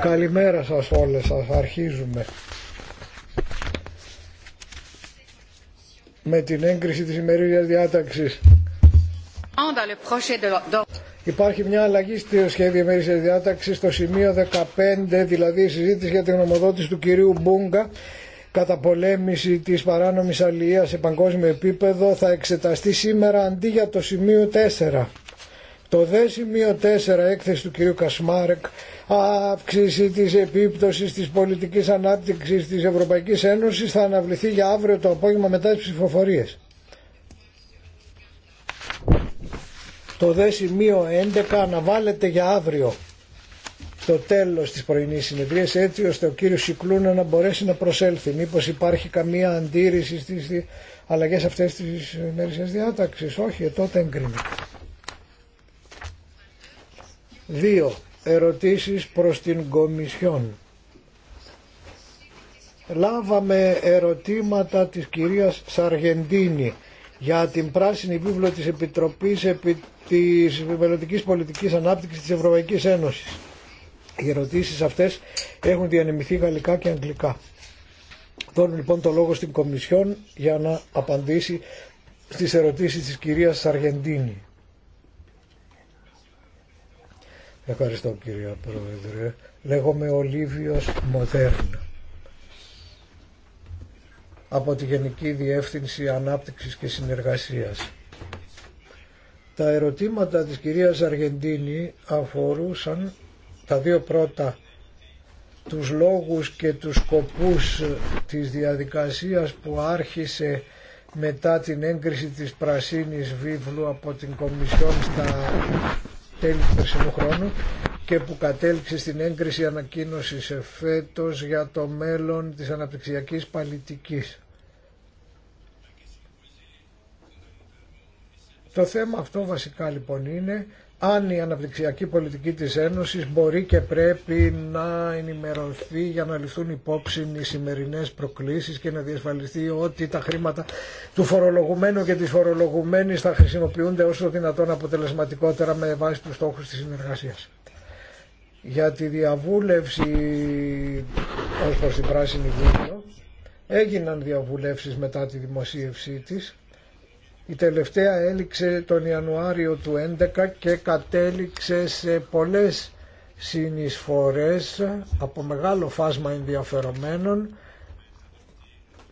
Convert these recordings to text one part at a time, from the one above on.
Καλημέρα σας όλες σας. Αρχίζουμε. Με την έγκριση της ημερήσιας διάταξης. Υπάρχει μια αλλαγή στο σχέδιο ημερήσιας διάταξης στο σημείο 15, δηλαδή η συζήτηση για την γνωμοδότηση του κυρίου Μπούγκα πολέμηση της παράνομης αλληλείας σε παγκόσμιο επίπεδο θα εξεταστεί σήμερα αντί για το σημείο 4. Το δε σημείο 4 έκθεση του κυρίου Κασμάρεκ αύξηση της επίπτωσης της πολιτικής ανάπτυξης της Ευρωπαϊκής Ένωσης θα αναβληθεί για αύριο το απόγευμα μετά τις ψηφοφορίες. Το δε σημείο 11 αναβάλλεται για αύριο το τέλος της πρωινής συνεδρίας έτσι ώστε ο κύριος Σικλούνα να μπορέσει να προσέλθει. Μήπως υπάρχει καμία αντίρρηση στις αλλαγές αυτές της ημέρησης διάταξης. Όχι, ε, τότε εγκρίνεται. Δύο ερωτήσεις προς την Κομισιόν. Λάβαμε ερωτήματα της κυρίας Σαργεντίνη για την πράσινη βίβλο της Επιτροπής επί της Μελλοντικής Πολιτικής Ανάπτυξης της Ευρωπαϊκής Ένωσης. Οι ερωτήσεις αυτές έχουν διανεμηθεί γαλλικά και αγγλικά. Δώνω λοιπόν το λόγο στην Κομισιόν για να απαντήσει στις ερωτήσεις της κυρίας Σαργεντίνη. Ευχαριστώ κύριε Πρόεδρε. Λέγομαι Ολίβιος Μοδέρν. Από τη Γενική Διεύθυνση Ανάπτυξης και Συνεργασίας. Τα ερωτήματα της κυρίας Αργεντίνη αφορούσαν τα δύο πρώτα τους λόγους και τους σκοπούς της διαδικασίας που άρχισε μετά την έγκριση της Πρασίνης Βίβλου από την Κομισιόν στα τέλη του χρόνου και που κατέληξε στην έγκριση σε εφέτος για το μέλλον της αναπτυξιακής παλιτικής. Το θέμα αυτό βασικά λοιπόν είναι αν η αναπτυξιακή πολιτική της Ένωσης μπορεί και πρέπει να ενημερωθεί για να ληφθούν υπόψη οι σημερινές προκλήσεις και να διασφαλιστεί ότι τα χρήματα του φορολογουμένου και της φορολογουμένης θα χρησιμοποιούνται όσο δυνατόν αποτελεσματικότερα με βάση τους στόχους της συνεργασίας. Για τη διαβούλευση ως προς την πράσινη βίντεο έγιναν διαβουλεύσεις μετά τη δημοσίευσή της η τελευταία έληξε τον Ιανουάριο του 2011 και κατέληξε σε πολλές συνεισφορές από μεγάλο φάσμα ενδιαφερομένων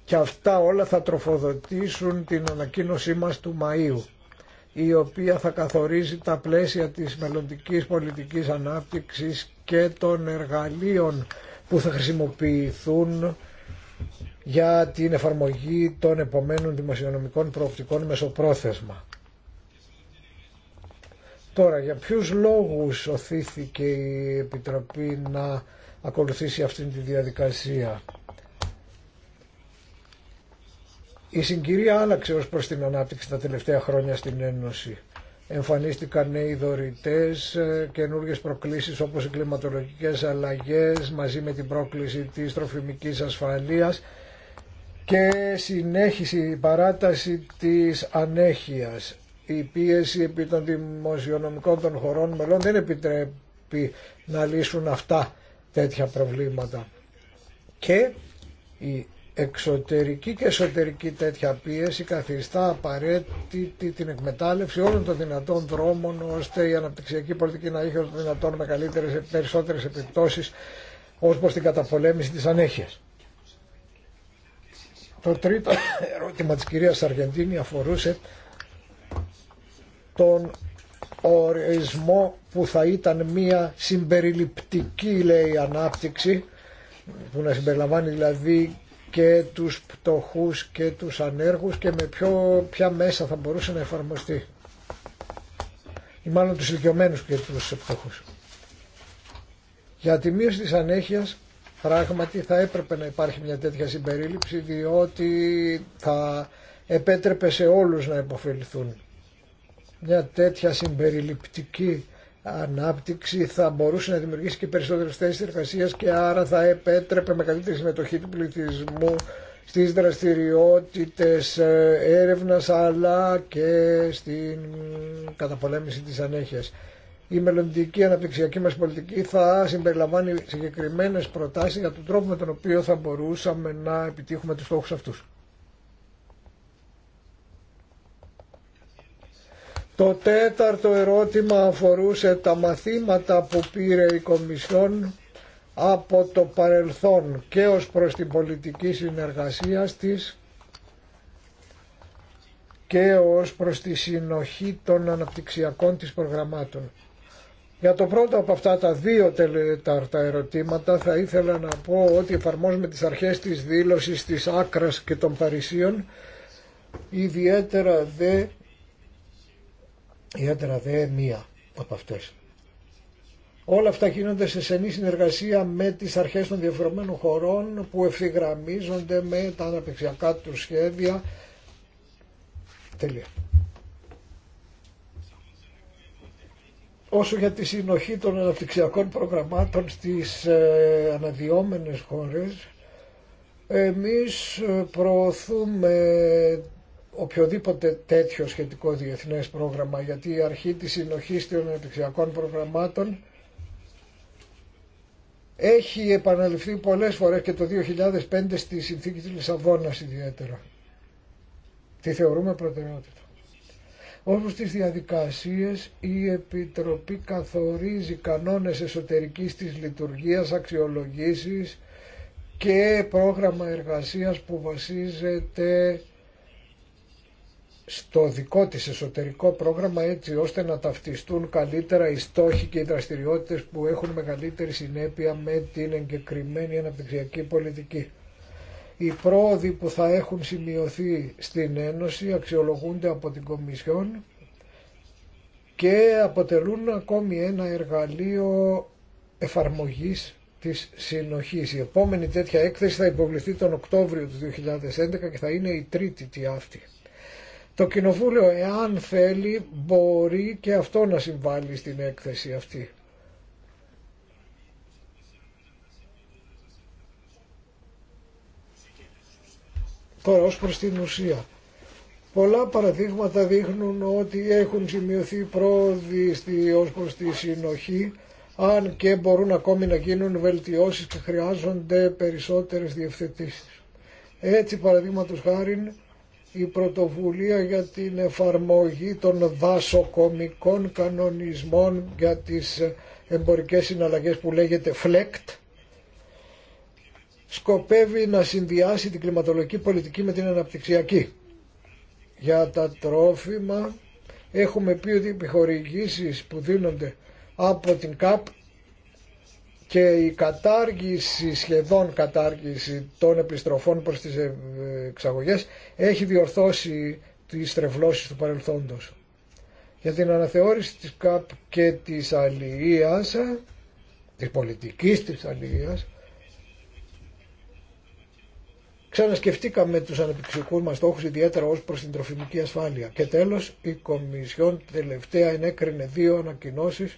και αυτά όλα θα τροφοδοτήσουν την ανακοίνωσή μας του Μαΐου η οποία θα καθορίζει τα πλαίσια της μελλοντικής πολιτικής ανάπτυξης και των εργαλείων που θα χρησιμοποιηθούν για την εφαρμογή των επομένων δημοσιονομικών προοπτικών μεσοπρόθεσμα. Τώρα, για ποιους λόγους οθήθηκε η Επιτροπή να ακολουθήσει αυτή τη διαδικασία. Η συγκυρία άλλαξε ως προς την ανάπτυξη τα τελευταία χρόνια στην Ένωση. Εμφανίστηκαν νέοι δωρητές, ε, καινούργιες προκλήσεις όπως οι κλιματολογικές αλλαγές μαζί με την πρόκληση της τροφιμικής ασφαλείας και συνέχιση η παράταση της ανέχειας. Η πίεση επί των δημοσιονομικών των χωρών μελών δεν επιτρέπει να λύσουν αυτά τέτοια προβλήματα. Και η εξωτερική και εσωτερική τέτοια πίεση καθιστά απαραίτητη την εκμετάλλευση όλων των δυνατών δρόμων ώστε η αναπτυξιακή πολιτική να έχει όσο δυνατόν με καλύτερες, περισσότερες επιπτώσεις ως προς την καταπολέμηση της ανέχειας. Το τρίτο ερώτημα της κυρίας Αργεντίνη αφορούσε τον ορισμό που θα ήταν μία συμπεριληπτική λέει ανάπτυξη που να συμπεριλαμβάνει δηλαδή και τους πτωχούς και τους ανέργους και με ποιο, ποια μέσα θα μπορούσε να εφαρμοστεί ή μάλλον τους ηλικιωμένους και τους πτωχούς. Για τη μείωση της ανέχειας Πράγματι θα έπρεπε να υπάρχει μια τέτοια συμπερίληψη διότι θα επέτρεπε σε όλους να υποφεληθούν. Μια τέτοια συμπεριληπτική ανάπτυξη θα μπορούσε να δημιουργήσει και περισσότερες θέσεις εργασίας και άρα θα επέτρεπε με καλύτερη συμμετοχή του πληθυσμού στις δραστηριότητες έρευνας αλλά και στην καταπολέμηση της ανέχειας η μελλοντική αναπτυξιακή μας πολιτική θα συμπεριλαμβάνει συγκεκριμένες προτάσεις για τον τρόπο με τον οποίο θα μπορούσαμε να επιτύχουμε τους στόχους αυτούς. Το τέταρτο ερώτημα αφορούσε τα μαθήματα που πήρε η Κομισιόν από το παρελθόν και ως προς την πολιτική συνεργασία της και ως προς τη συνοχή των αναπτυξιακών της προγραμμάτων. Για το πρώτο από αυτά τα δύο τελεταρτα ερωτήματα θα ήθελα να πω ότι εφαρμόζουμε τις αρχές της δήλωσης της Άκρας και των Παρισίων ιδιαίτερα δε ιδιαίτερα δε μία από αυτές. Όλα αυτά γίνονται σε σενή συνεργασία με τις αρχές των διαφορεμένων χωρών που ευθυγραμμίζονται με τα αναπτυξιακά του σχέδια. Τελεία. Όσο για τη συνοχή των αναπτυξιακών προγραμμάτων στις ε, αναδυόμενες χώρες, εμείς ε, προωθούμε οποιοδήποτε τέτοιο σχετικό διεθνές πρόγραμμα, γιατί η αρχή της συνοχής των αναπτυξιακών προγραμμάτων έχει επαναληφθεί πολλές φορές και το 2005 στη συνθήκη της Λισαβόνας ιδιαίτερα. Τη θεωρούμε προτεραιότητα. Όπως τις διαδικασίες, η Επιτροπή καθορίζει κανόνες εσωτερικής της λειτουργίας, αξιολογήσεις και πρόγραμμα εργασίας που βασίζεται στο δικό της εσωτερικό πρόγραμμα έτσι ώστε να ταυτιστούν καλύτερα οι στόχοι και οι δραστηριότητες που έχουν μεγαλύτερη συνέπεια με την εγκεκριμένη αναπτυξιακή πολιτική. Οι πρόοδοι που θα έχουν σημειωθεί στην Ένωση αξιολογούνται από την Κομισιόν και αποτελούν ακόμη ένα εργαλείο εφαρμογής της συνοχής. Η επόμενη τέτοια έκθεση θα υποβληθεί τον Οκτώβριο του 2011 και θα είναι η τρίτη τη αυτή. Το Κοινοβούλιο, εάν θέλει, μπορεί και αυτό να συμβάλλει στην έκθεση αυτή. Τώρα ως προς την ουσία. Πολλά παραδείγματα δείχνουν ότι έχουν σημειωθεί πρόοδοι ως προς τη συνοχή αν και μπορούν ακόμη να γίνουν βελτιώσεις και χρειάζονται περισσότερες διευθετήσεις. Έτσι παραδείγματο χάρη η πρωτοβουλία για την εφαρμογή των δασοκομικών κανονισμών για τις εμπορικές συναλλαγές που λέγεται FLECT σκοπεύει να συνδυάσει την κλιματολογική πολιτική με την αναπτυξιακή. Για τα τρόφιμα έχουμε πει ότι οι επιχορηγήσεις που δίνονται από την ΚΑΠ και η κατάργηση, σχεδόν κατάργηση των επιστροφών προς τις εξαγωγές έχει διορθώσει τις τρευλώσεις του παρελθόντος. Για την αναθεώρηση της ΚΑΠ και της αλληλείας, της πολιτικής της αλληλείας, Ξανασκεφτήκαμε τους αναπτυξικού μας στόχους ιδιαίτερα ως προς την τροφιμική ασφάλεια. Και τέλος η Κομισιόν τελευταία ενέκρινε δύο ανακοινώσει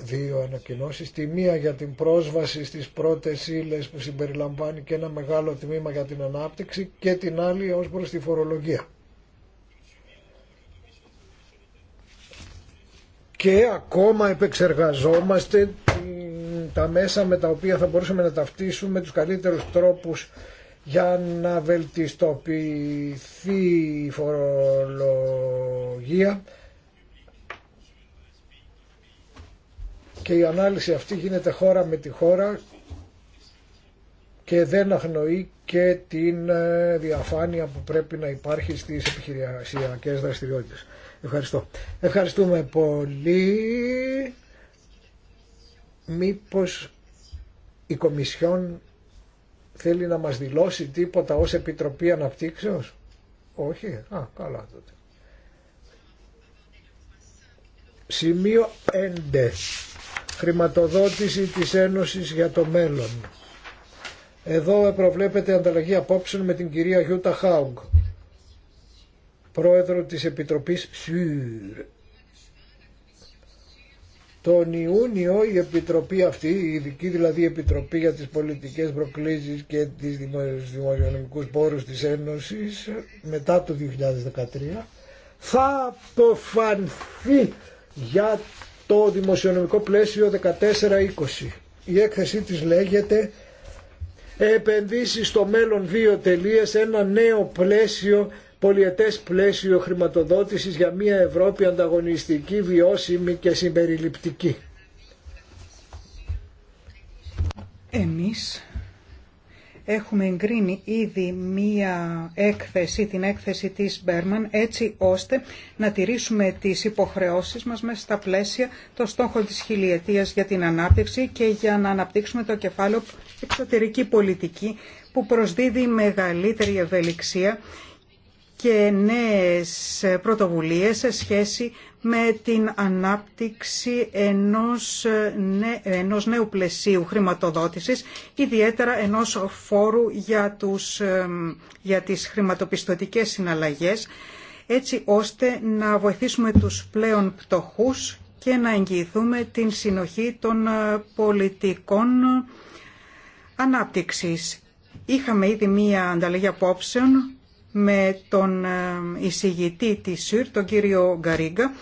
δύο ανακοινώσει, τη μία για την πρόσβαση στις πρώτε ύλε που συμπεριλαμβάνει και ένα μεγάλο τμήμα για την ανάπτυξη και την άλλη ως προς τη φορολογία. και ακόμα επεξεργαζόμαστε τα μέσα με τα οποία θα μπορούσαμε να ταυτίσουμε τους καλύτερους τρόπους για να βελτιστοποιηθεί η φορολογία και η ανάλυση αυτή γίνεται χώρα με τη χώρα και δεν αγνοεί και την ε, διαφάνεια που πρέπει να υπάρχει στις επιχειρησιακές δραστηριότητες. Ευχαριστώ. Ευχαριστούμε πολύ. Μήπως η Κομισιόν θέλει να μας δηλώσει τίποτα ως Επιτροπή Αναπτύξεως. Όχι. Α, καλά τότε. Σημείο 5. Χρηματοδότηση της Ένωσης για το μέλλον. Εδώ προβλέπεται ανταλλαγή απόψεων με την κυρία Γιούτα Χάουγκ πρόεδρο της Επιτροπής ΣΥΡ. Τον Ιούνιο η Επιτροπή αυτή, η ειδική δηλαδή Επιτροπή για τις πολιτικές προκλήσεις και τις δημοσιονομικούς πόρους της Ένωσης μετά το 2013 θα αποφανθεί για το δημοσιονομικό πλαίσιο 14-20. Η έκθεσή της λέγεται «Επενδύσεις στο μέλλον δύο ένα νέο πλαίσιο πολιετές πλαίσιο χρηματοδότησης για μια Ευρώπη ανταγωνιστική, βιώσιμη και συμπεριληπτική. Εμείς έχουμε εγκρίνει ήδη μία έκθεση, την έκθεση της Μπέρμαν, έτσι ώστε να τηρήσουμε τις υποχρεώσεις μας μέσα στα πλαίσια το στόχο της χιλιετίας για την ανάπτυξη και για να αναπτύξουμε το κεφάλαιο εξωτερική πολιτική που προσδίδει μεγαλύτερη ευελιξία και νέες πρωτοβουλίες σε σχέση με την ανάπτυξη ενός, ενός νέου πλαισίου χρηματοδότησης, ιδιαίτερα ενός φόρου για, τους, για τις χρηματοπιστωτικές συναλλαγές, έτσι ώστε να βοηθήσουμε τους πλέον πτωχούς και να εγγυηθούμε την συνοχή των ε, πολιτικών ανάπτυξης. Είχαμε ήδη μία ανταλλαγή απόψεων με τον ε, εισηγητή της ΣΥΡ, τον κύριο Γκαρίγκα,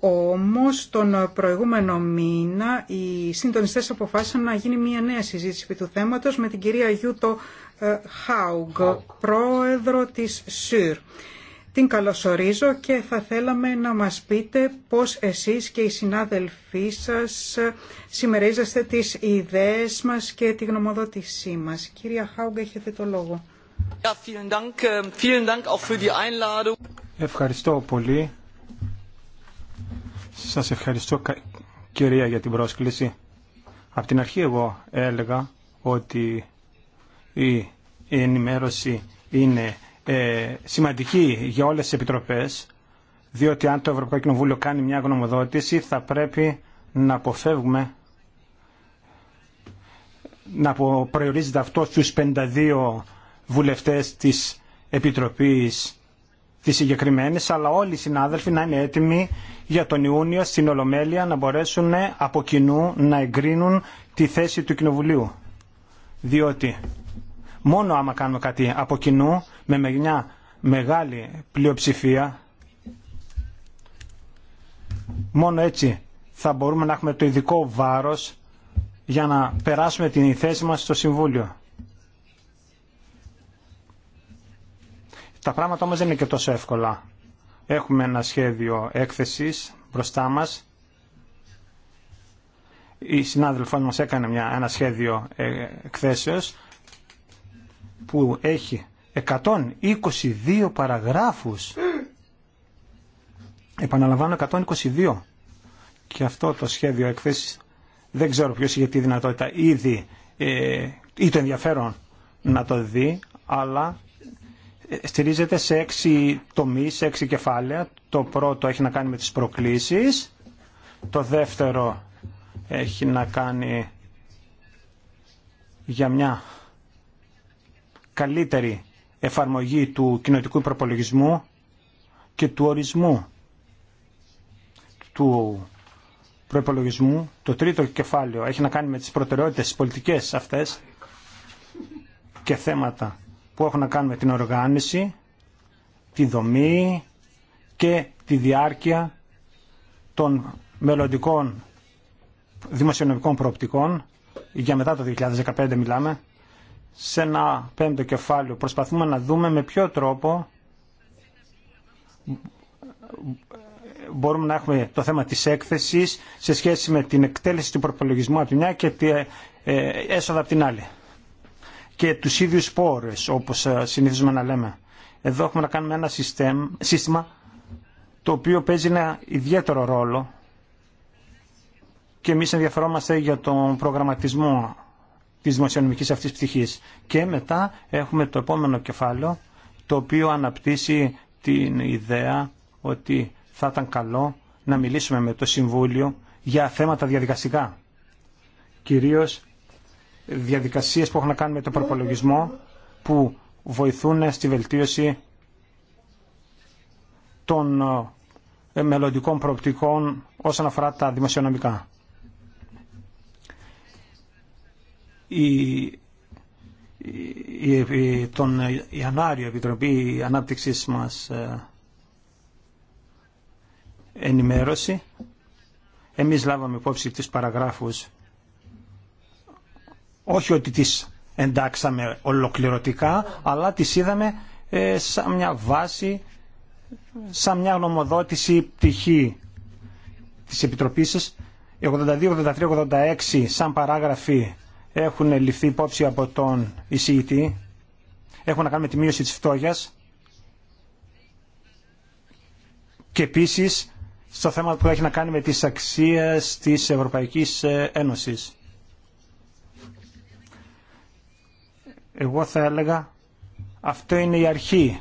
όμως τον προηγούμενο μήνα οι συντονιστές αποφάσισαν να γίνει μια νέα συζήτηση επί του θέματος με την κυρία Γιούτο ε, Χάουγκ, πρόεδρο της ΣΥΡ. Την καλωσορίζω και θα θέλαμε να μας πείτε πώς εσείς και οι συνάδελφοί σας ε, συμμερίζεστε τις ιδέες μας και τη γνωμοδότησή μας. Κυρία Χάουγκ, έχετε το λόγο. Ähm, ευχαριστώ πολύ. Σας ευχαριστώ κυρία για την πρόσκληση. Από την αρχή εγώ έλεγα ότι η ενημέρωση είναι ε, σημαντική για όλες τις επιτροπές διότι αν το Ευρωπαϊκό Κοινοβούλιο κάνει μια γνωμοδότηση θα πρέπει να αποφεύγουμε να προορίζεται αυτό στους 52 βουλευτές της Επιτροπής της συγκεκριμένη, αλλά όλοι οι συνάδελφοι να είναι έτοιμοι για τον Ιούνιο στην Ολομέλεια να μπορέσουν από κοινού να εγκρίνουν τη θέση του Κοινοβουλίου. Διότι μόνο άμα κάνουμε κάτι από κοινού με μια μεγάλη πλειοψηφία μόνο έτσι θα μπορούμε να έχουμε το ειδικό βάρος για να περάσουμε την θέση μας στο Συμβούλιο. Τα πράγματα όμως δεν είναι και τόσο εύκολα. Έχουμε ένα σχέδιο έκθεσης μπροστά μας. Η συνάδελφός μας έκανε μια, ένα σχέδιο ε, εκθέσεως που έχει 122 παραγράφους. Επαναλαμβάνω 122. Και αυτό το σχέδιο εκθέσης δεν ξέρω ποιος είχε τη δυνατότητα ήδη ε, ή το ενδιαφέρον να το δει, αλλά στηρίζεται σε έξι τομείς, σε έξι κεφάλαια. Το πρώτο έχει να κάνει με τις προκλήσεις. Το δεύτερο έχει να κάνει για μια καλύτερη εφαρμογή του κοινοτικού προπολογισμού και του ορισμού του προπολογισμού. Το τρίτο κεφάλαιο έχει να κάνει με τις προτεραιότητες, τις πολιτικές αυτές και θέματα που έχουν να κάνουν με την οργάνωση, τη δομή και τη διάρκεια των μελλοντικών δημοσιονομικών προοπτικών, για μετά το 2015 μιλάμε, σε ένα πέμπτο κεφάλαιο προσπαθούμε να δούμε με ποιο τρόπο μπορούμε να έχουμε το θέμα της έκθεσης σε σχέση με την εκτέλεση του προπολογισμού από τη μια και την ε, έσοδα από την άλλη και τους ίδιους σπόρες, όπως ε, συνηθίζουμε να λέμε. Εδώ έχουμε να κάνουμε ένα σύστημα το οποίο παίζει ένα ιδιαίτερο ρόλο και εμείς ενδιαφερόμαστε για τον προγραμματισμό της δημοσιονομικής αυτής πτυχής. Και μετά έχουμε το επόμενο κεφάλαιο το οποίο αναπτύσσει την ιδέα ότι θα ήταν καλό να μιλήσουμε με το Συμβούλιο για θέματα διαδικαστικά. Κυρίως διαδικασίες που έχουν να κάνουν με τον προπολογισμό που βοηθούν στη βελτίωση των ε, μελλοντικών προοπτικών όσον αφορά τα δημοσιονομικά. Η, τον Ιανουάριο Επιτροπή Ανάπτυξης μας ε, ενημέρωση. Εμείς λάβαμε υπόψη τις παραγράφους όχι ότι τις εντάξαμε ολοκληρωτικά, αλλά τις είδαμε ε, σαν μια βάση, σαν μια γνωμοδότηση πτυχή της Επιτροπής σας. 82, 83, 86 σαν παράγραφοι έχουν ληφθεί υπόψη από τον εισηγητή. Έχουν να κάνουν με τη μείωση της φτώχειας. Και επίσης στο θέμα που έχει να κάνει με τις αξίες της Ευρωπαϊκής ε, Ένωσης. Εγώ θα έλεγα αυτό είναι η αρχή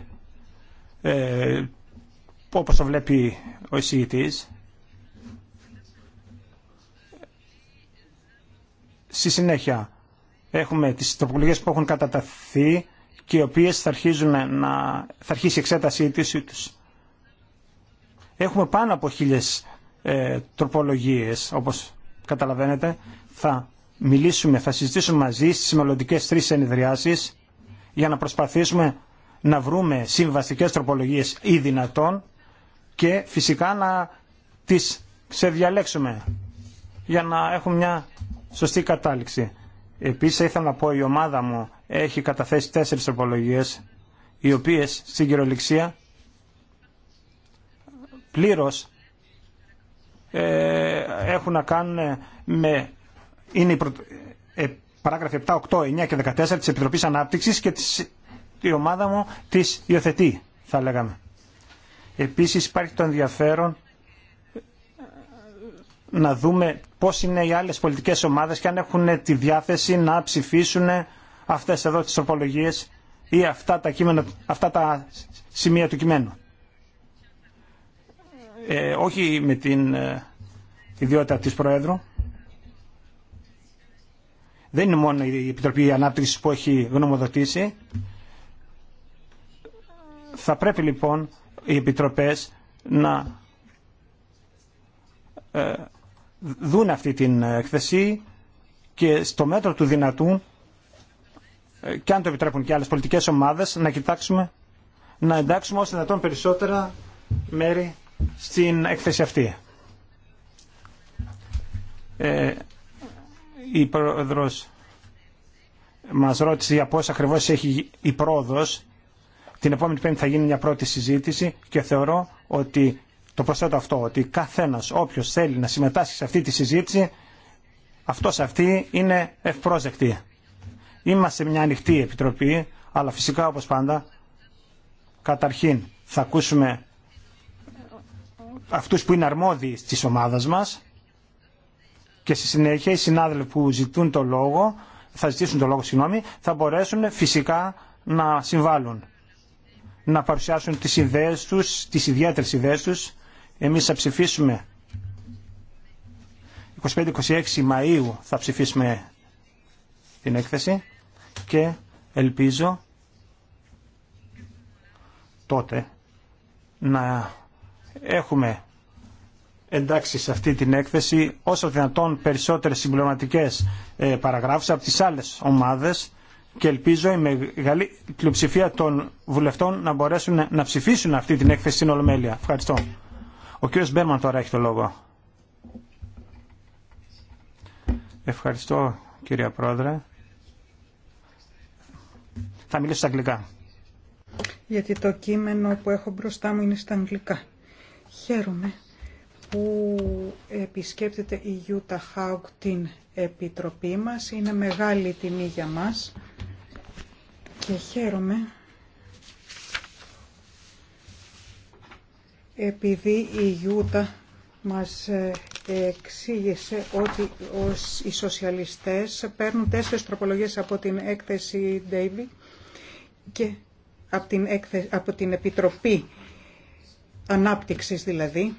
ε, όπως το βλέπει ο εισηγητής. Στη συνέχεια έχουμε τις τροπολογίες που έχουν καταταθεί και οι οποίες θα, αρχίζουν να, θα αρχίσει η εξέτασή τους. Έχουμε πάνω από χίλιες ε, τροπολογίες όπως καταλαβαίνετε. Θα μιλήσουμε, θα συζητήσουμε μαζί στις μελλοντικέ τρεις ενεδριάσεις για να προσπαθήσουμε να βρούμε συμβαστικές τροπολογίες ή δυνατόν και φυσικά να τις ξεδιαλέξουμε για να έχουμε μια σωστή κατάληξη. Επίσης ήθελα να πω η ομάδα μου έχει καταθέσει τέσσερις τροπολογίες οι οποίες στην κυριολεξία πλήρως ε, έχουν να κάνουν με είναι η παράγραφη 7, 8, 9 και 14 της Επιτροπής Ανάπτυξης και της... η ομάδα μου της υιοθετεί, θα λέγαμε. Επίσης υπάρχει το ενδιαφέρον ε, να δούμε πώς είναι οι άλλες πολιτικές ομάδες και αν έχουν τη διάθεση να ψηφίσουν αυτές εδώ τις τροπολογίες ή αυτά τα, κείμενα, αυτά τα σημεία του κειμένου. Ε, όχι με την ε, ιδιότητα της Προέδρου, δεν είναι μόνο η Επιτροπή Ανάπτυξης που έχει γνωμοδοτήσει. Θα πρέπει λοιπόν οι Επιτροπές να ε, δουν αυτή την εκθεσή και στο μέτρο του δυνατού ε, και αν το επιτρέπουν και άλλες πολιτικές ομάδες να κοιτάξουμε να εντάξουμε όσο δυνατόν περισσότερα μέρη στην εκθέση αυτή. Ε, η πρόεδρος μας ρώτησε για πώς έχει η πρόοδος. Την επόμενη πέμπτη θα γίνει μια πρώτη συζήτηση και θεωρώ ότι το προσθέτω αυτό, ότι καθένας όποιος θέλει να συμμετάσχει σε αυτή τη συζήτηση, αυτός αυτή είναι ευπρόσδεκτη. Είμαστε μια ανοιχτή επιτροπή, αλλά φυσικά όπως πάντα, καταρχήν θα ακούσουμε αυτούς που είναι αρμόδιοι τη ομάδα μας, και στη συνέχεια οι συνάδελφοι που ζητούν το λόγο, θα ζητήσουν το λόγο, συγγνώμη, θα μπορέσουν φυσικά να συμβάλλουν, να παρουσιάσουν τις ιδέες τους, τις ιδιαίτερες ιδέες τους. Εμείς θα ψηφίσουμε 25-26 Μαΐου θα ψηφίσουμε την έκθεση και ελπίζω τότε να έχουμε εντάξει σε αυτή την έκθεση όσο δυνατόν περισσότερες συμπληρωματικές ε, παραγράφους από τις άλλες ομάδες και ελπίζω η μεγάλη πλειοψηφία των βουλευτών να μπορέσουν να ψηφίσουν αυτή την έκθεση στην Ολομέλεια. Ευχαριστώ. Ο κύριος Μπέρμαν τώρα έχει το λόγο. Ευχαριστώ κυρία Πρόεδρε. Θα μιλήσω στα αγγλικά. Γιατί το κείμενο που έχω μπροστά μου είναι στα αγγλικά. Χαίρομαι που επισκέπτεται η Γιούτα Χάουκ την Επιτροπή μας. Είναι μεγάλη τιμή για μας και χαίρομαι επειδή η Γιούτα μας ε, εξήγησε ότι οι σοσιαλιστές παίρνουν τέσσερις τροπολογίες από την έκθεση Ντέιβι και από την, από την Επιτροπή Ανάπτυξης δηλαδή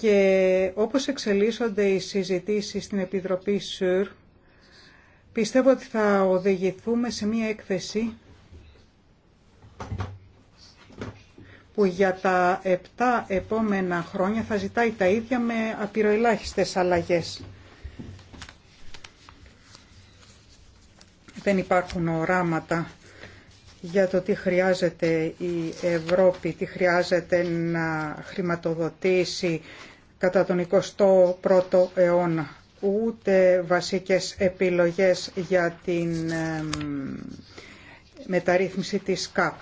και όπως εξελίσσονται οι συζητήσεις στην Επιτροπή ΣΥΡ, πιστεύω ότι θα οδηγηθούμε σε μία έκθεση που για τα επτά επόμενα χρόνια θα ζητάει τα ίδια με απειροελάχιστες αλλαγές. Δεν υπάρχουν οράματα για το τι χρειάζεται η Ευρώπη, τι χρειάζεται να χρηματοδοτήσει κατά τον 21ο αιώνα, ούτε βασικές επιλογές για την μεταρρύθμιση της ΚΑΠ.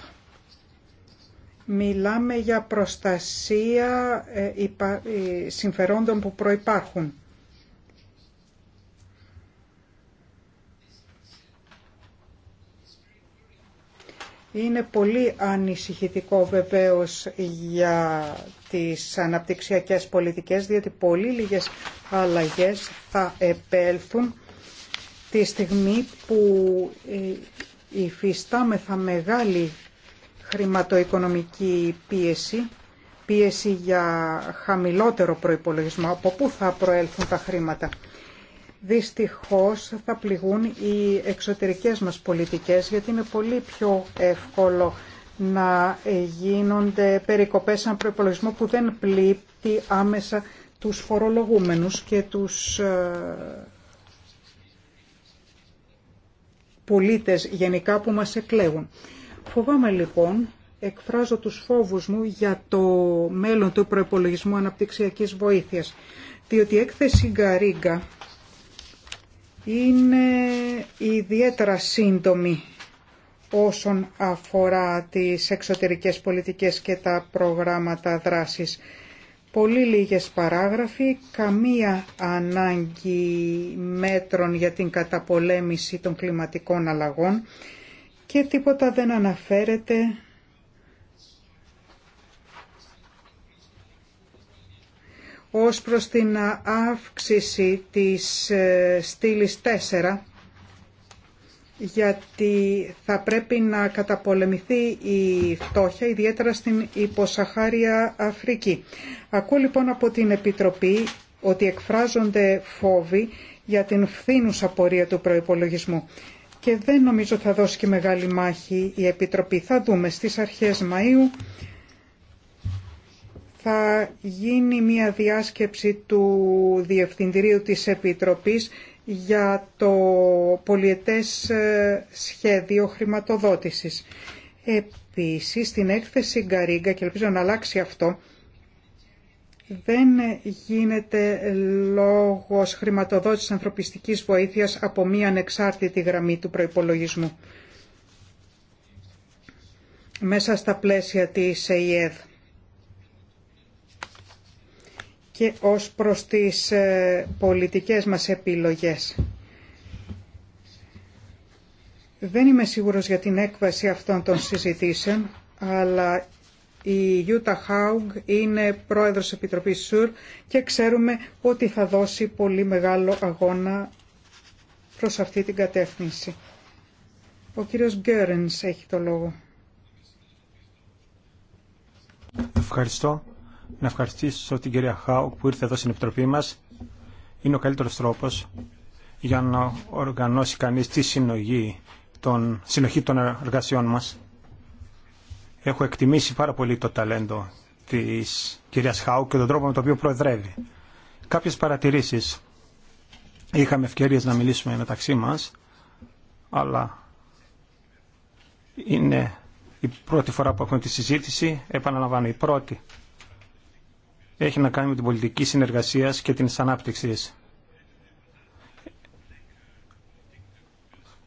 Μιλάμε για προστασία ε, ε, συμφερόντων που προϋπάρχουν. Είναι πολύ ανησυχητικό βεβαίως για τις αναπτυξιακές πολιτικές, διότι πολύ λίγες αλλαγές θα επέλθουν τη στιγμή που ε, υφιστάμεθα μεγάλη χρηματοοικονομική πίεση, πίεση για χαμηλότερο προϋπολογισμό, από πού θα προέλθουν τα χρήματα. Δυστυχώς θα πληγούν οι εξωτερικές μας πολιτικές, γιατί είναι πολύ πιο εύκολο να γίνονται περικοπές σαν προϋπολογισμό που δεν πλήττει άμεσα τους φορολογούμενους και τους ε, πολίτες γενικά που μας εκλέγουν. Φοβάμαι λοιπόν, εκφράζω τους φόβους μου για το μέλλον του προπολογισμού αναπτυξιακής βοήθειας, διότι η έκθεση Γκαρίγκα είναι ιδιαίτερα σύντομη όσον αφορά τις εξωτερικές πολιτικές και τα προγράμματα δράσης. Πολύ λίγες παράγραφοι, καμία ανάγκη μέτρων για την καταπολέμηση των κλιματικών αλλαγών και τίποτα δεν αναφέρεται ως προς την αύξηση της ε, στήλης 4 γιατί θα πρέπει να καταπολεμηθεί η φτώχεια, ιδιαίτερα στην υποσαχάρια Αφρική. Ακούω λοιπόν από την Επιτροπή ότι εκφράζονται φόβοι για την φθήνουσα πορεία του προϋπολογισμού. Και δεν νομίζω θα δώσει και μεγάλη μάχη η Επιτροπή. Θα δούμε στις αρχές Μαΐου θα γίνει μια διάσκεψη του Διευθυντηρίου της Επιτροπής για το πολιετές ε, σχέδιο χρηματοδότησης. Επίσης, στην έκθεση Γκαρίγκα, και ελπίζω να αλλάξει αυτό, δεν γίνεται λόγος χρηματοδότησης ανθρωπιστικής βοήθειας από μία ανεξάρτητη γραμμή του προϋπολογισμού μέσα στα πλαίσια της ΕΙΕΔ και ως προς τις ε, πολιτικές μας επιλογές. Δεν είμαι σίγουρος για την έκβαση αυτών των συζητήσεων, αλλά η Ιούτα Χάουγ είναι πρόεδρος Επιτροπής ΣΟΥΡ και ξέρουμε ότι θα δώσει πολύ μεγάλο αγώνα προς αυτή την κατεύθυνση. Ο κύριος Γκέρενς έχει το λόγο. Ευχαριστώ να ευχαριστήσω την κυρία Χάου που ήρθε εδώ στην Επιτροπή μας. Είναι ο καλύτερος τρόπος για να οργανώσει κανείς τη συνογή των, συνοχή των εργασιών μας. Έχω εκτιμήσει πάρα πολύ το ταλέντο της κυρίας Χάου και τον τρόπο με τον οποίο προεδρεύει. Κάποιες παρατηρήσεις. Είχαμε ευκαιρίες να μιλήσουμε μεταξύ μας, αλλά είναι η πρώτη φορά που έχουμε τη συζήτηση, επαναλαμβάνω, η πρώτη έχει να κάνει με την πολιτική συνεργασία και την ανάπτυξη.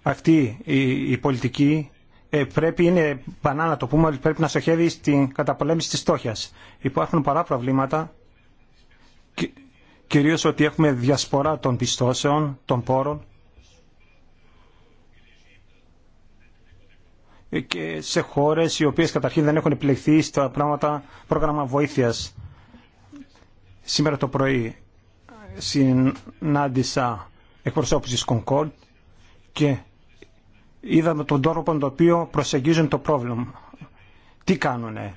Αυτή η, πολιτική ε, πρέπει, είναι πανά να το πούμε, πρέπει να στοχεύει στην καταπολέμηση της στόχιας. Υπάρχουν παρά προβλήματα, κυ, κυρίως ότι έχουμε διασπορά των πιστώσεων, των πόρων, ε, και σε χώρες οι οποίες καταρχήν δεν έχουν επιλεχθεί στα πράγματα πρόγραμμα βοήθειας Σήμερα το πρωί συνάντησα εκπροσώπους της Concord και είδαμε τον τρόπο τον οποίο προσεγγίζουν το πρόβλημα. Τι κάνουνε.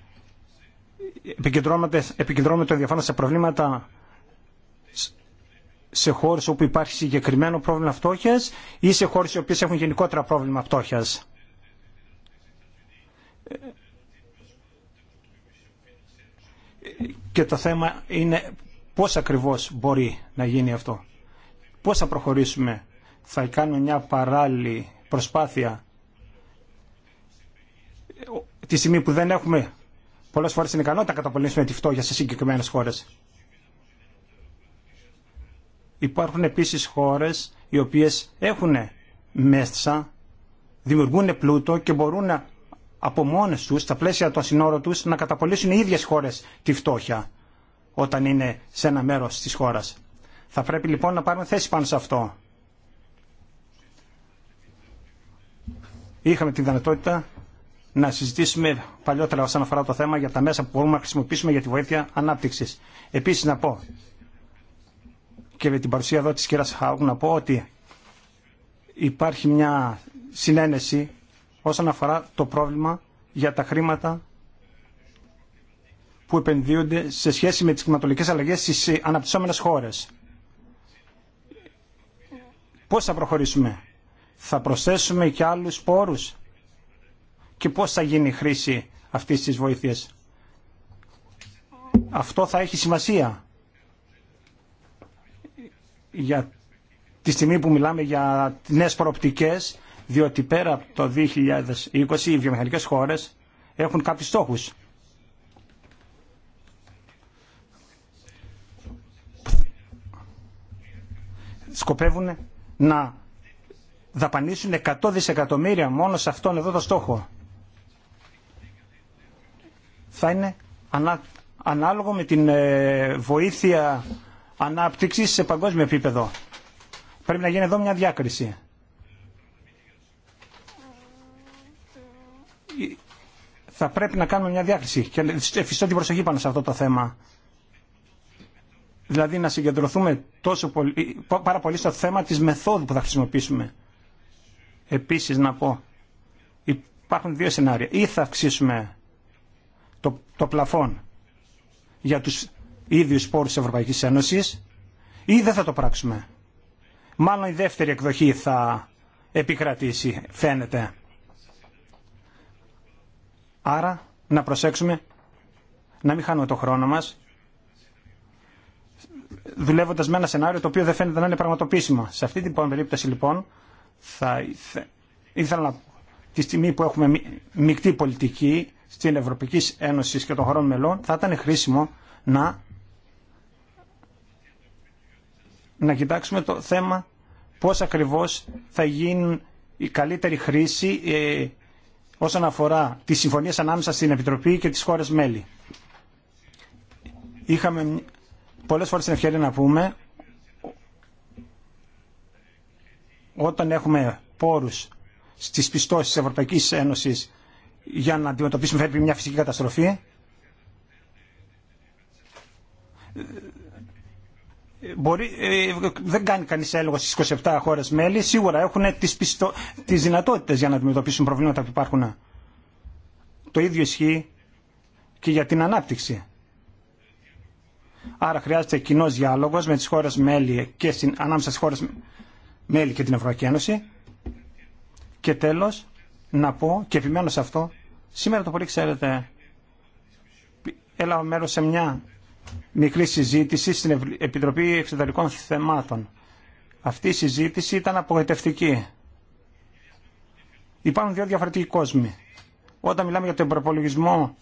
Επικεντρώνονται, το ενδιαφέρον σε προβλήματα σε χώρε όπου υπάρχει συγκεκριμένο πρόβλημα φτώχεια ή σε χώρε οι οποίε έχουν γενικότερα πρόβλημα φτώχεια. Ε, και το θέμα είναι πώς ακριβώς μπορεί να γίνει αυτό. Πώς θα προχωρήσουμε. Θα κάνουμε μια παράλληλη προσπάθεια ε, τη στιγμή που δεν έχουμε πολλές φορές την ικανότητα να καταπολύσουμε τη φτώχεια σε συγκεκριμένες χώρες. Υπάρχουν επίσης χώρες οι οποίες έχουν μέσα, δημιουργούν πλούτο και μπορούν από μόνες τους, στα πλαίσια των συνόρων τους, να καταπολύσουν οι ίδιες χώρες τη φτώχεια όταν είναι σε ένα μέρος της χώρας. Θα πρέπει λοιπόν να πάρουμε θέση πάνω σε αυτό. Είχαμε τη δυνατότητα να συζητήσουμε παλιότερα όσον αφορά το θέμα για τα μέσα που μπορούμε να χρησιμοποιήσουμε για τη βοήθεια ανάπτυξης. Επίσης να πω και με την παρουσία εδώ της κυρίας Χάουγκ να πω ότι υπάρχει μια συνένεση όσον αφορά το πρόβλημα για τα χρήματα που επενδύονται σε σχέση με τις κλιματολογικές αλλαγές στις ε, αναπτυσσόμενες χώρες. Πώς θα προχωρήσουμε. Θα προσθέσουμε και άλλους πόρους. Και πώς θα γίνει η χρήση αυτής της βοήθειας. Αυτό θα έχει σημασία. Για τη στιγμή που μιλάμε για νέες προοπτικές, διότι πέρα από το 2020 οι βιομηχανικές χώρες έχουν κάποιους στόχους σκοπεύουν να δαπανίσουν 100 δισεκατομμύρια μόνο σε αυτόν εδώ το στόχο. Θα είναι ανά, ανάλογο με την ε, βοήθεια ανάπτυξης σε παγκόσμιο επίπεδο. Πρέπει να γίνει εδώ μια διάκριση. Θα πρέπει να κάνουμε μια διάκριση και εφιστώ την προσοχή πάνω σε αυτό το θέμα. Δηλαδή να συγκεντρωθούμε τόσο πολύ, ε, πάρα πολύ στο θέμα της μεθόδου που θα χρησιμοποιήσουμε. Επίσης να πω, υπάρχουν δύο σενάρια. Ή θα αυξήσουμε το, το πλαφόν για τους ίδιους πόρους της Ευρωπαϊκής Ένωσης ή δεν θα το πράξουμε. Μάλλον η δεύτερη εκδοχή θα επικρατήσει, φαίνεται. Άρα να προσέξουμε να μην χάνουμε το χρόνο μας Δουλεύοντα με ένα σενάριο το οποίο δεν φαίνεται να είναι πραγματοποιήσιμο. Σε αυτή την περίπτωση λοιπόν θα ήθελα να τη στιγμή που έχουμε μεικτή πολιτική στην Ευρωπαϊκή Ένωση και των χωρών μελών θα ήταν χρήσιμο να, να κοιτάξουμε το θέμα πώς ακριβώς θα γίνει η καλύτερη χρήση ε, όσον αφορά τις συμφωνίες ανάμεσα στην Επιτροπή και τις χώρες μέλη. Είχαμε πολλές φορές είναι ευκαιρία να πούμε όταν έχουμε πόρους στις πιστώσεις της Ευρωπαϊκής Ένωσης για να αντιμετωπίσουμε μια φυσική καταστροφή Μπορεί, ε, δεν κάνει κανείς έλεγχο στις 27 χώρες μέλη, σίγουρα έχουν τις, πιστο, τις δυνατότητες για να αντιμετωπίσουν προβλήματα που υπάρχουν. Το ίδιο ισχύει και για την ανάπτυξη. Άρα χρειάζεται κοινό διάλογο με τι χώρε μέλη και στην, ανάμεσα στι χώρε μέλη και την Ευρωπαϊκή Ένωση. Και τέλο, να πω και επιμένω σε αυτό, σήμερα το πολύ ξέρετε, έλαβα μέρο σε μια μικρή συζήτηση στην Επιτροπή Εξωτερικών Θεμάτων. Αυτή η συζήτηση ήταν απογοητευτική. Υπάρχουν δύο διαφορετικοί κόσμοι. Όταν μιλάμε για τον προπολογισμό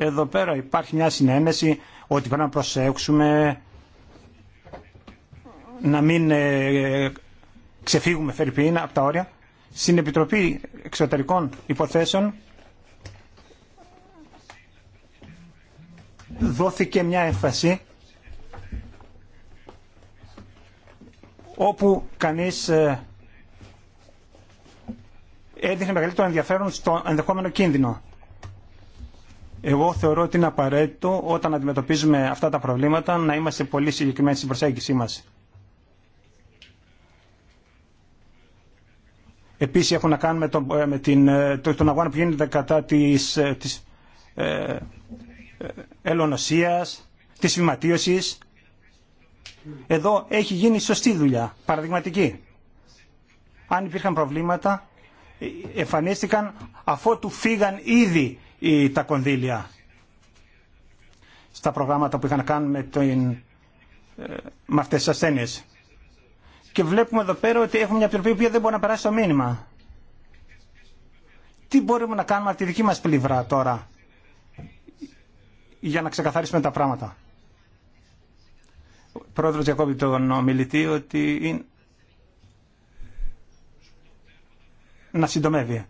εδώ πέρα υπάρχει μια συνένεση ότι πρέπει να προσέξουμε να μην ε, ξεφύγουμε φερπίνα από τα όρια. Στην Επιτροπή Εξωτερικών Υποθέσεων δόθηκε μια έμφαση όπου κανείς ε, έδειχνε μεγαλύτερο ενδιαφέρον στο ενδεχόμενο κίνδυνο. Εγώ θεωρώ ότι είναι απαραίτητο όταν αντιμετωπίζουμε αυτά τα προβλήματα να είμαστε πολύ συγκεκριμένοι στην προσέγγιση μας. Επίσης έχουν να κάνουν με, το, ε, με την, ε, το, τον αγώνα που γίνεται κατά της, ε, της ε, ελονοσίας, της φυματίωσης. Εδώ έχει γίνει σωστή δουλειά, παραδειγματική. Αν υπήρχαν προβλήματα, εμφανίστηκαν αφότου φύγαν ήδη ή τα κονδύλια στα προγράμματα που είχαν να κάνουν με, την, ε, με αυτές τις ασθένειες. Και βλέπουμε εδώ πέρα ότι έχουμε μια επιτροπή που δεν μπορεί να περάσει το μήνυμα. Τι μπορούμε να κάνουμε από τη δική μας πλευρά τώρα για να ξεκαθαρίσουμε τα πράγματα. Ο πρόεδρος διακόπτει τον ομιλητή ότι είναι... να συντομεύει.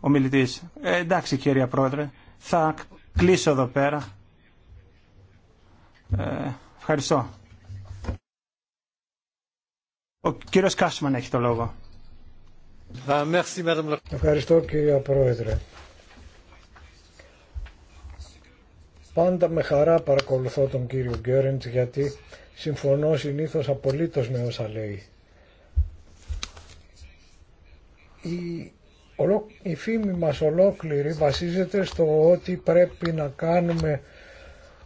Ο μιλητής. Ε, εντάξει κύριε Πρόεδρε, θα κλείσω εδώ πέρα. Ε, ευχαριστώ. Ο κύριος Κάσμαν έχει το λόγο. Ευχαριστώ κύριε Πρόεδρε. Πάντα με χαρά παρακολουθώ τον κύριο Γκέρεντ γιατί συμφωνώ συνήθως απολύτως με όσα λέει. Η η φήμη μας ολόκληρη βασίζεται στο ότι πρέπει να κάνουμε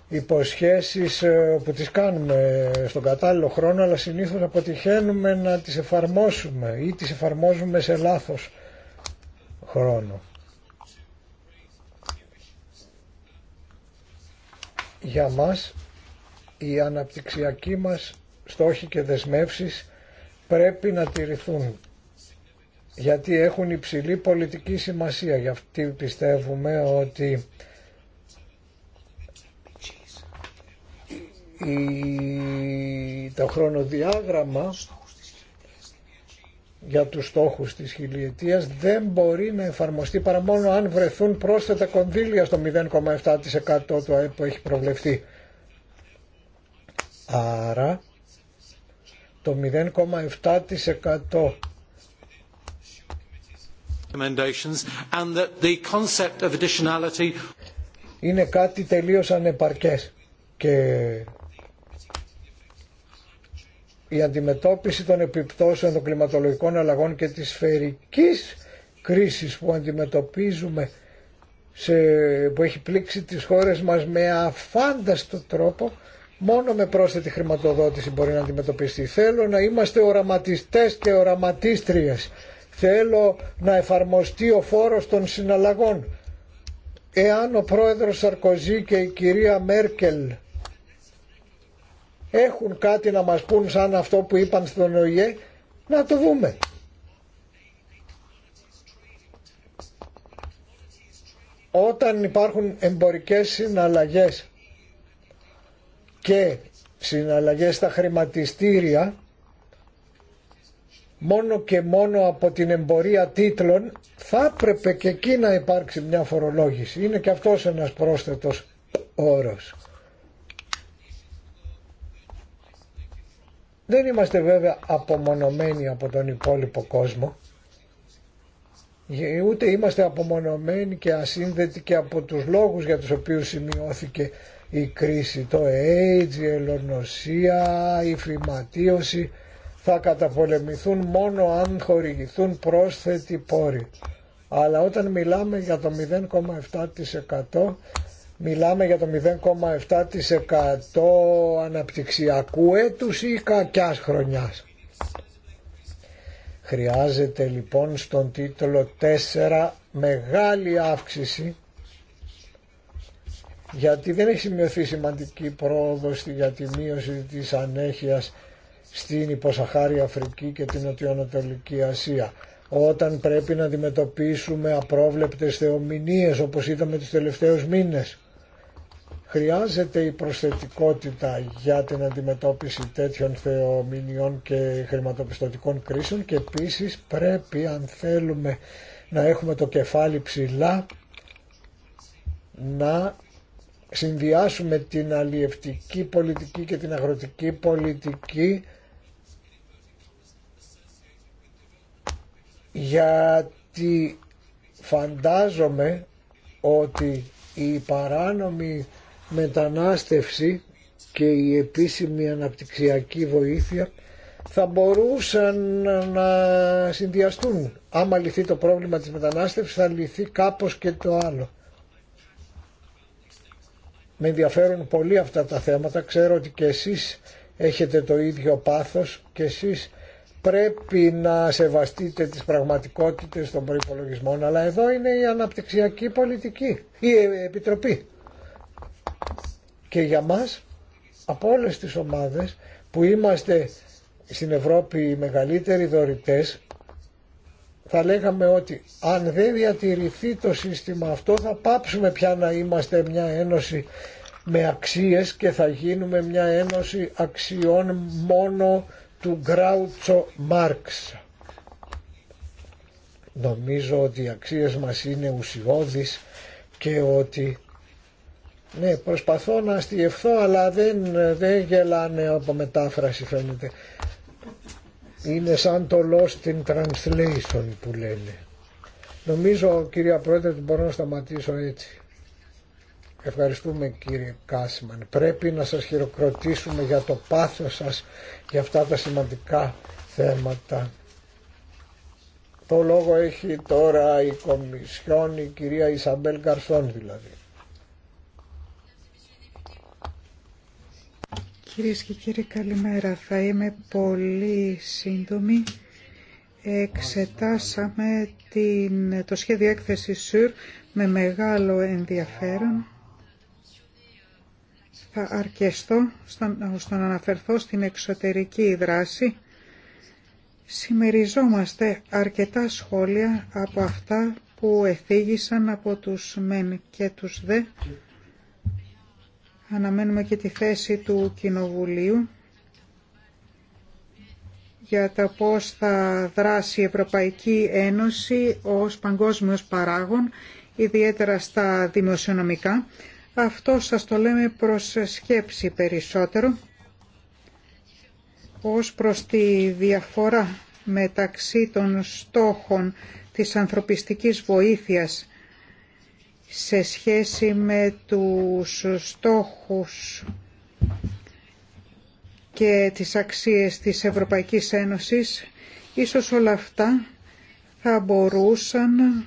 υποσχέσεις ε, που τις κάνουμε στον κατάλληλο χρόνο αλλά συνήθως αποτυχαίνουμε να τις εφαρμόσουμε ή τις εφαρμόζουμε σε λάθος χρόνο. Για μας οι αναπτυξιακοί μας στόχοι και δεσμεύσεις πρέπει να τηρηθούν γιατί έχουν υψηλή πολιτική σημασία. Γι' αυτή πιστεύουμε ότι η... το χρονοδιάγραμμα για τους στόχους της χιλιετίας δεν μπορεί να εφαρμοστεί παρά μόνο αν βρεθούν πρόσθετα κονδύλια στο 0,7% του ΑΕΠ που έχει προβλεφθεί. Άρα το 0,7% είναι κάτι τελείως ανεπαρκές και η αντιμετώπιση των επιπτώσεων των κλιματολογικών αλλαγών και της σφαιρικής κρίσης που αντιμετωπίζουμε σε, που έχει πλήξει τις χώρες μας με αφάνταστο τρόπο μόνο με πρόσθετη χρηματοδότηση μπορεί να αντιμετωπιστεί. Θέλω να είμαστε οραματιστές και οραματίστριες Θέλω να εφαρμοστεί ο φόρος των συναλλαγών. Εάν ο πρόεδρος Σαρκοζή και η κυρία Μέρκελ έχουν κάτι να μας πούν σαν αυτό που είπαν στον ΟΗΕ, να το δούμε. Όταν υπάρχουν εμπορικές συναλλαγές και συναλλαγές στα χρηματιστήρια μόνο και μόνο από την εμπορία τίτλων θα έπρεπε και εκεί να υπάρξει μια φορολόγηση. Είναι και αυτός ένας πρόσθετος όρος. Δεν είμαστε βέβαια απομονωμένοι από τον υπόλοιπο κόσμο. Ε, ούτε είμαστε απομονωμένοι και ασύνδετοι και από τους λόγους για τους οποίους σημειώθηκε η κρίση. Το AIDS, η ελονοσία, η φυματίωση θα καταπολεμηθούν μόνο αν χορηγηθούν πρόσθετοι πόροι. Αλλά όταν μιλάμε για το 0,7% μιλάμε για το 0,7% αναπτυξιακού έτους ή κακιάς χρονιάς. Χρειάζεται λοιπόν στον τίτλο 4 μεγάλη αύξηση γιατί δεν έχει σημειωθεί σημαντική πρόοδος για τη μείωση της ανέχειας στην υποσαχάρη Αφρική και την Νοτιοανατολική Ασία όταν πρέπει να αντιμετωπίσουμε απρόβλεπτες θεομηνίες όπως είδαμε τους τελευταίους μήνες. Χρειάζεται η προσθετικότητα για την αντιμετώπιση τέτοιων θεομηνιών και χρηματοπιστωτικών κρίσεων και επίσης πρέπει αν θέλουμε να έχουμε το κεφάλι ψηλά να συνδυάσουμε την αλλιευτική πολιτική και την αγροτική πολιτική γιατί φαντάζομαι ότι η παράνομη μετανάστευση και η επίσημη αναπτυξιακή βοήθεια θα μπορούσαν να συνδυαστούν. Άμα λυθεί το πρόβλημα της μετανάστευσης θα λυθεί κάπως και το άλλο. Με ενδιαφέρουν πολύ αυτά τα θέματα. Ξέρω ότι και εσείς έχετε το ίδιο πάθος και εσείς πρέπει να σεβαστείτε τις πραγματικότητες των προϋπολογισμών αλλά εδώ είναι η αναπτυξιακή πολιτική η επιτροπή και για μας από όλες τις ομάδες που είμαστε στην Ευρώπη οι μεγαλύτεροι δωρητές θα λέγαμε ότι αν δεν διατηρηθεί το σύστημα αυτό θα πάψουμε πια να είμαστε μια ένωση με αξίες και θα γίνουμε μια ένωση αξιών μόνο του Γκράουτσο Μάρξ. Νομίζω ότι οι αξίες μας είναι ουσιώδεις και ότι ναι, προσπαθώ να αστιευθώ αλλά δεν, δεν γελάνε από μετάφραση φαίνεται. Είναι σαν το lost in translation που λένε. Νομίζω κυρία Πρόεδρε ότι μπορώ να σταματήσω έτσι. Ευχαριστούμε κύριε Κάσμαν. Πρέπει να σας χειροκροτήσουμε για το πάθος σας για αυτά τα σημαντικά θέματα. Το λόγο έχει τώρα η Κομισιόν, η κυρία Ισαμπέλ Γκαρσόν δηλαδή. Κυρίε και κύριοι καλημέρα. Θα είμαι πολύ σύντομη. Εξετάσαμε την, το σχέδιο έκθεση ΣΥΡ με μεγάλο ενδιαφέρον θα αρκεστώ στο να αναφερθώ στην εξωτερική δράση. Σημεριζόμαστε αρκετά σχόλια από αυτά που εθίγησαν από τους μεν και τους δε. Αναμένουμε και τη θέση του Κοινοβουλίου για τα πώς θα δράσει η Ευρωπαϊκή Ένωση ως παγκόσμιος παράγων, ιδιαίτερα στα δημοσιονομικά. Αυτό σας το λέμε προς σκέψη περισσότερο ως προς τη διαφορά μεταξύ των στόχων της ανθρωπιστικής βοήθειας σε σχέση με τους στόχους και τις αξίες της Ευρωπαϊκής Ένωσης, ίσως όλα αυτά θα μπορούσαν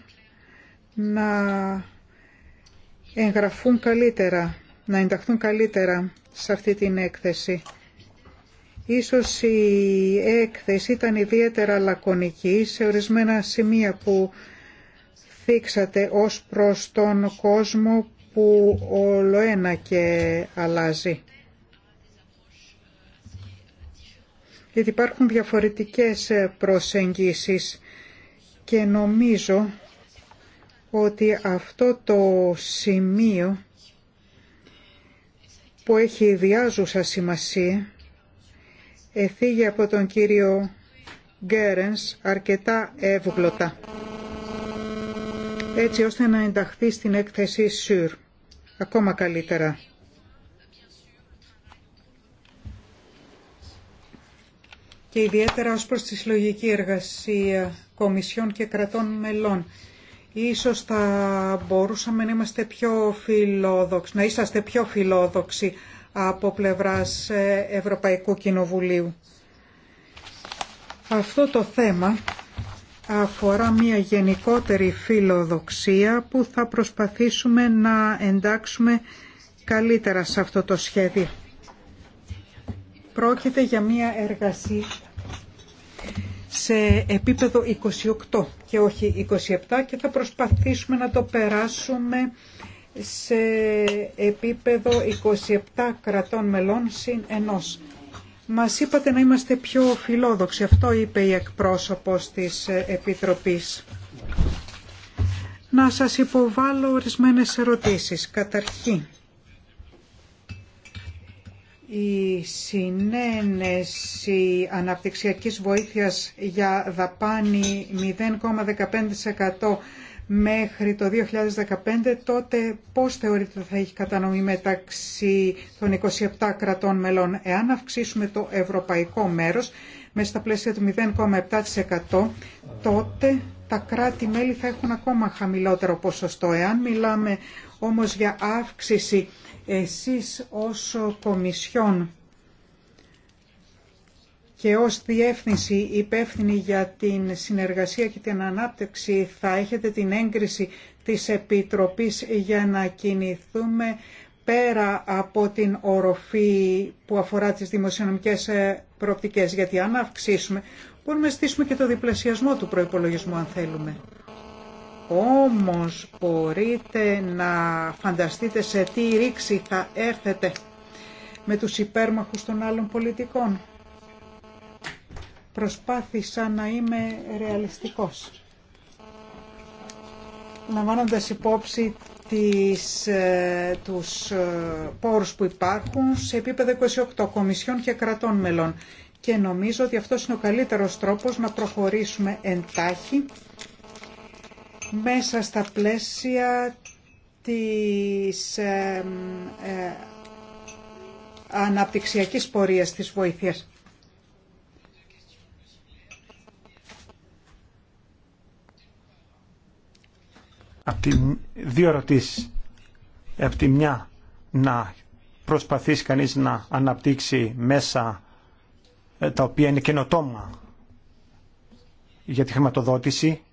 να εγγραφούν καλύτερα, να ενταχθούν καλύτερα σε αυτή την έκθεση. Ίσως η έκθεση ήταν ιδιαίτερα λακωνική σε ορισμένα σημεία που θίξατε ως προς τον κόσμο που ολοένα και αλλάζει. Γιατί υπάρχουν διαφορετικές προσεγγίσεις και νομίζω ότι αυτό το σημείο που έχει ιδιάζουσα σημασία εφήγει από τον κύριο Γκέρενς αρκετά εύγλωτα έτσι ώστε να ενταχθεί στην έκθεση ΣΥΡ ακόμα καλύτερα. Και ιδιαίτερα ως προς τη συλλογική εργασία Κομισιών και Κρατών Μελών Ίσως θα μπορούσαμε να είμαστε πιο φιλόδοξοι, να είσαστε πιο φιλόδοξοι από πλευράς ε, Ευρωπαϊκού Κοινοβουλίου. Αυτό το θέμα αφορά μια γενικότερη φιλοδοξία που θα προσπαθήσουμε να εντάξουμε καλύτερα σε αυτό το σχέδιο. Πρόκειται για μια εργασία σε επίπεδο 28 και όχι 27 και θα προσπαθήσουμε να το περάσουμε σε επίπεδο 27 κρατών μελών συν ενός. Μας είπατε να είμαστε πιο φιλόδοξοι, αυτό είπε η εκπρόσωπος της Επιτροπής. Να σας υποβάλω ορισμένες ερωτήσεις. Καταρχήν, η συνένεση αναπτυξιακής βοήθειας για δαπάνη 0,15% μέχρι το 2015, τότε πώς θεωρείτε θα έχει κατανομή μεταξύ των 27 κρατών μελών. Εάν αυξήσουμε το ευρωπαϊκό μέρος μέσα στα πλαίσια του 0,7%, τότε τα κράτη-μέλη θα έχουν ακόμα χαμηλότερο ποσοστό. Εάν μιλάμε όμως για αύξηση εσείς ως Κομισιόν και ως διεύθυνση υπεύθυνη για την συνεργασία και την ανάπτυξη θα έχετε την έγκριση της Επιτροπής για να κινηθούμε πέρα από την οροφή που αφορά τις δημοσιονομικές ε, προοπτικές. Γιατί αν αυξήσουμε μπορούμε να στήσουμε και το διπλασιασμό του προϋπολογισμού αν θέλουμε. Όμως μπορείτε να φανταστείτε σε τι ρήξη θα έρθετε με τους υπέρμαχους των άλλων πολιτικών. Προσπάθησα να είμαι ρεαλιστικός. Λαμβάνοντα υπόψη τις, ε, τους ε, πόρους που υπάρχουν σε επίπεδο 28 κομισιών και κρατών μελών. Και νομίζω ότι αυτό είναι ο καλύτερος τρόπος να προχωρήσουμε εντάχει μέσα στα πλαίσια της ε, ε, αναπτυξιακής πορείας της βοήθειας. Από τη, δύο ερωτήσεις. Από τη μια να προσπαθήσει κανείς να αναπτύξει μέσα ε, τα οποία είναι καινοτόμα για τη χρηματοδότηση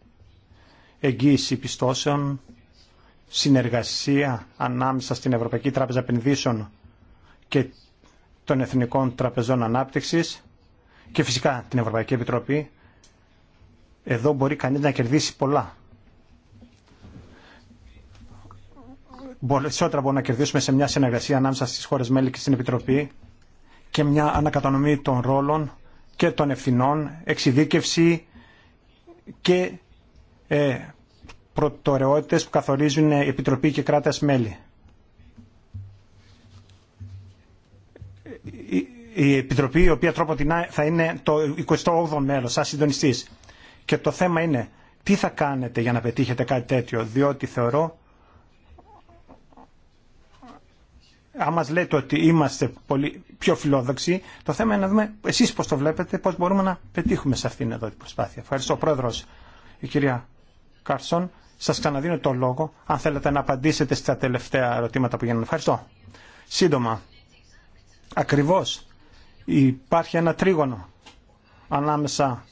εγγύηση πιστώσεων, συνεργασία ανάμεσα στην Ευρωπαϊκή Τράπεζα Επενδύσεων και των Εθνικών Τραπεζών Ανάπτυξης και φυσικά την Ευρωπαϊκή Επιτροπή. Εδώ μπορεί κανείς να κερδίσει πολλά. Περισσότερα μπορούμε να κερδίσουμε σε μια συνεργασία ανάμεσα στις χώρες μέλη και στην Επιτροπή και μια ανακατανομή των ρόλων και των ευθυνών, εξειδίκευση και ε, που καθορίζουν ε, Επιτροπή και κράτας μέλη. Ε, η Επιτροπή, η οποία τρόπο την θα είναι το 28ο μέλο, σαν συντονιστή. Και το θέμα είναι τι θα κάνετε για να πετύχετε κάτι τέτοιο, διότι θεωρώ αν μας λέτε ότι είμαστε πολύ πιο φιλόδοξοι, το θέμα είναι να δούμε εσείς πώς το βλέπετε, πώς μπορούμε να πετύχουμε σε αυτήν εδώ την προσπάθεια. Ευχαριστώ, Πρόεδρος, η κυρία Κάρσον, σα ξαναδίνω το λόγο αν θέλετε να απαντήσετε στα τελευταία ερωτήματα που γίνανε. Ευχαριστώ. Σύντομα, ακριβώς υπάρχει ένα τρίγωνο ανάμεσα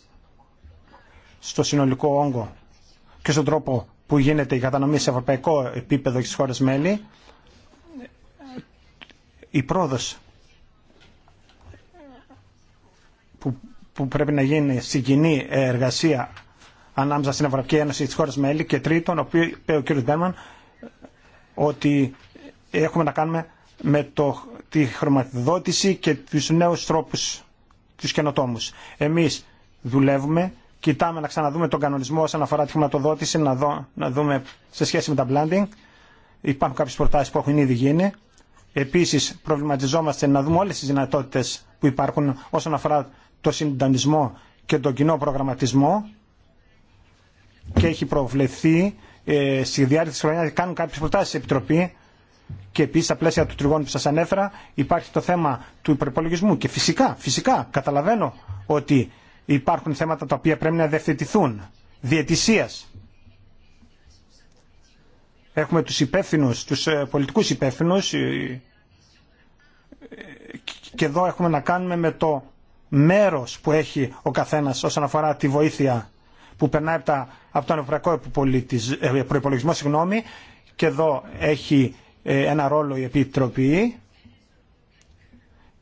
στο συνολικό όγκο και στον τρόπο που γίνεται η κατανομή σε ευρωπαϊκό επίπεδο και στι χώρε μέλη, η πρόοδο που, που πρέπει να γίνει στην κοινή εργασία ανάμεσα στην Ευρωπαϊκή Ένωση τη Χώρα μέλη. Και τρίτον, ο είπε ο κ. Μπέρμαν ότι έχουμε να κάνουμε με το, τη χρηματοδότηση και του νέου τρόπου, του καινοτόμου. Εμεί δουλεύουμε, κοιτάμε να ξαναδούμε τον κανονισμό όσον αφορά τη χρηματοδότηση, να, να δούμε σε σχέση με τα blending. Υπάρχουν κάποιε προτάσει που έχουν ήδη γίνει. Επίση, προβληματιζόμαστε να δούμε όλε τι δυνατότητε που υπάρχουν όσον αφορά το συντονισμό και τον κοινό προγραμματισμό και έχει προβλεφθεί ε, στη διάρκεια της χρονιάς κάνουν κάποιες προτάσει στην Επιτροπή και επίση στα πλαίσια του τριγώνου που σα ανέφερα υπάρχει το θέμα του υπερπολογισμού και φυσικά, φυσικά καταλαβαίνω ότι υπάρχουν θέματα τα οποία πρέπει να διευθετηθούν Διετησίας. έχουμε τους υπεύθυνους, τους ε, πολιτικούς υπεύθυνους ε, και εδώ έχουμε να κάνουμε με το μέρος που έχει ο καθένας όσον αφορά τη βοήθεια που περνάει από, τον ευρωπαϊκό ε, προπολογισμό συγγνώμη, και εδώ έχει ε, ένα ρόλο η Επιτροπή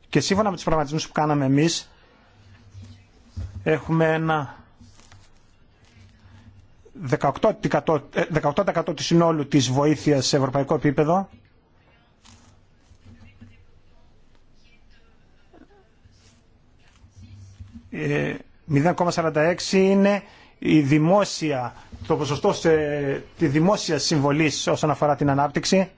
και σύμφωνα με τους προγραμματισμούς που κάναμε εμείς έχουμε ένα 18%, 18 ε, του συνόλου της βοήθειας σε ευρωπαϊκό επίπεδο ε, 0,46 είναι η δημόσια, το ποσοστό σε, τη δημόσια συμβολή όσον αφορά την ανάπτυξη.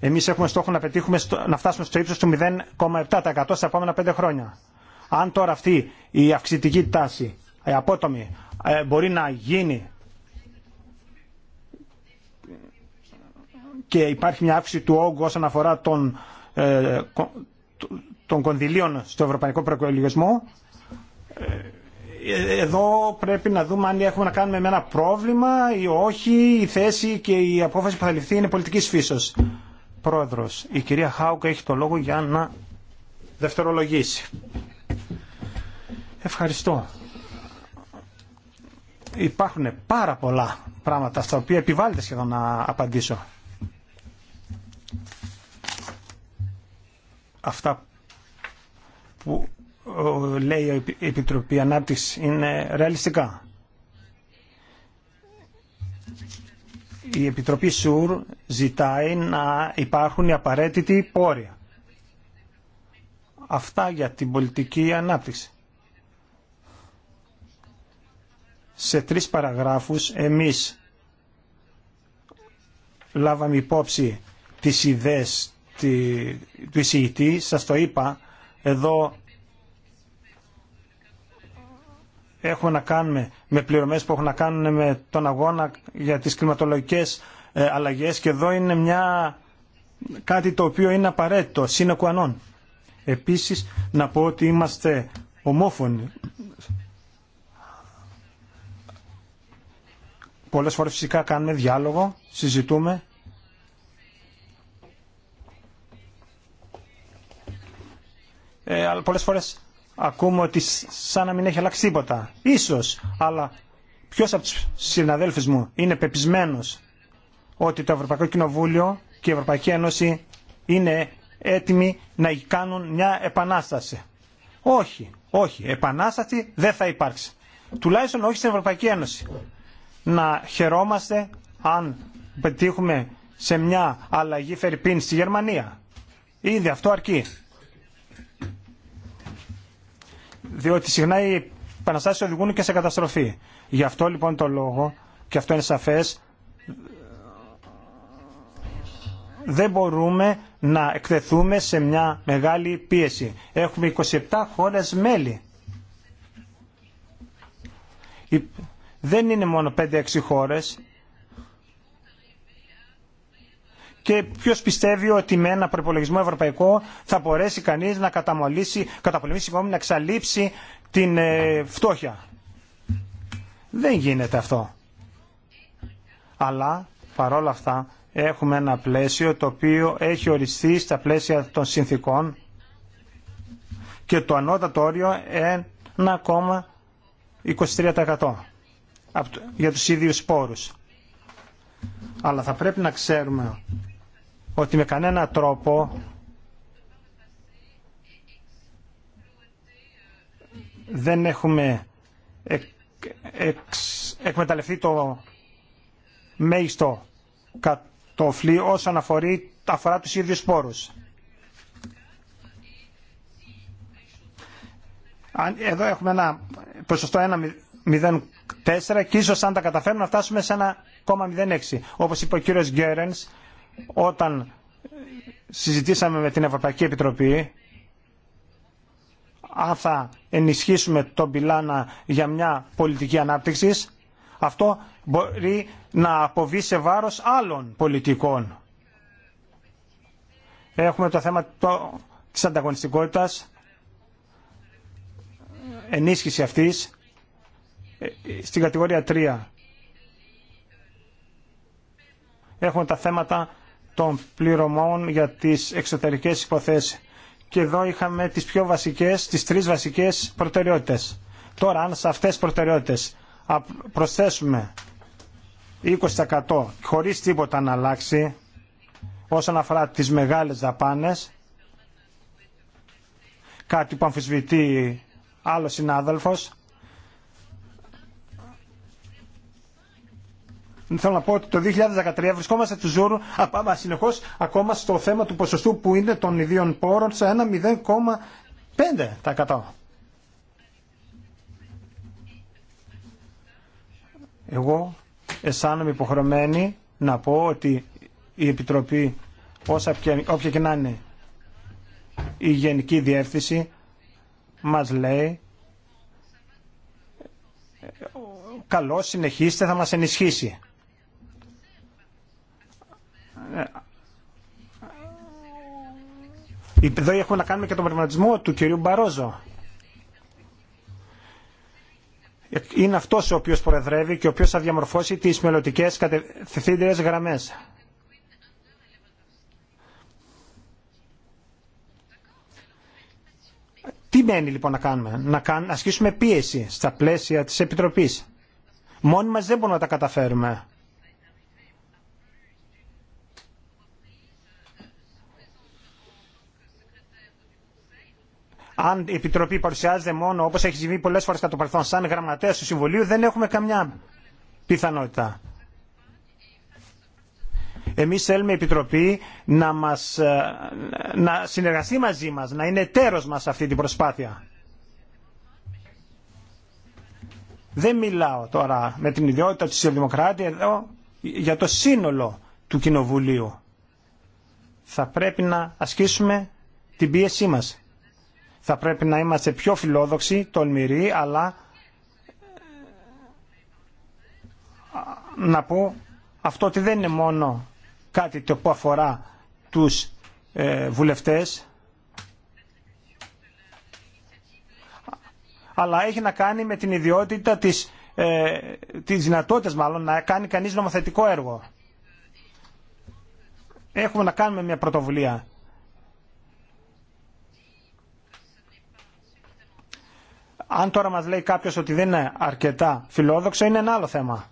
Εμείς έχουμε στόχο να, πετύχουμε να φτάσουμε στο ύψος του 0,7% στα επόμενα πέντε χρόνια. Αν τώρα αυτή η αυξητική τάση, η απότομη, ε, μπορεί να γίνει και υπάρχει μια αύξηση του όγκου όσον αφορά τον, ε, των κονδυλίων στο ευρωπαϊκό προεκλογισμό, ε, ε, εδώ πρέπει να δούμε αν έχουμε να κάνουμε με ένα πρόβλημα ή όχι. Η θέση και η απόφαση που θα ληφθεί είναι πολιτική φύσεω. Πρόεδρο, η κυρία Χάουκ έχει το λόγο για να δευτερολογήσει. Ευχαριστώ. Υπάρχουν πάρα πολλά πράγματα στα οποία επιβάλλεται σχεδόν να απαντήσω. Αυτά που λέει η Επιτροπή Ανάπτυξη είναι ρεαλιστικά. Η Επιτροπή ΣΟΥΡ ζητάει να υπάρχουν οι απαραίτητοι πόρια. Αυτά για την πολιτική ανάπτυξη. Σε τρεις παραγράφους εμείς λάβαμε υπόψη τις ιδέες του εισηγητή. Σας το είπα, εδώ έχουμε να κάνουμε με πληρωμές που έχουν να κάνουν με τον αγώνα για τις κλιματολογικές ε, αλλαγές και εδώ είναι μια, κάτι το οποίο είναι απαραίτητο, σύνοκουανών. Επίσης να πω ότι είμαστε ομόφωνοι. Πολλές φορές φυσικά κάνουμε διάλογο, συζητούμε. Ε, αλλά πολλές φορές ακούμε ότι σαν να μην έχει αλλάξει τίποτα. Ίσως, αλλά ποιος από τους συναδέλφους μου είναι πεπισμένος ότι το Ευρωπαϊκό Κοινοβούλιο και η Ευρωπαϊκή Ένωση είναι έτοιμοι να κάνουν μια επανάσταση. Όχι, όχι, επανάσταση δεν θα υπάρξει. Τουλάχιστον όχι στην Ευρωπαϊκή Ένωση. Να χαιρόμαστε αν πετύχουμε σε μια αλλαγή φερπίν στη Γερμανία. Ήδη αυτό αρκεί. διότι συχνά οι επαναστάσεις οδηγούν και σε καταστροφή. Γι' αυτό λοιπόν το λόγο, και αυτό είναι σαφές, δεν μπορούμε να εκτεθούμε σε μια μεγάλη πίεση. Έχουμε 27 χώρες μέλη. Δεν είναι μόνο 5-6 χώρες, και ποιο πιστεύει ότι με ένα προπολογισμό ευρωπαϊκό θα μπορέσει κανεί να καταπολεμήσει, συγγνώμη, να εξαλείψει την ε, φτώχεια. Δεν γίνεται αυτό. Αλλά παρόλα αυτά έχουμε ένα πλαίσιο το οποίο έχει οριστεί στα πλαίσια των συνθήκων και το ανώτατο όριο 1,23% για τους ίδιους πόρους. Αλλά θα πρέπει να ξέρουμε ότι με κανένα τρόπο δεν έχουμε εκ, εκμεταλλευτεί το μέγιστο κατοφλή όσον αφορεί, αφορά τους ίδιους σπόρους. Εδώ έχουμε ένα ποσοστό 1,04 και ίσως αν τα καταφέρουμε να φτάσουμε σε 1,06. Όπως είπε ο κύριος Γκέρενς, όταν συζητήσαμε με την Ευρωπαϊκή Επιτροπή αν θα ενισχύσουμε τον πιλάνα για μια πολιτική ανάπτυξη, αυτό μπορεί να αποβεί σε βάρος άλλων πολιτικών. Έχουμε το θέμα το, της ανταγωνιστικότητας, ενίσχυση αυτής, ε, στην κατηγορία 3. Έχουμε τα θέματα των πληρωμών για τις εξωτερικές υποθέσεις. Και εδώ είχαμε τις πιο βασικές, τις τρεις βασικές προτεραιότητες. Τώρα αν σε αυτές τις προτεραιότητες προσθέσουμε 20% χωρίς τίποτα να αλλάξει όσον αφορά τις μεγάλες δαπάνες, κάτι που αμφισβητεί άλλος συνάδελφος, θέλω να πω ότι το 2013 βρισκόμαστε του ζώρου συνεχώ ακόμα στο θέμα του ποσοστού που είναι των ιδίων πόρων σε ένα 0,5%. Εγώ αισθάνομαι υποχρεωμένη να πω ότι η Επιτροπή, όσα, όποια και να είναι η Γενική Διεύθυνση, μας λέει καλό συνεχίστε θα μας ενισχύσει. Εδώ έχουμε να κάνουμε και τον πνευματισμό του κυρίου Μπαρόζο. Είναι αυτός ο οποίο προεδρεύει και ο οποίο θα διαμορφώσει τις μελλοντικέ κατευθυντήρες γραμμές. Τι μένει λοιπόν να κάνουμε, να ασκήσουμε πίεση στα πλαίσια της Επιτροπής. Μόνοι μας δεν μπορούμε να τα καταφέρουμε. αν η Επιτροπή παρουσιάζεται μόνο όπως έχει συμβεί πολλές φορές κατά το παρελθόν σαν γραμματέα του Συμβουλίου δεν έχουμε καμιά πιθανότητα. Εμείς θέλουμε η Επιτροπή να, μας, ε, να συνεργαστεί μαζί μας, να είναι τέρος μας σε αυτή την προσπάθεια. Δεν μιλάω τώρα με την ιδιότητα του Σιωδημοκράτη εδώ για το σύνολο του Κοινοβουλίου. Θα πρέπει να ασκήσουμε την πίεσή μας. Θα πρέπει να είμαστε πιο φιλόδοξοι, τολμηροί, αλλά ε, να πω αυτό ότι δεν είναι μόνο κάτι το που αφορά τους ε, βουλευτές, αλλά έχει να κάνει με την ιδιότητα της, ε, της δυνατότητας μάλλον να κάνει κανείς νομοθετικό έργο. Έχουμε να κάνουμε μια πρωτοβουλία Αν τώρα μας λέει κάποιος ότι δεν είναι αρκετά φιλόδοξο, είναι ένα άλλο θέμα.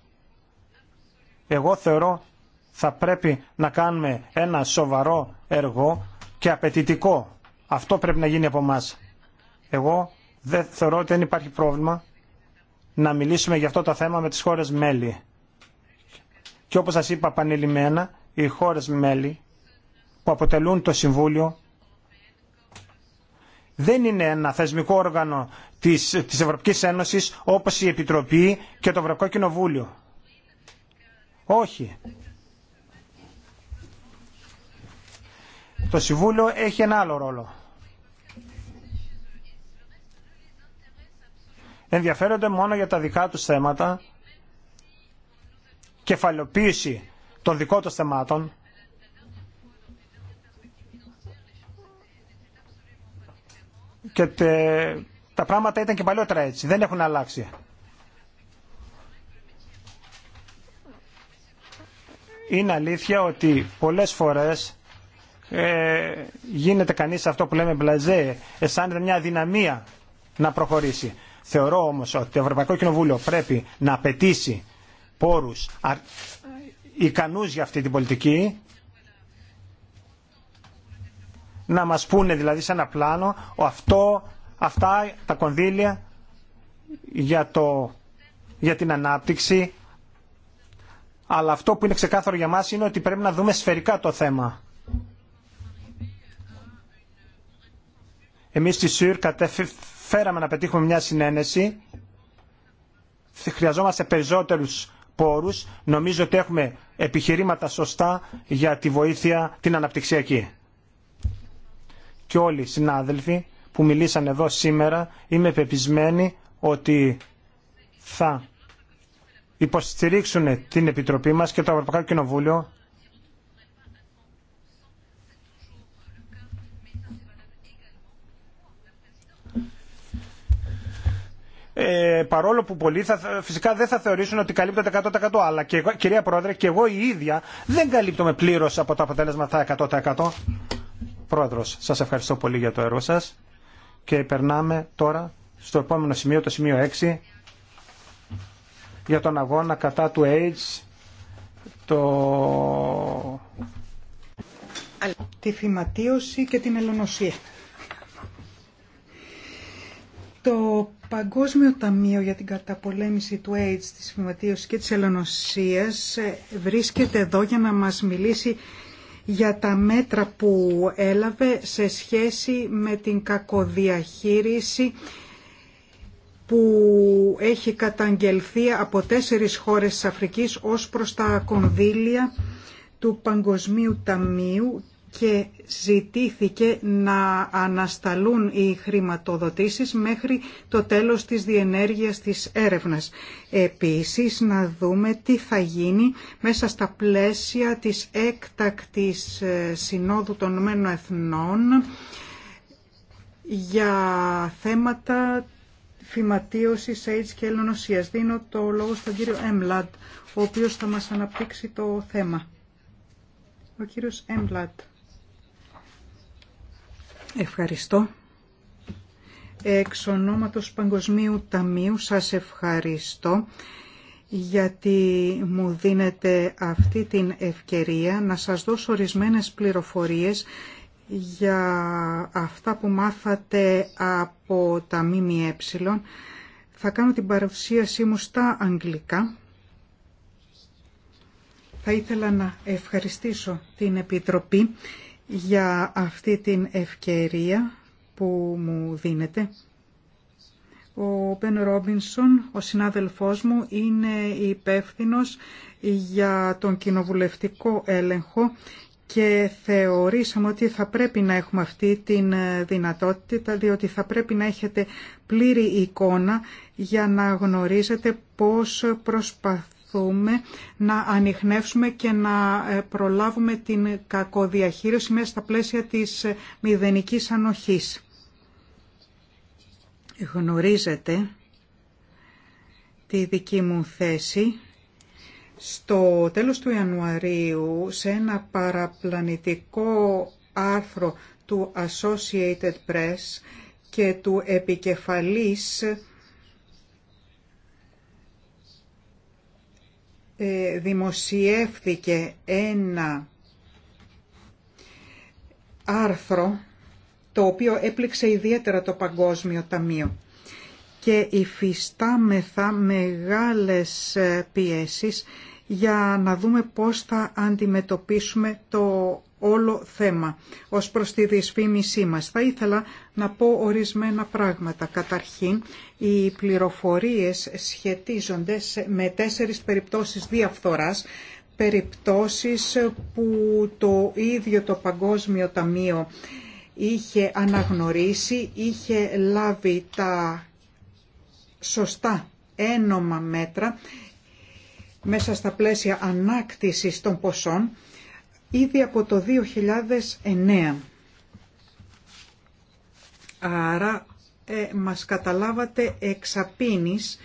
Εγώ θεωρώ θα πρέπει να κάνουμε ένα σοβαρό έργο και απαιτητικό. Αυτό πρέπει να γίνει από εμά. Εγώ δεν θεωρώ ότι δεν υπάρχει πρόβλημα να μιλήσουμε για αυτό το θέμα με τις χώρες μέλη. Και όπως σας είπα πανελημένα, οι χώρες μέλη που αποτελούν το Συμβούλιο δεν είναι ένα θεσμικό όργανο της, της Ευρωπαϊκής Ένωσης όπως η Επιτροπή και το Ευρωπαϊκό Κοινοβούλιο. Όχι. Το Συμβούλιο έχει ένα άλλο ρόλο. Ενδιαφέρονται μόνο για τα δικά τους θέματα, κεφαλαιοποίηση των δικών τους θεμάτων, και τα πράγματα ήταν και παλιότερα έτσι, δεν έχουν αλλάξει. Είναι αλήθεια ότι πολλές φορές ε, γίνεται κανείς αυτό που λέμε μπλαζέ, αισθάνεται μια δυναμία να προχωρήσει. Θεωρώ όμως ότι το Ευρωπαϊκό Κοινοβούλιο πρέπει να απαιτήσει πόρους αρ... ικανούς για αυτή την πολιτική, να μας πούνε δηλαδή σε ένα πλάνο αυτό αυτά τα κονδύλια για, το, για την ανάπτυξη αλλά αυτό που είναι ξεκάθαρο για μας είναι ότι πρέπει να δούμε σφαιρικά το θέμα. Εμείς στη ΣΥΡ φέραμε να πετύχουμε μια συνένεση. Χρειαζόμαστε περισσότερους πόρους. Νομίζω ότι έχουμε επιχειρήματα σωστά για τη βοήθεια την αναπτυξιακή. Και όλοι οι συνάδελφοι που μιλήσαν εδώ σήμερα είμαι πεπισμένη ότι θα υποστηρίξουν την Επιτροπή μας και το Ευρωπαϊκό Κοινοβούλιο Ε, παρόλο που πολλοί θα, φυσικά δεν θα θεωρήσουν ότι καλύπτονται 100% αλλά και κυρία Πρόεδρε και εγώ η ίδια δεν καλύπτομαι πλήρως από το αποτέλεσμα 100% Πρόεδρος, σας ευχαριστώ πολύ για το έργο σας. Και περνάμε τώρα στο επόμενο σημείο, το σημείο 6, για τον αγώνα κατά του AIDS, το... Τη φυματίωση και την ελονοσία. Το Παγκόσμιο Ταμείο για την καταπολέμηση του AIDS, της φυματίωσης και της ελονοσίας ε, βρίσκεται εδώ για να μας μιλήσει για τα μέτρα που έλαβε σε σχέση με την κακοδιαχείριση που έχει καταγγελθεί από τέσσερις χώρες της Αφρικής ως προς τα κονδύλια του Παγκοσμίου Ταμείου και ζητήθηκε να ανασταλούν οι χρηματοδοτήσεις μέχρι το τέλος της διενέργειας της έρευνας. Επίσης, να δούμε τι θα γίνει μέσα στα πλαίσια της έκτακτης ε, Συνόδου των Ηνωμένων Εθνών για θέματα φυματίωσης AIDS και ελονοσίας. Δίνω το λόγο στον κύριο Εμλαντ, ο οποίος θα μας αναπτύξει το θέμα. Ο κύριος Εμπλατ. Ευχαριστώ. Εξ ονόματος Παγκοσμίου Ταμείου σας ευχαριστώ γιατί μου δίνετε αυτή την ευκαιρία να σας δώσω ορισμένες πληροφορίες για αυτά που μάθατε από τα ΜΜΕ. Θα κάνω την παρουσίασή μου στα αγγλικά. Θα ήθελα να ευχαριστήσω την Επιτροπή για αυτή την ευκαιρία που μου δίνετε. Ο Μπεν Ρόμπινσον, ο συνάδελφός μου, είναι υπεύθυνο για τον κοινοβουλευτικό έλεγχο και θεωρήσαμε ότι θα πρέπει να έχουμε αυτή την δυνατότητα, διότι θα πρέπει να έχετε πλήρη εικόνα για να γνωρίζετε πώς προσπαθούμε να ανοιχνεύσουμε και να ε, προλάβουμε την κακοδιαχείριση μέσα στα πλαίσια της ε, μηδενικής ανοχής. Γνωρίζετε τη δική μου θέση. Στο τέλος του Ιανουαρίου, σε ένα παραπλανητικό άρθρο του Associated Press και του επικεφαλής Ε, δημοσιεύθηκε ένα άρθρο το οποίο έπληξε ιδιαίτερα το Παγκόσμιο Ταμείο και υφιστάμεθα μεγάλες ε, πιέσεις για να δούμε πώς θα αντιμετωπίσουμε το όλο θέμα ως προς τη δυσφήμισή μας. Θα ήθελα να πω ορισμένα πράγματα. Καταρχήν, οι πληροφορίες σχετίζονται με τέσσερις περιπτώσεις διαφθοράς, περιπτώσεις που το ίδιο το Παγκόσμιο Ταμείο είχε αναγνωρίσει, είχε λάβει τα σωστά ένομα μέτρα μέσα στα πλαίσια ανάκτησης των ποσών ήδη από το 2009. Άρα ε, μας καταλάβατε εξαπίνης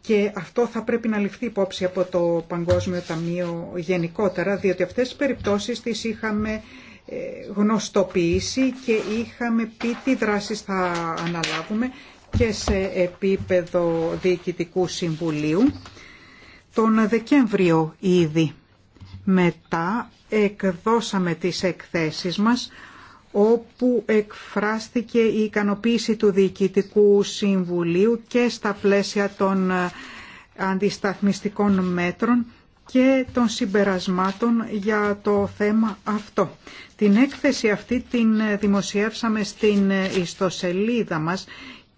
και αυτό θα πρέπει να ληφθεί υπόψη από το Παγκόσμιο Ταμείο γενικότερα, διότι αυτές τις περιπτώσεις τις είχαμε ε, γνωστοποιήσει και είχαμε πει τι δράσεις θα αναλάβουμε και σε επίπεδο Διοικητικού Συμβουλίου τον Δεκέμβριο ήδη. Μετά εκδώσαμε τις εκθέσεις μας όπου εκφράστηκε η ικανοποίηση του Διοικητικού Συμβουλίου και στα πλαίσια των ε, αντισταθμιστικών μέτρων και των συμπερασμάτων για το θέμα αυτό. Την έκθεση αυτή την ε, δημοσιεύσαμε στην ε, ιστοσελίδα μας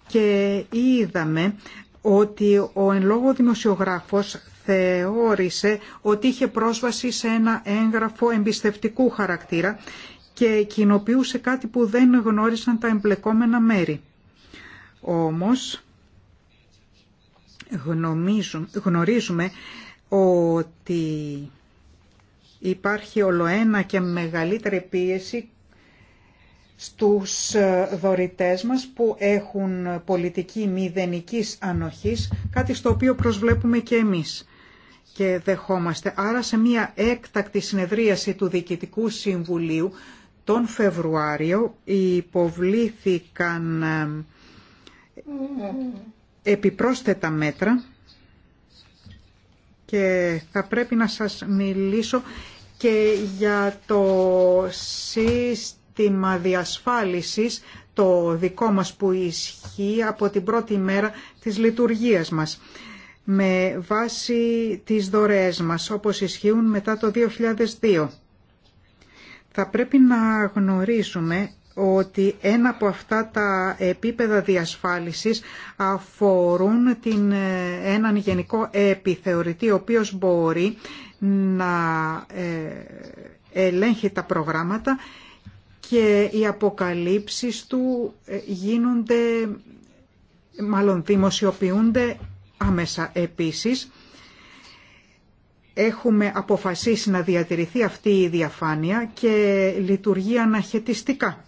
και είδαμε ότι ο εν λόγω δημοσιογράφος θεώρησε ότι είχε πρόσβαση σε ένα έγγραφο εμπιστευτικού χαρακτήρα και κοινοποιούσε κάτι που δεν γνώρισαν τα εμπλεκόμενα μέρη. Όμως γνωρίζουμε ότι υπάρχει ολοένα και μεγαλύτερη πίεση στους δωρητές μας που έχουν πολιτική μηδενικής ανοχής, κάτι στο οποίο προσβλέπουμε και εμείς και δεχόμαστε. Άρα σε μια έκτακτη συνεδρίαση του Διοικητικού Συμβουλίου τον Φεβρουάριο υποβλήθηκαν επιπρόσθετα μέτρα και θα πρέπει να σας μιλήσω και για το σύστημα διασφάλισης το δικό μας που ισχύει από την πρώτη μέρα της λειτουργίας μας με βάση τις δωρεές μας, όπως ισχύουν μετά το 2002. Θα πρέπει να γνωρίζουμε ότι ένα από αυτά τα επίπεδα διασφάλισης αφορούν την, έναν γενικό επιθεωρητή, ο οποίος μπορεί να ε, ελέγχει τα προγράμματα και οι αποκαλύψεις του ε, γίνονται, μάλλον δημοσιοποιούνται άμεσα επίσης. Έχουμε αποφασίσει να διατηρηθεί αυτή η διαφάνεια και λειτουργεί αναχαιτιστικά.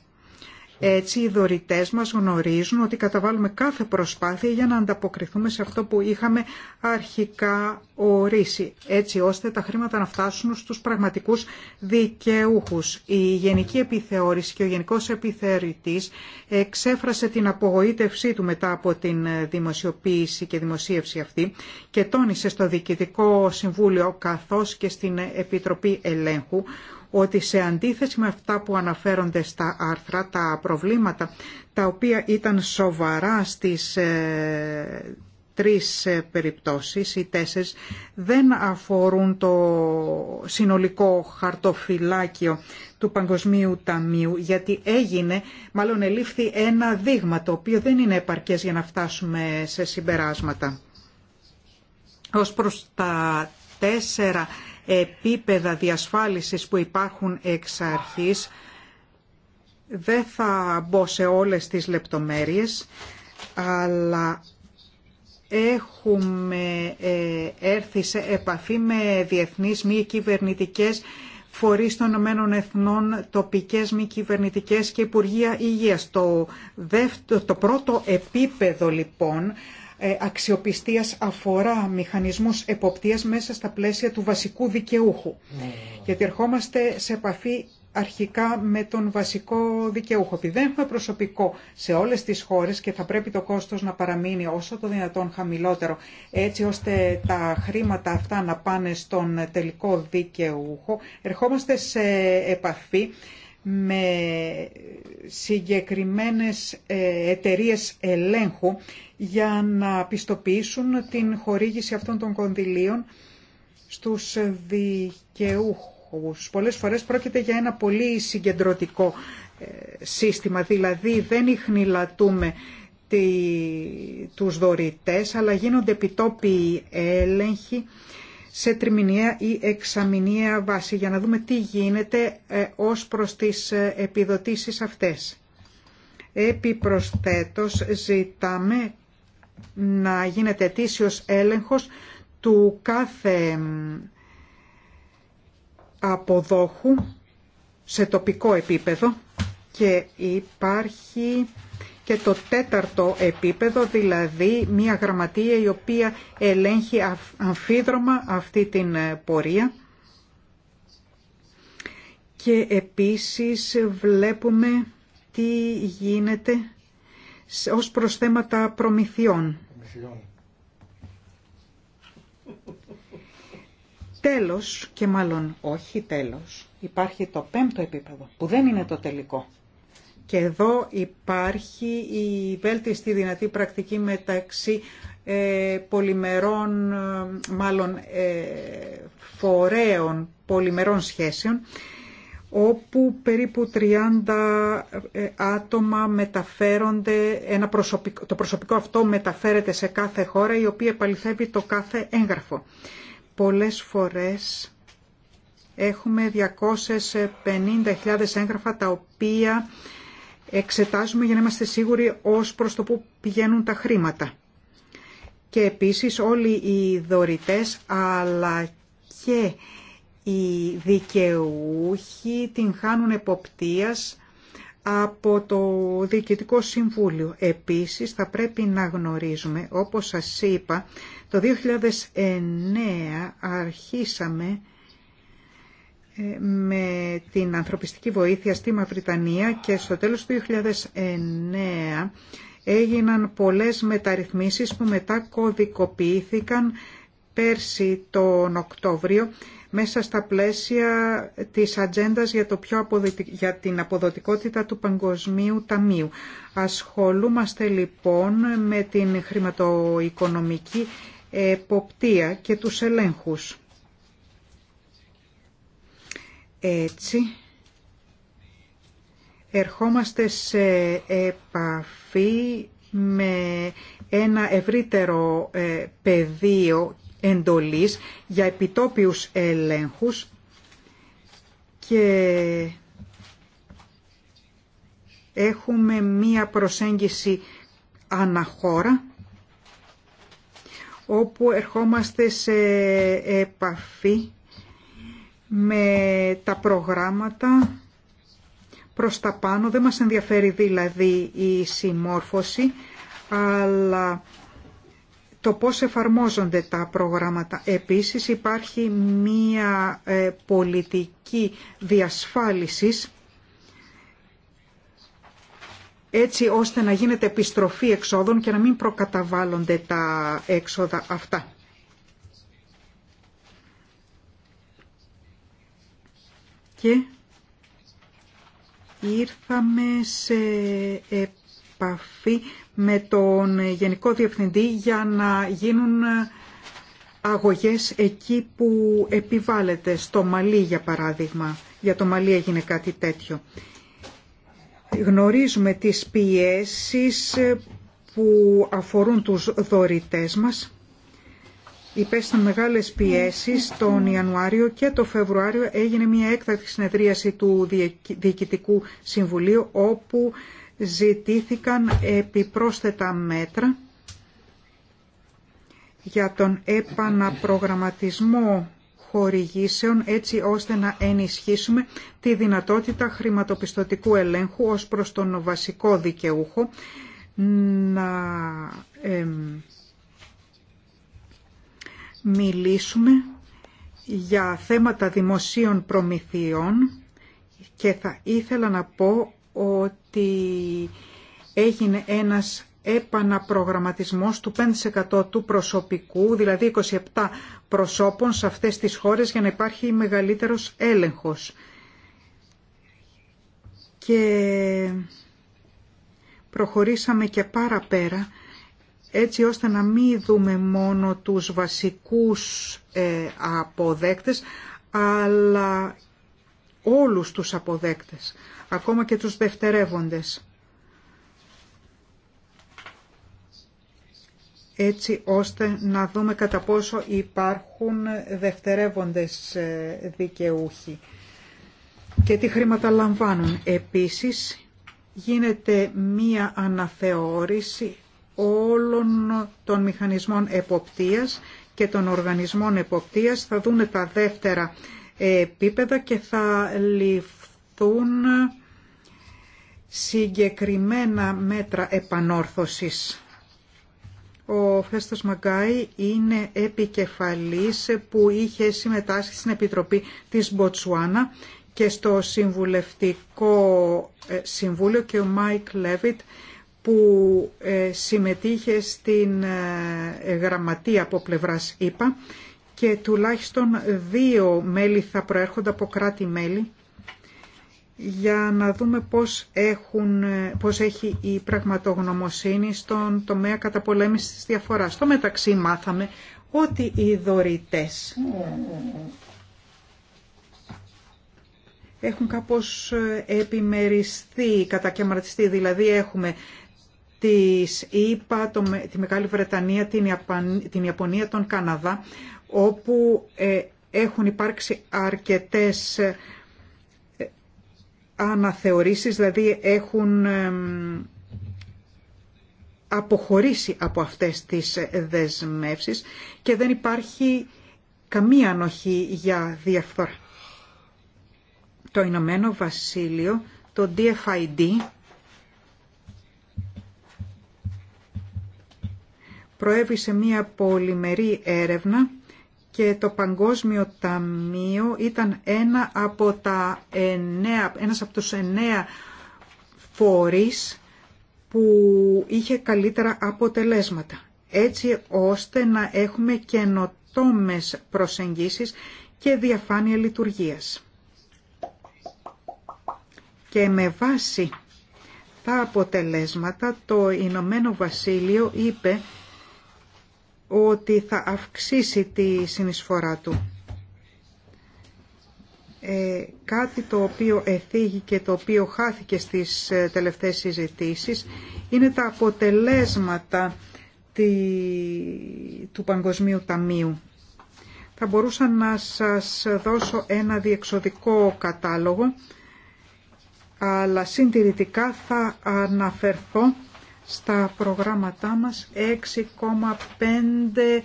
Έτσι οι δωρητές μας γνωρίζουν ότι καταβάλουμε κάθε προσπάθεια για να ανταποκριθούμε σε αυτό που είχαμε αρχικά ορίσει, έτσι ώστε τα χρήματα να φτάσουν στους πραγματικούς δικαιούχους. Η Γενική Επιθεώρηση και ο Γενικός Επιθεωρητής εξέφρασε την απογοήτευσή του μετά από την δημοσιοποίηση και δημοσίευση αυτή και τόνισε στο Διοικητικό Συμβούλιο καθώς και στην Επιτροπή Ελέγχου ότι σε αντίθεση με αυτά που αναφέρονται στα άρθρα, τα προβλήματα τα οποία ήταν σοβαρά στις ε, τρεις ε, περιπτώσεις ή τέσσερις δεν αφορούν το συνολικό χαρτοφυλάκιο του Παγκοσμίου Ταμείου γιατί έγινε, μάλλον ελήφθη ένα δείγμα το οποίο δεν είναι επαρκές για να φτάσουμε σε συμπεράσματα. Ως προς τα τέσσερα επίπεδα διασφάλισης που υπάρχουν εξ αρχής. Δεν θα μπω σε όλες τις λεπτομέρειες, αλλά έχουμε ε, έρθει σε επαφή με διεθνείς μη κυβερνητικές φορείς των Ηνωμένων Εθνών, τοπικές μη κυβερνητικές και Υπουργεία Υγείας. Το, το πρώτο επίπεδο λοιπόν ε, αξιοπιστίας αφορά μηχανισμούς εποπτείας μέσα στα πλαίσια του βασικού δικαιούχου. Ναι. Γιατί ερχόμαστε σε επαφή αρχικά με τον βασικό δικαιούχο. Επειδή δεν έχουμε προσωπικό σε όλες τις χώρες και θα πρέπει το κόστος να παραμείνει όσο το δυνατόν χαμηλότερο, έτσι ώστε τα χρήματα αυτά να πάνε στον τελικό δικαιούχο, ερχόμαστε σε επαφή με συγκεκριμένες ε, εταιρείες ελέγχου για να πιστοποιήσουν την χορήγηση αυτών των κονδυλίων στους δικαιούχους. Πολλές φορές πρόκειται για ένα πολύ συγκεντρωτικό ε, σύστημα, δηλαδή δεν ιχνηλατούμε τη, τους δωρητές, αλλά γίνονται επιτόπιοι έλεγχοι σε τριμηνία ή εξαμηνία βάση για να δούμε τι γίνεται ε, ως προς τις ε, επιδοτήσεις αυτές. Επιπροσθέτως ζητάμε να γίνεται αιτήσιος έλεγχος του κάθε αποδόχου σε τοπικό επίπεδο και υπάρχει και το τέταρτο επίπεδο, δηλαδή μια γραμματεία η οποία ελέγχει αμφίδρομα αυτή την ε, πορεία. Και επίσης βλέπουμε τι γίνεται ως προς θέματα προμηθειών. Τέλος, και μάλλον όχι τέλος, υπάρχει το πέμπτο επίπεδο, που δεν είναι το τελικό. Και εδώ υπάρχει η βέλτιστη δυνατή πρακτική μεταξύ ε, πολυμερών, ε, μάλλον ε, φορέων πολυμερών σχέσεων όπου περίπου 30 ε, άτομα μεταφέρονται, ένα το προσωπικό αυτό μεταφέρεται σε κάθε χώρα η οποία επαληθεύει το κάθε έγγραφο. Πολλές φορές έχουμε 250.000 έγγραφα τα οποία εξετάζουμε για να είμαστε σίγουροι ως προς το που πηγαίνουν τα χρήματα. Και επίσης όλοι οι δωρητές αλλά και οι δικαιούχοι την χάνουν εποπτείας από το Διοικητικό Συμβούλιο. Επίσης θα πρέπει να γνωρίζουμε, όπως σας είπα, το 2009 αρχίσαμε ε, με την ανθρωπιστική βοήθεια στη Μαυριτανία και στο τέλος του 2009 έγιναν πολλές μεταρρυθμίσεις που μετά κωδικοποιήθηκαν πέρσι τον Οκτώβριο μέσα στα πλαίσια της ατζέντα για, το για την αποδοτικότητα του Παγκοσμίου Ταμείου. Ασχολούμαστε λοιπόν με την χρηματοοικονομική εποπτεία και τους ελέγχους. Έτσι, ερχόμαστε σε επαφή με ένα ευρύτερο ε, πεδίο εντολής για επιτόπιους ελέγχους και έχουμε μία προσέγγιση αναχώρα όπου ερχόμαστε σε επαφή με τα προγράμματα προς τα πάνω. Δεν μας ενδιαφέρει δηλαδή η συμμόρφωση, αλλά το πώς εφαρμόζονται τα προγράμματα. Επίσης υπάρχει μία ε, πολιτική διασφάλισης έτσι ώστε να γίνεται επιστροφή εξόδων και να μην προκαταβάλλονται τα έξοδα αυτά. Και ήρθαμε σε επαφή με τον Γενικό Διευθυντή για να γίνουν αγωγές εκεί που επιβάλλεται, στο Μαλί για παράδειγμα. Για το Μαλί έγινε κάτι τέτοιο. Γνωρίζουμε τις πιέσεις που αφορούν τους δωρητές μας. Υπέστην μεγάλες πιέσεις τον Ιανουάριο και το Φεβρουάριο έγινε μια έκτακτη συνεδρίαση του Διοικητικού Συμβουλίου όπου ζητήθηκαν επιπρόσθετα μέτρα για τον επαναπρογραμματισμό χορηγήσεων έτσι ώστε να ενισχύσουμε τη δυνατότητα χρηματοπιστωτικού ελέγχου ως προς τον βασικό δικαιούχο να μιλήσουμε για θέματα δημοσίων προμηθειών και θα ήθελα να πω ότι έγινε ένας επαναπρογραμματισμός του 5% του προσωπικού, δηλαδή 27 προσώπων σε αυτές τις χώρες για να υπάρχει μεγαλύτερος έλεγχος. Και προχωρήσαμε και παραπέρα έτσι ώστε να μην δούμε μόνο τους βασικούς ε, αποδέκτες, αλλά όλους τους αποδέκτες ακόμα και τους δευτερεύοντες. έτσι ώστε να δούμε κατά πόσο υπάρχουν δευτερεύοντες ε, δικαιούχοι και τι χρήματα λαμβάνουν. Επίσης, γίνεται μία αναθεώρηση όλων των μηχανισμών εποπτείας και των οργανισμών εποπτείας. Θα δούνε τα δεύτερα ε, επίπεδα και θα ληφθούν ληφθούν συγκεκριμένα μέτρα επανόρθωσης. Ο Φέστος Μαγκάη είναι επικεφαλής που είχε συμμετάσχει στην Επιτροπή της Μποτσουάνα και στο Συμβουλευτικό ε, Συμβούλιο και ο Μάικ Λέβιτ που ε, συμμετείχε στην ε, γραμματεία από πλευράς ΗΠΑ και τουλάχιστον δύο μέλη θα προέρχονται από κράτη-μέλη για να δούμε πώς, έχουν, πώς έχει η πραγματογνωμοσύνη στον τομέα καταπολέμησης της διαφοράς. Στο μεταξύ μάθαμε ότι οι δωρητές έχουν κάπως ε, επιμεριστεί, κατακαιματιστεί. Δηλαδή έχουμε τις το τη Μεγάλη Βρετανία, την Ιαπωνία, τον Καναδά, όπου ε, έχουν υπάρξει αρκετές ε, αναθεωρήσεις, δηλαδή έχουν αποχωρήσει από αυτές τις δεσμεύσεις και δεν υπάρχει καμία ανοχή για διαφθορά. Το Ηνωμένο Βασίλειο, το DFID, προέβησε μία πολυμερή έρευνα και το Παγκόσμιο Ταμείο ήταν ένα από τα εννέα, ένας από τους εννέα φορείς που είχε καλύτερα αποτελέσματα έτσι ώστε να έχουμε καινοτόμες προσεγγίσεις και διαφάνεια λειτουργίας. Και με βάση τα αποτελέσματα το Ηνωμένο Βασίλειο είπε ότι θα αυξήσει τη συνεισφορά του. Ε, κάτι το οποίο εθίγει και το οποίο χάθηκε στις ε, τελευταίες συζητήσεις είναι τα αποτελέσματα τη, του Παγκοσμίου Ταμείου. Θα μπορούσα να σας δώσω ένα διεξοδικό κατάλογο, αλλά συντηρητικά θα αναφερθώ στα προγράμματά μας 6,5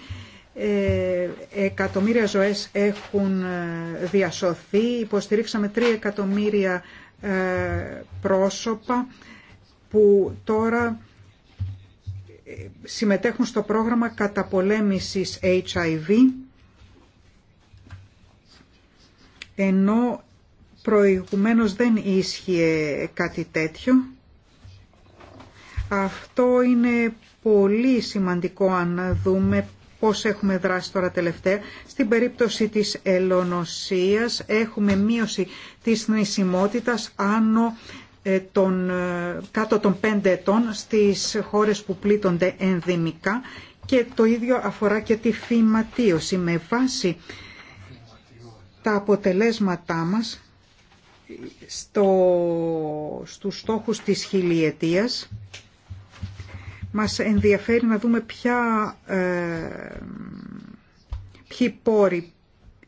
ε, εκατομμύρια ζωές έχουν ε, διασωθεί, υποστηρίξαμε 3 εκατομμύρια ε, πρόσωπα που τώρα συμμετέχουν στο πρόγραμμα καταπολέμησης HIV ενώ προηγουμένως δεν ίσχυε κάτι τέτοιο αυτό είναι πολύ σημαντικό αν δούμε πώς έχουμε δράσει τώρα τελευταία. Στην περίπτωση της ελονοσίας έχουμε μείωση της νησιμότητας άνω ε, των, ε, κάτω των 5 ετών στις χώρες που πλήττονται ενδημικά και το ίδιο αφορά και τη φυματίωση. Με βάση τα αποτελέσματά μας στο, στους στόχους της χιλιετίας μας ενδιαφέρει να δούμε ποια, ε, ποιοι πόροι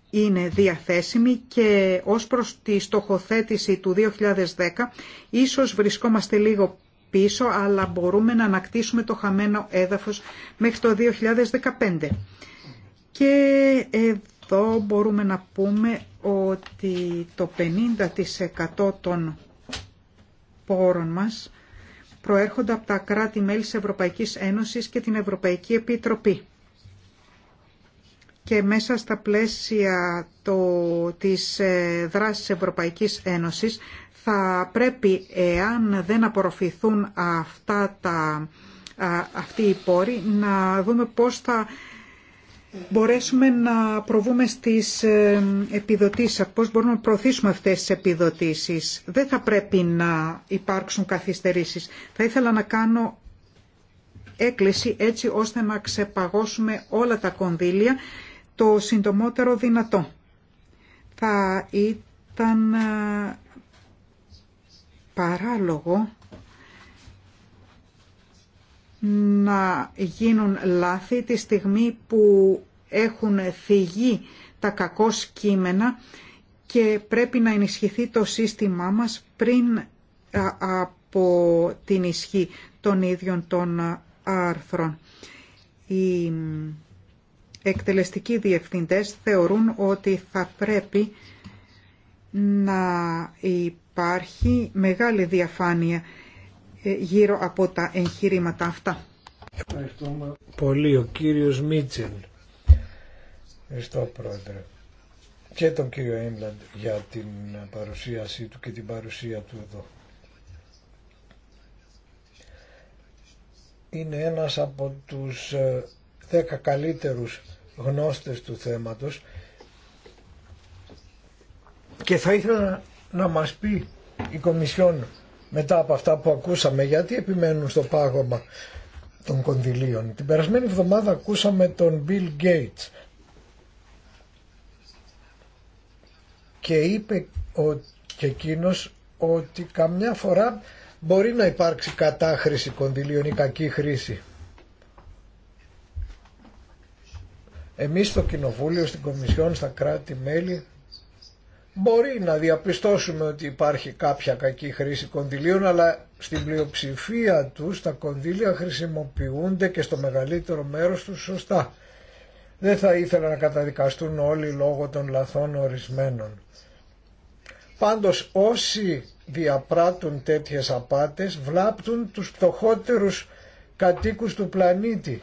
είναι διαθέσιμοι και ως προς τη στοχοθέτηση του 2010 ίσως βρισκόμαστε λίγο πίσω αλλά μπορούμε να ανακτήσουμε το χαμένο έδαφος μέχρι το 2015. Και εδώ μπορούμε να πούμε ότι το 50% των πόρων μας προέρχονται από τα κράτη-μέλη της Ευρωπαϊκής Ένωσης και την Ευρωπαϊκή Επιτροπή. Και μέσα στα πλαίσια το, της ε, δράσης Ευρωπαϊκής Ένωσης θα πρέπει, εάν δεν απορροφηθούν αυτά τα, αυτοί οι πόροι, να δούμε πώς θα μπορέσουμε να προβούμε στις ε, επιδοτήσεις, πώς μπορούμε να προωθήσουμε αυτές τις επιδοτήσεις. Δεν θα πρέπει να υπάρξουν καθυστερήσεις. Θα ήθελα να κάνω έκκληση έτσι ώστε να ξεπαγώσουμε όλα τα κονδύλια το συντομότερο δυνατό. Θα ήταν ε, παράλογο να γίνουν λάθη τη στιγμή που έχουν θυγεί τα κακό κείμενα και πρέπει να ενισχυθεί το σύστημά μας πριν από την ισχύ των ίδιων των άρθρων. Οι εκτελεστικοί διευθυντές θεωρούν ότι θα πρέπει να υπάρχει μεγάλη διαφάνεια ε, γύρω από τα εγχειρήματα αυτά. Ευχαριστούμε πολύ ο κύριος Μίτσελ. Ευχαριστώ πρόεδρε. Και τον κύριο Έμπλαντ για την παρουσίασή του και την παρουσία του εδώ. Είναι ένας από τους ε, δέκα καλύτερους γνώστες του θέματος και θα ήθελα να μας πει η Κομισιόν μετά από αυτά που ακούσαμε, γιατί επιμένουν στο πάγωμα των κονδυλίων. Την περασμένη εβδομάδα ακούσαμε τον Bill Gates και είπε ο, και εκείνο ότι καμιά φορά μπορεί να υπάρξει κατάχρηση κονδυλίων ή κακή χρήση. Εμείς στο Κοινοβούλιο, στην Κομισιόν, στα κράτη-μέλη Μπορεί να διαπιστώσουμε ότι υπάρχει κάποια κακή χρήση κονδυλίων, αλλά στην πλειοψηφία τους τα κονδύλια χρησιμοποιούνται και στο μεγαλύτερο μέρος τους σωστά. Δεν θα ήθελα να καταδικαστούν όλοι λόγω των λαθών ορισμένων. Πάντως όσοι διαπράττουν τέτοιες απάτες βλάπτουν τους πτωχότερους κατοίκους του πλανήτη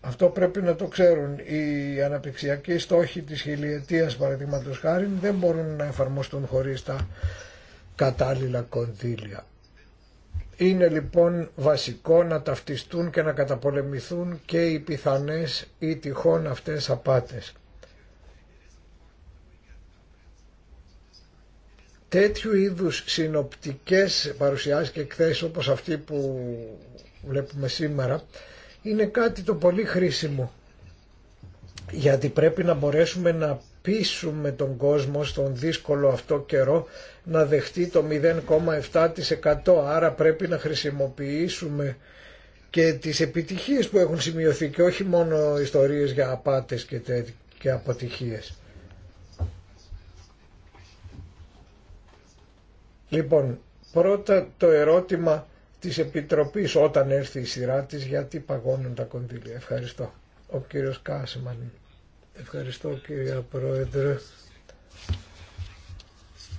αυτό πρέπει να το ξέρουν. Οι αναπτυξιακοί στόχοι της χιλιετίας παραδείγματο χάρη δεν μπορούν να εφαρμοστούν χωρίς τα κατάλληλα κονδύλια. Είναι λοιπόν βασικό να ταυτιστούν και να καταπολεμηθούν και οι πιθανές ή τυχόν αυτές απάτες. Τέτοιου είδους συνοπτικές παρουσιάσεις και εκθέσεις όπως αυτή που βλέπουμε σήμερα είναι κάτι το πολύ χρήσιμο γιατί πρέπει να μπορέσουμε να πείσουμε τον κόσμο στον δύσκολο αυτό καιρό να δεχτεί το 0,7% άρα πρέπει να χρησιμοποιήσουμε και τις επιτυχίες που έχουν σημειωθεί και όχι μόνο ιστορίες για απάτες και, τε, και αποτυχίες. Λοιπόν, πρώτα το ερώτημα της Επιτροπής όταν έρθει η σειρά της γιατί παγώνουν τα κονδύλια. Ευχαριστώ. Ο κύριος Κάσμαν. Ευχαριστώ κύριε Πρόεδρε.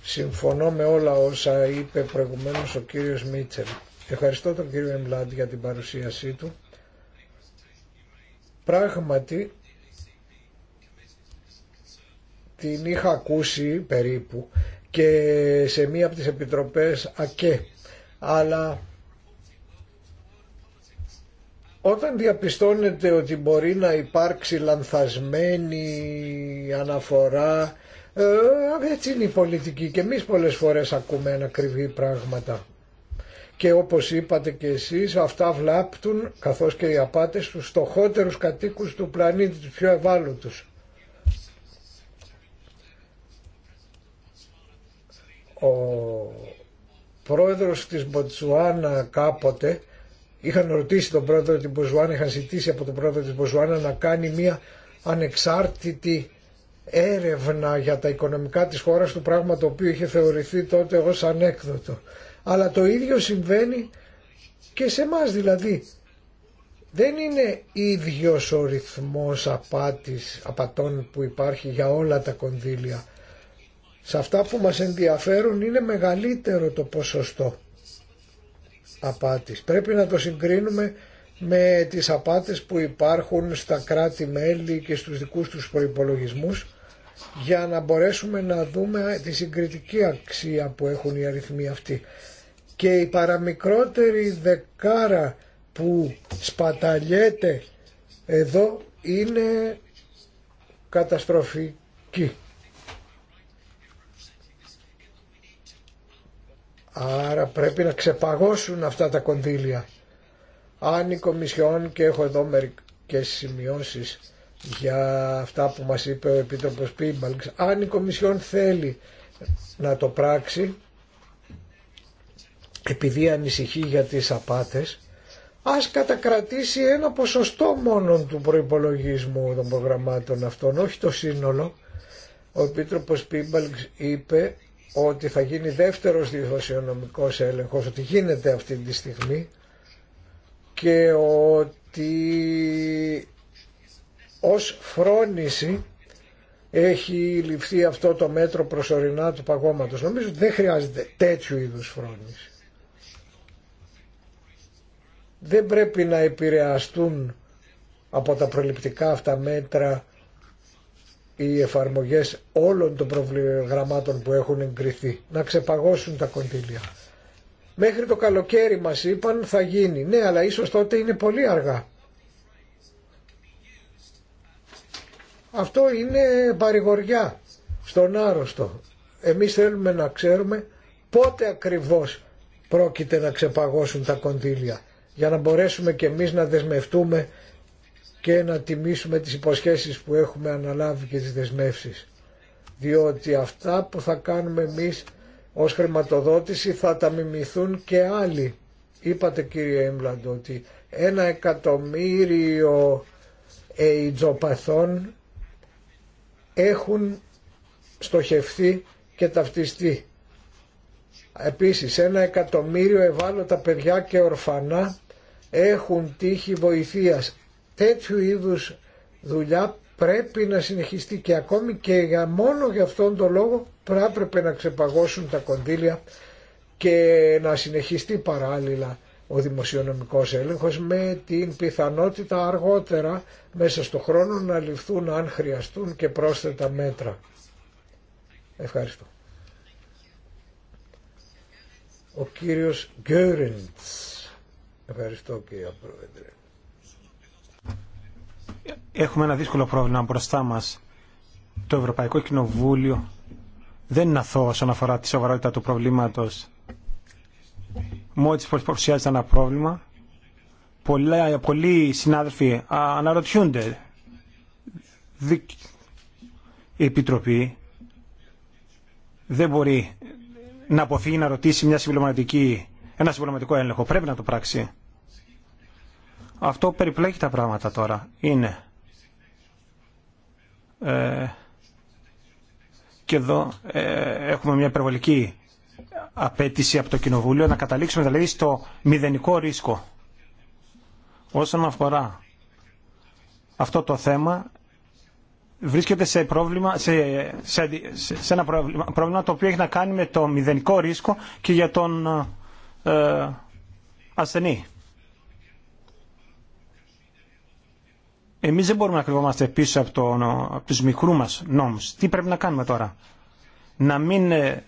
Συμφωνώ με όλα όσα είπε προηγουμένως ο κύριος Μίτσελ. Ευχαριστώ τον κύριο Εμπλάντ για την παρουσίασή του. Πράγματι την είχα ακούσει περίπου και σε μία από τις επιτροπές ΑΚΕ αλλά όταν διαπιστώνετε ότι μπορεί να υπάρξει λανθασμένη αναφορά, ε, έτσι είναι η πολιτική και εμείς πολλές φορές ακούμε ανακριβή πράγματα. Και όπως είπατε και εσείς, αυτά βλάπτουν, καθώς και οι απάτες, στους στοχότερους κατοίκους του πλανήτη, του πιο ευάλωτους. Ο πρόεδρος της Μποτσουάνα κάποτε είχαν ρωτήσει τον πρόεδρο της Μποζουάνα, είχαν ζητήσει από τον πρόεδρο της Μποζουάνα να κάνει μια ανεξάρτητη έρευνα για τα οικονομικά της χώρας του πράγμα το οποίο είχε θεωρηθεί τότε ως ανέκδοτο. Αλλά το ίδιο συμβαίνει και σε εμά δηλαδή. Δεν είναι ίδιος ο ρυθμός απάτης, απατών που υπάρχει για όλα τα κονδύλια. Σε αυτά που μας ενδιαφέρουν είναι μεγαλύτερο το ποσοστό απάτης. Πρέπει να το συγκρίνουμε με τις απάτες που υπάρχουν στα κράτη-μέλη και στους δικούς τους προϋπολογισμούς για να μπορέσουμε να δούμε τη συγκριτική αξία που έχουν οι αριθμοί αυτοί. Και η παραμικρότερη δεκάρα που σπαταλιέται εδώ είναι καταστροφική. Άρα πρέπει να ξεπαγώσουν αυτά τα κονδύλια. Αν η Κομισιόν και έχω εδώ μερικές σημειώσεις για αυτά που μας είπε ο Επίτροπος Πίμπαλξ, αν η Κομισιόν θέλει να το πράξει, επειδή ανησυχεί για τις απάτες, ας κατακρατήσει ένα ποσοστό μόνο του προϋπολογισμού των προγραμμάτων αυτών, όχι το σύνολο. Ο Επίτροπος Πίμπαλξ είπε ότι θα γίνει δεύτερος δημοσιονομικός έλεγχος, ότι γίνεται αυτή τη στιγμή και ότι ως φρόνηση έχει ληφθεί αυτό το μέτρο προσωρινά του παγώματος. Νομίζω ότι δεν χρειάζεται τέτοιου είδους φρόνηση. Δεν πρέπει να επηρεαστούν από τα προληπτικά αυτά μέτρα οι εφαρμογές όλων των προγραμμάτων που έχουν εγκριθεί, να ξεπαγώσουν τα κοντήλια. Μέχρι το καλοκαίρι μας είπαν θα γίνει. Ναι, αλλά ίσως τότε είναι πολύ αργά. Αυτό είναι παρηγοριά στον άρρωστο. Εμείς θέλουμε να ξέρουμε πότε ακριβώς πρόκειται να ξεπαγώσουν τα κοντήλια, για να μπορέσουμε και εμείς να δεσμευτούμε και να τιμήσουμε τις υποσχέσεις που έχουμε αναλάβει και τις δεσμεύσεις. Διότι αυτά που θα κάνουμε εμείς ως χρηματοδότηση θα τα μιμηθούν και άλλοι. Είπατε κύριε Έμπλαντ ότι ένα εκατομμύριο ειτζοπαθών έχουν στοχευθεί και ταυτιστεί. Επίσης ένα εκατομμύριο ευάλωτα παιδιά και ορφανά έχουν τύχη βοηθείας τέτοιου είδους δουλειά πρέπει να συνεχιστεί και ακόμη και για μόνο για αυτόν τον λόγο πρέπει να ξεπαγώσουν τα κονδύλια και να συνεχιστεί παράλληλα ο δημοσιονομικός έλεγχος με την πιθανότητα αργότερα μέσα στο χρόνο να ληφθούν αν χρειαστούν και πρόσθετα μέτρα. Ευχαριστώ. Ο κύριος Γκέρεντς. Ευχαριστώ κύριε Πρόεδρε έχουμε ένα δύσκολο πρόβλημα μπροστά μας. Το Ευρωπαϊκό Κοινοβούλιο δεν είναι αθώο όσον αφορά τη σοβαρότητα του προβλήματος. Μόλις παρουσιάζεται ένα πρόβλημα, πολλοί συνάδελφοι αναρωτιούνται. Η Επιτροπή δεν μπορεί να αποφύγει να ρωτήσει μια συμπληρωματική, ένα συμπληρωματικό έλεγχο. Πρέπει να το πράξει. Αυτό περιπλέκει τα πράγματα τώρα. Είναι. Ε, και εδώ ε, έχουμε μια υπερβολική απέτηση από το Κοινοβούλιο να καταλήξουμε δηλαδή στο μηδενικό ρίσκο. Όσον αφορά αυτό το θέμα, βρίσκεται σε, πρόβλημα, σε, σε, σε ένα πρόβλημα, το οποίο έχει να κάνει με το μηδενικό ρίσκο και για τον ε, ασθενή. Εμείς δεν μπορούμε να κρυβόμαστε πίσω από, το, από μικρού μας νόμους. Τι πρέπει να κάνουμε τώρα. Να μην ε,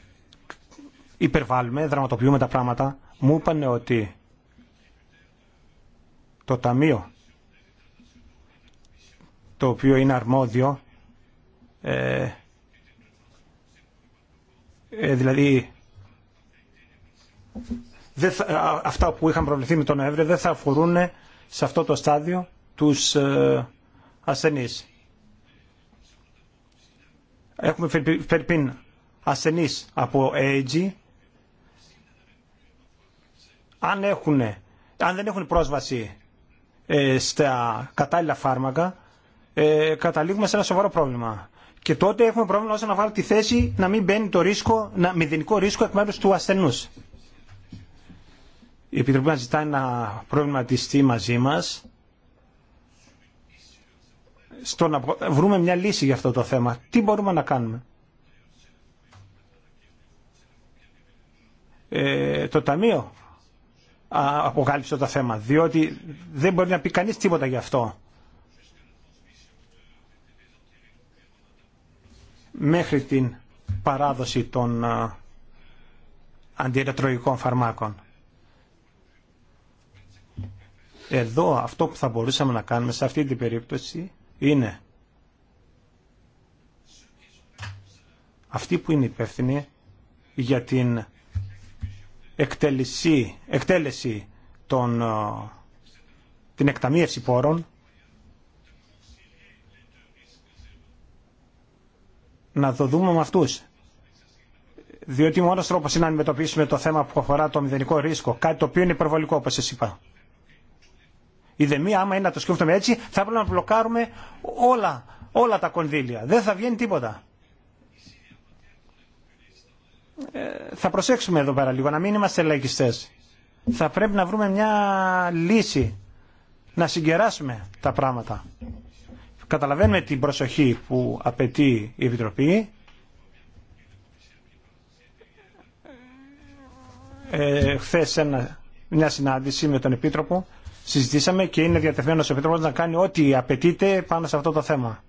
υπερβάλλουμε, δραματοποιούμε τα πράγματα. Μου είπαν ότι το Ταμείο, το οποίο είναι αρμόδιο, ε, ε δηλαδή αυτά που είχαν προβληθεί με τον Νοέμβριο δεν θα αφορούν σε αυτό το στάδιο τους ε, ασθενείς. Έχουμε φερπίν ασθενείς από AIDS. Αν, έχουν, αν δεν έχουν πρόσβαση ε, στα κατάλληλα φάρμακα, ε, καταλήγουμε σε ένα σοβαρό πρόβλημα. Και τότε έχουμε πρόβλημα ώστε να βάλουμε τη θέση να μην μπαίνει το ρίσκο, να, μηδενικό ρίσκο εκ μέρους του ασθενούς. Η Επιτροπή μας ζητάει να προβληματιστεί μαζί μας στο να βρούμε μια λύση για αυτό το θέμα. Τι μπορούμε να κάνουμε. Ε, το Ταμείο αποκάλυψε το θέμα, διότι δεν μπορεί να πει κανείς τίποτα γι' αυτό. Μέχρι την παράδοση των αντιρετροϊκών φαρμάκων. Εδώ αυτό που θα μπορούσαμε να κάνουμε σε αυτή την περίπτωση είναι αυτοί που είναι υπεύθυνοι για την εκτέλεση, εκτέλεση των, ε, την εκταμείευση πόρων να το δούμε με αυτούς. Διότι μόνος τρόπος είναι να αντιμετωπίσουμε το θέμα που αφορά το μηδενικό ρίσκο, κάτι το οποίο είναι υπερβολικό όπως σας είπα. Η μια άμα είναι να το σκέφτομαι έτσι, θα πρέπει να μπλοκάρουμε όλα, όλα τα κονδύλια. Δεν θα βγαίνει τίποτα. Ε, θα προσέξουμε εδώ πέρα λίγο, να μην είμαστε λαϊκιστές. Θα πρέπει να βρούμε μια λύση, να συγκεράσουμε τα πράγματα. Καταλαβαίνουμε την προσοχή που απαιτεί η Επιτροπή, ε, χθε μια συνάντηση με τον Επίτροπο συζητήσαμε και είναι διατεθειμένος ο Επιτρόπος να κάνει ό,τι απαιτείται πάνω σε αυτό το θέμα.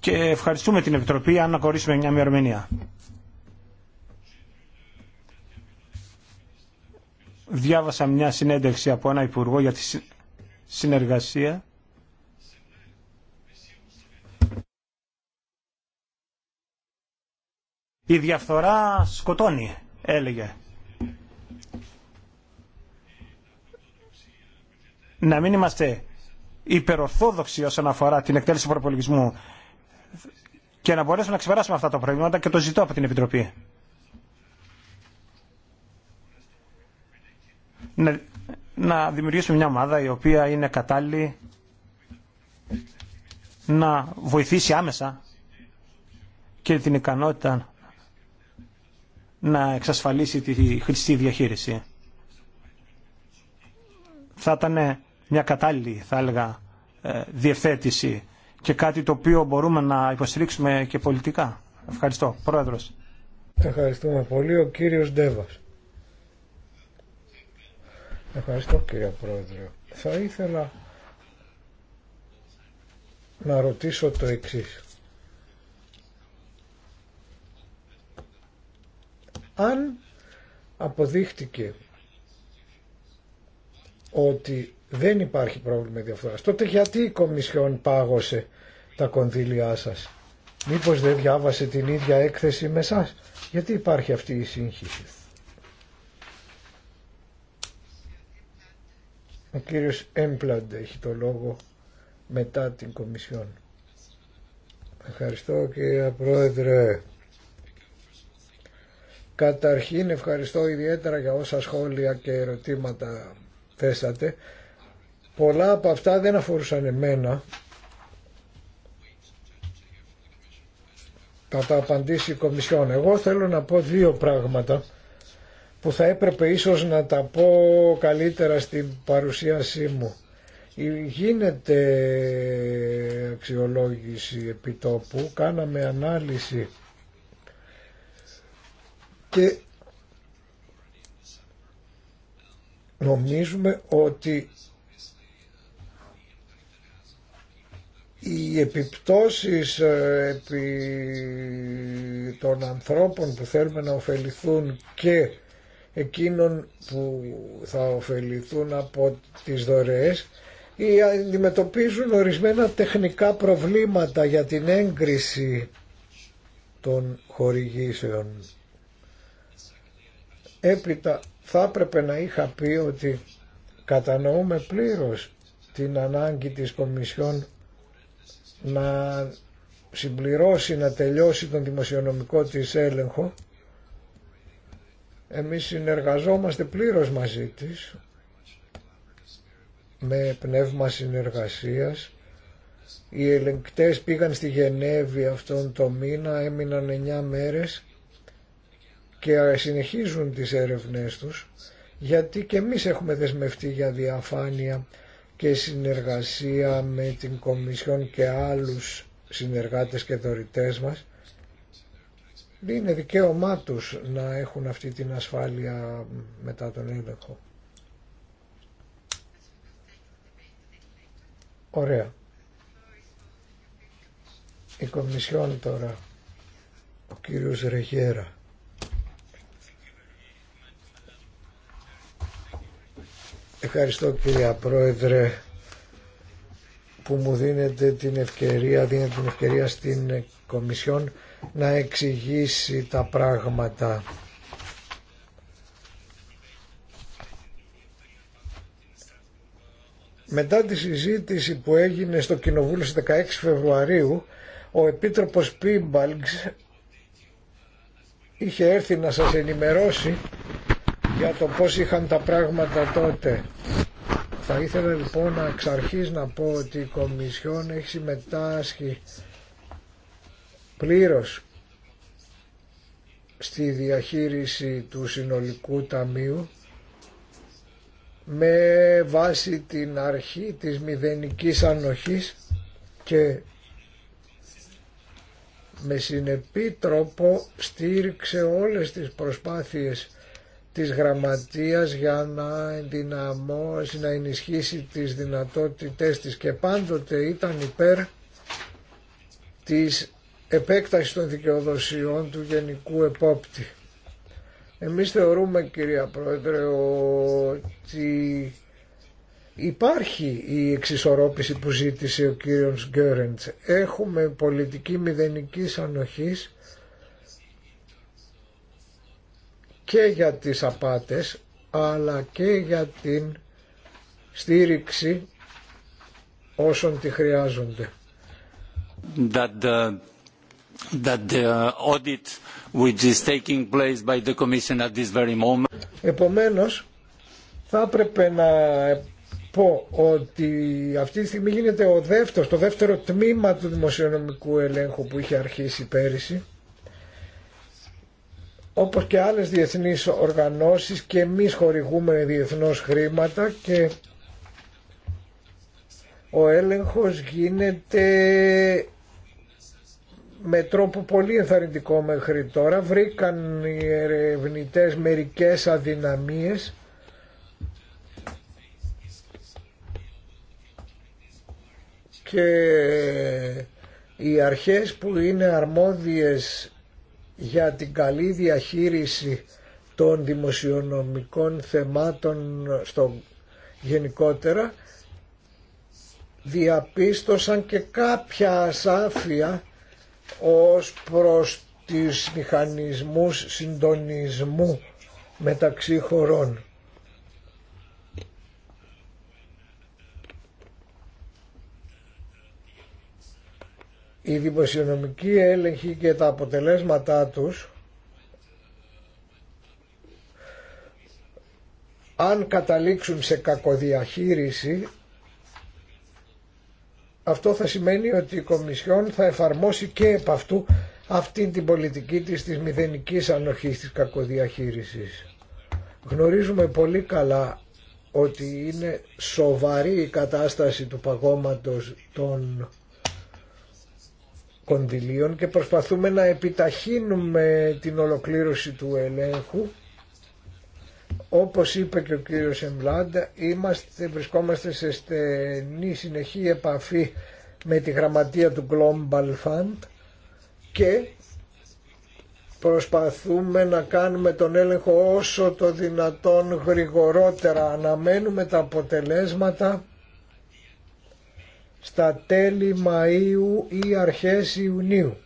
Και ευχαριστούμε την Επιτροπή αν ακορίσουμε μια μερομηνία. Διάβασα μια συνέντευξη από ένα Υπουργό για τη συνεργασία. Η διαφθορά σκοτώνει, έλεγε. να μην είμαστε υπερορθόδοξοι όσον αφορά την εκτέλεση του προπολογισμού και να μπορέσουμε να ξεπεράσουμε αυτά τα προβλήματα και το ζητώ από την Επιτροπή. Να, δημιουργήσουμε μια ομάδα η οποία είναι κατάλληλη να βοηθήσει άμεσα και την ικανότητα να εξασφαλίσει τη χρηστή διαχείριση. Θα ήταν μια κατάλληλη θα έλεγα ε, διευθέτηση και κάτι το οποίο μπορούμε να υποστηρίξουμε και πολιτικά. Ευχαριστώ. Πρόεδρος. Ευχαριστούμε πολύ. Ο κύριος Ντέβας. Ευχαριστώ κύριε Πρόεδρε. Θα ήθελα να ρωτήσω το εξής. Αν αποδείχτηκε ότι δεν υπάρχει πρόβλημα διαφθορά. Τότε γιατί η Κομισιόν πάγωσε τα κονδύλια σας. Μήπως δεν διάβασε την ίδια έκθεση με εσά. Γιατί υπάρχει αυτή η σύγχυση. Ο κύριος Έμπλαντ έχει το λόγο μετά την Κομισιόν. Ευχαριστώ κύριε Πρόεδρε. Καταρχήν ευχαριστώ ιδιαίτερα για όσα σχόλια και ερωτήματα θέσατε πολλά από αυτά δεν αφορούσαν εμένα. Θα τα απαντήσει η Κομισιόν. Εγώ θέλω να πω δύο πράγματα που θα έπρεπε ίσως να τα πω καλύτερα στην παρουσίασή μου. Γίνεται αξιολόγηση επιτόπου, κάναμε ανάλυση και νομίζουμε ότι οι επιπτώσεις ε, επί των ανθρώπων που θέλουμε να ωφεληθούν και εκείνων που θα ωφεληθούν από τις δωρεές ή αντιμετωπίζουν ορισμένα τεχνικά προβλήματα για την έγκριση των χορηγήσεων. Έπειτα θα έπρεπε να είχα πει ότι κατανοούμε πλήρως την ανάγκη της Κομισιόν να συμπληρώσει, να τελειώσει τον δημοσιονομικό της έλεγχο. Εμείς συνεργαζόμαστε πλήρως μαζί της με πνεύμα συνεργασίας. Οι ελεγκτές πήγαν στη Γενέβη αυτόν το μήνα, έμειναν 9 μέρες και συνεχίζουν τις έρευνές τους γιατί και εμείς έχουμε δεσμευτεί για διαφάνεια και συνεργασία με την Κομισιόν και άλλους συνεργάτες και δωρητές μας είναι δικαίωμά τους να έχουν αυτή την ασφάλεια μετά τον έλεγχο. Ωραία. Η Κομισιόν τώρα, ο κύριος Ρεγέρα. Ευχαριστώ κυρία Πρόεδρε που μου δίνετε την ευκαιρία, δίνετε την ευκαιρία στην Κομισιόν να εξηγήσει τα πράγματα. Μετά τη συζήτηση που έγινε στο Κοινοβούλιο στις 16 Φεβρουαρίου, ο Επίτροπος Πίμπαλγκς είχε έρθει να σας ενημερώσει για το πώς είχαν τα πράγματα τότε. Θα ήθελα λοιπόν να εξ να πω ότι η Κομισιόν έχει συμμετάσχει πλήρως στη διαχείριση του συνολικού ταμείου με βάση την αρχή της μηδενικής ανοχής και με συνεπή τρόπο στήριξε όλες τις προσπάθειες της γραμματείας για να ενδυναμώσει, να ενισχύσει τις δυνατότητές της και πάντοτε ήταν υπέρ της επέκτασης των δικαιοδοσιών του Γενικού Επόπτη. Εμείς θεωρούμε κυρία Πρόεδρε ότι υπάρχει η εξισορρόπηση που ζήτησε ο κύριος Γκέρεντς. Έχουμε πολιτική μηδενικής ανοχής και για τις απάτες αλλά και για την στήριξη όσων τη χρειάζονται. That the, that the audit which is taking place by the Commission at this very moment. Επομένως, θα έπρεπε να πω ότι αυτή τη στιγμή γίνεται ο δεύτερος, το δεύτερο τμήμα του δημοσιονομικού ελέγχου που είχε αρχίσει πέρυσι όπως και άλλες διεθνείς οργανώσεις και εμείς χορηγούμε διεθνώς χρήματα και ο έλεγχος γίνεται με τρόπο πολύ ενθαρρυντικό μέχρι τώρα. Βρήκαν οι ερευνητές μερικές αδυναμίες και οι αρχές που είναι αρμόδιες για την καλή διαχείριση των δημοσιονομικών θεμάτων στο γενικότερα διαπίστωσαν και κάποια ασάφεια ως προς τις μηχανισμούς συντονισμού μεταξύ χωρών. η δημοσιονομική έλεγχη και τα αποτελέσματά τους αν καταλήξουν σε κακοδιαχείριση αυτό θα σημαίνει ότι η Κομισιόν θα εφαρμόσει και επ' αυτού αυτήν την πολιτική της της μηδενικής ανοχής της κακοδιαχείρισης. Γνωρίζουμε πολύ καλά ότι είναι σοβαρή η κατάσταση του παγώματος των κονδυλίων και προσπαθούμε να επιταχύνουμε την ολοκλήρωση του ελέγχου. Όπως είπε και ο κύριος Εμβλάντα, είμαστε, βρισκόμαστε σε στενή συνεχή επαφή με τη γραμματεία του Global Fund και προσπαθούμε να κάνουμε τον έλεγχο όσο το δυνατόν γρηγορότερα. Αναμένουμε τα αποτελέσματα στα τέλη Μαΐου ή αρχές Ιουνίου.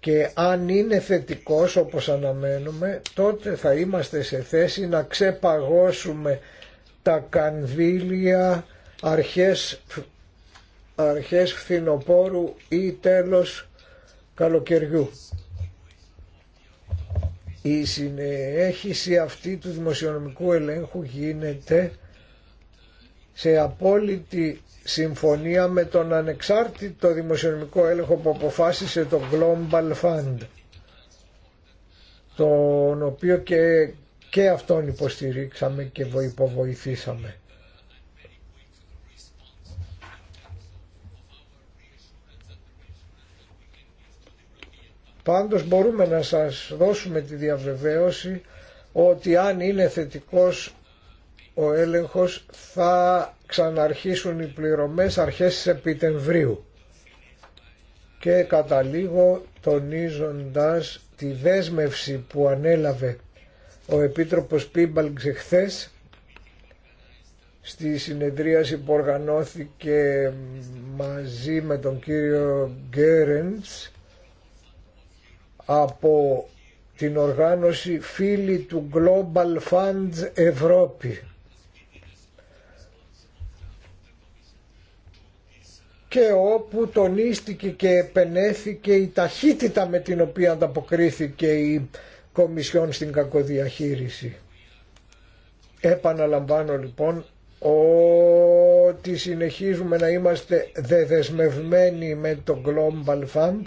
Και αν είναι θετικός όπως αναμένουμε, τότε θα είμαστε σε θέση να ξεπαγώσουμε τα κανδύλια αρχές, αρχές φθινοπόρου ή τέλος καλοκαιριού. Η συνέχιση αυτή του δημοσιονομικού ελέγχου γίνεται σε απόλυτη συμφωνία με τον ανεξάρτητο δημοσιονομικό έλεγχο που αποφάσισε το Global Fund τον οποίο και, και αυτόν υποστηρίξαμε και υποβοηθήσαμε. Πάντως μπορούμε να σας δώσουμε τη διαβεβαίωση ότι αν είναι θετικός ο έλεγχος θα ξαναρχίσουν οι πληρωμές αρχές Σεπτεμβρίου και καταλήγω τονίζοντας τη δέσμευση που ανέλαβε ο Επίτροπος Πίμπαλξ εχθές στη συνεδρίαση που οργανώθηκε μαζί με τον κύριο Γκέρεντς από την οργάνωση φίλη του Global Funds Ευρώπη και όπου τονίστηκε και επενέθηκε η ταχύτητα με την οποία ανταποκρίθηκε η Κομισιόν στην κακοδιαχείριση. Επαναλαμβάνω λοιπόν ότι συνεχίζουμε να είμαστε δεδεσμευμένοι με το Global Fund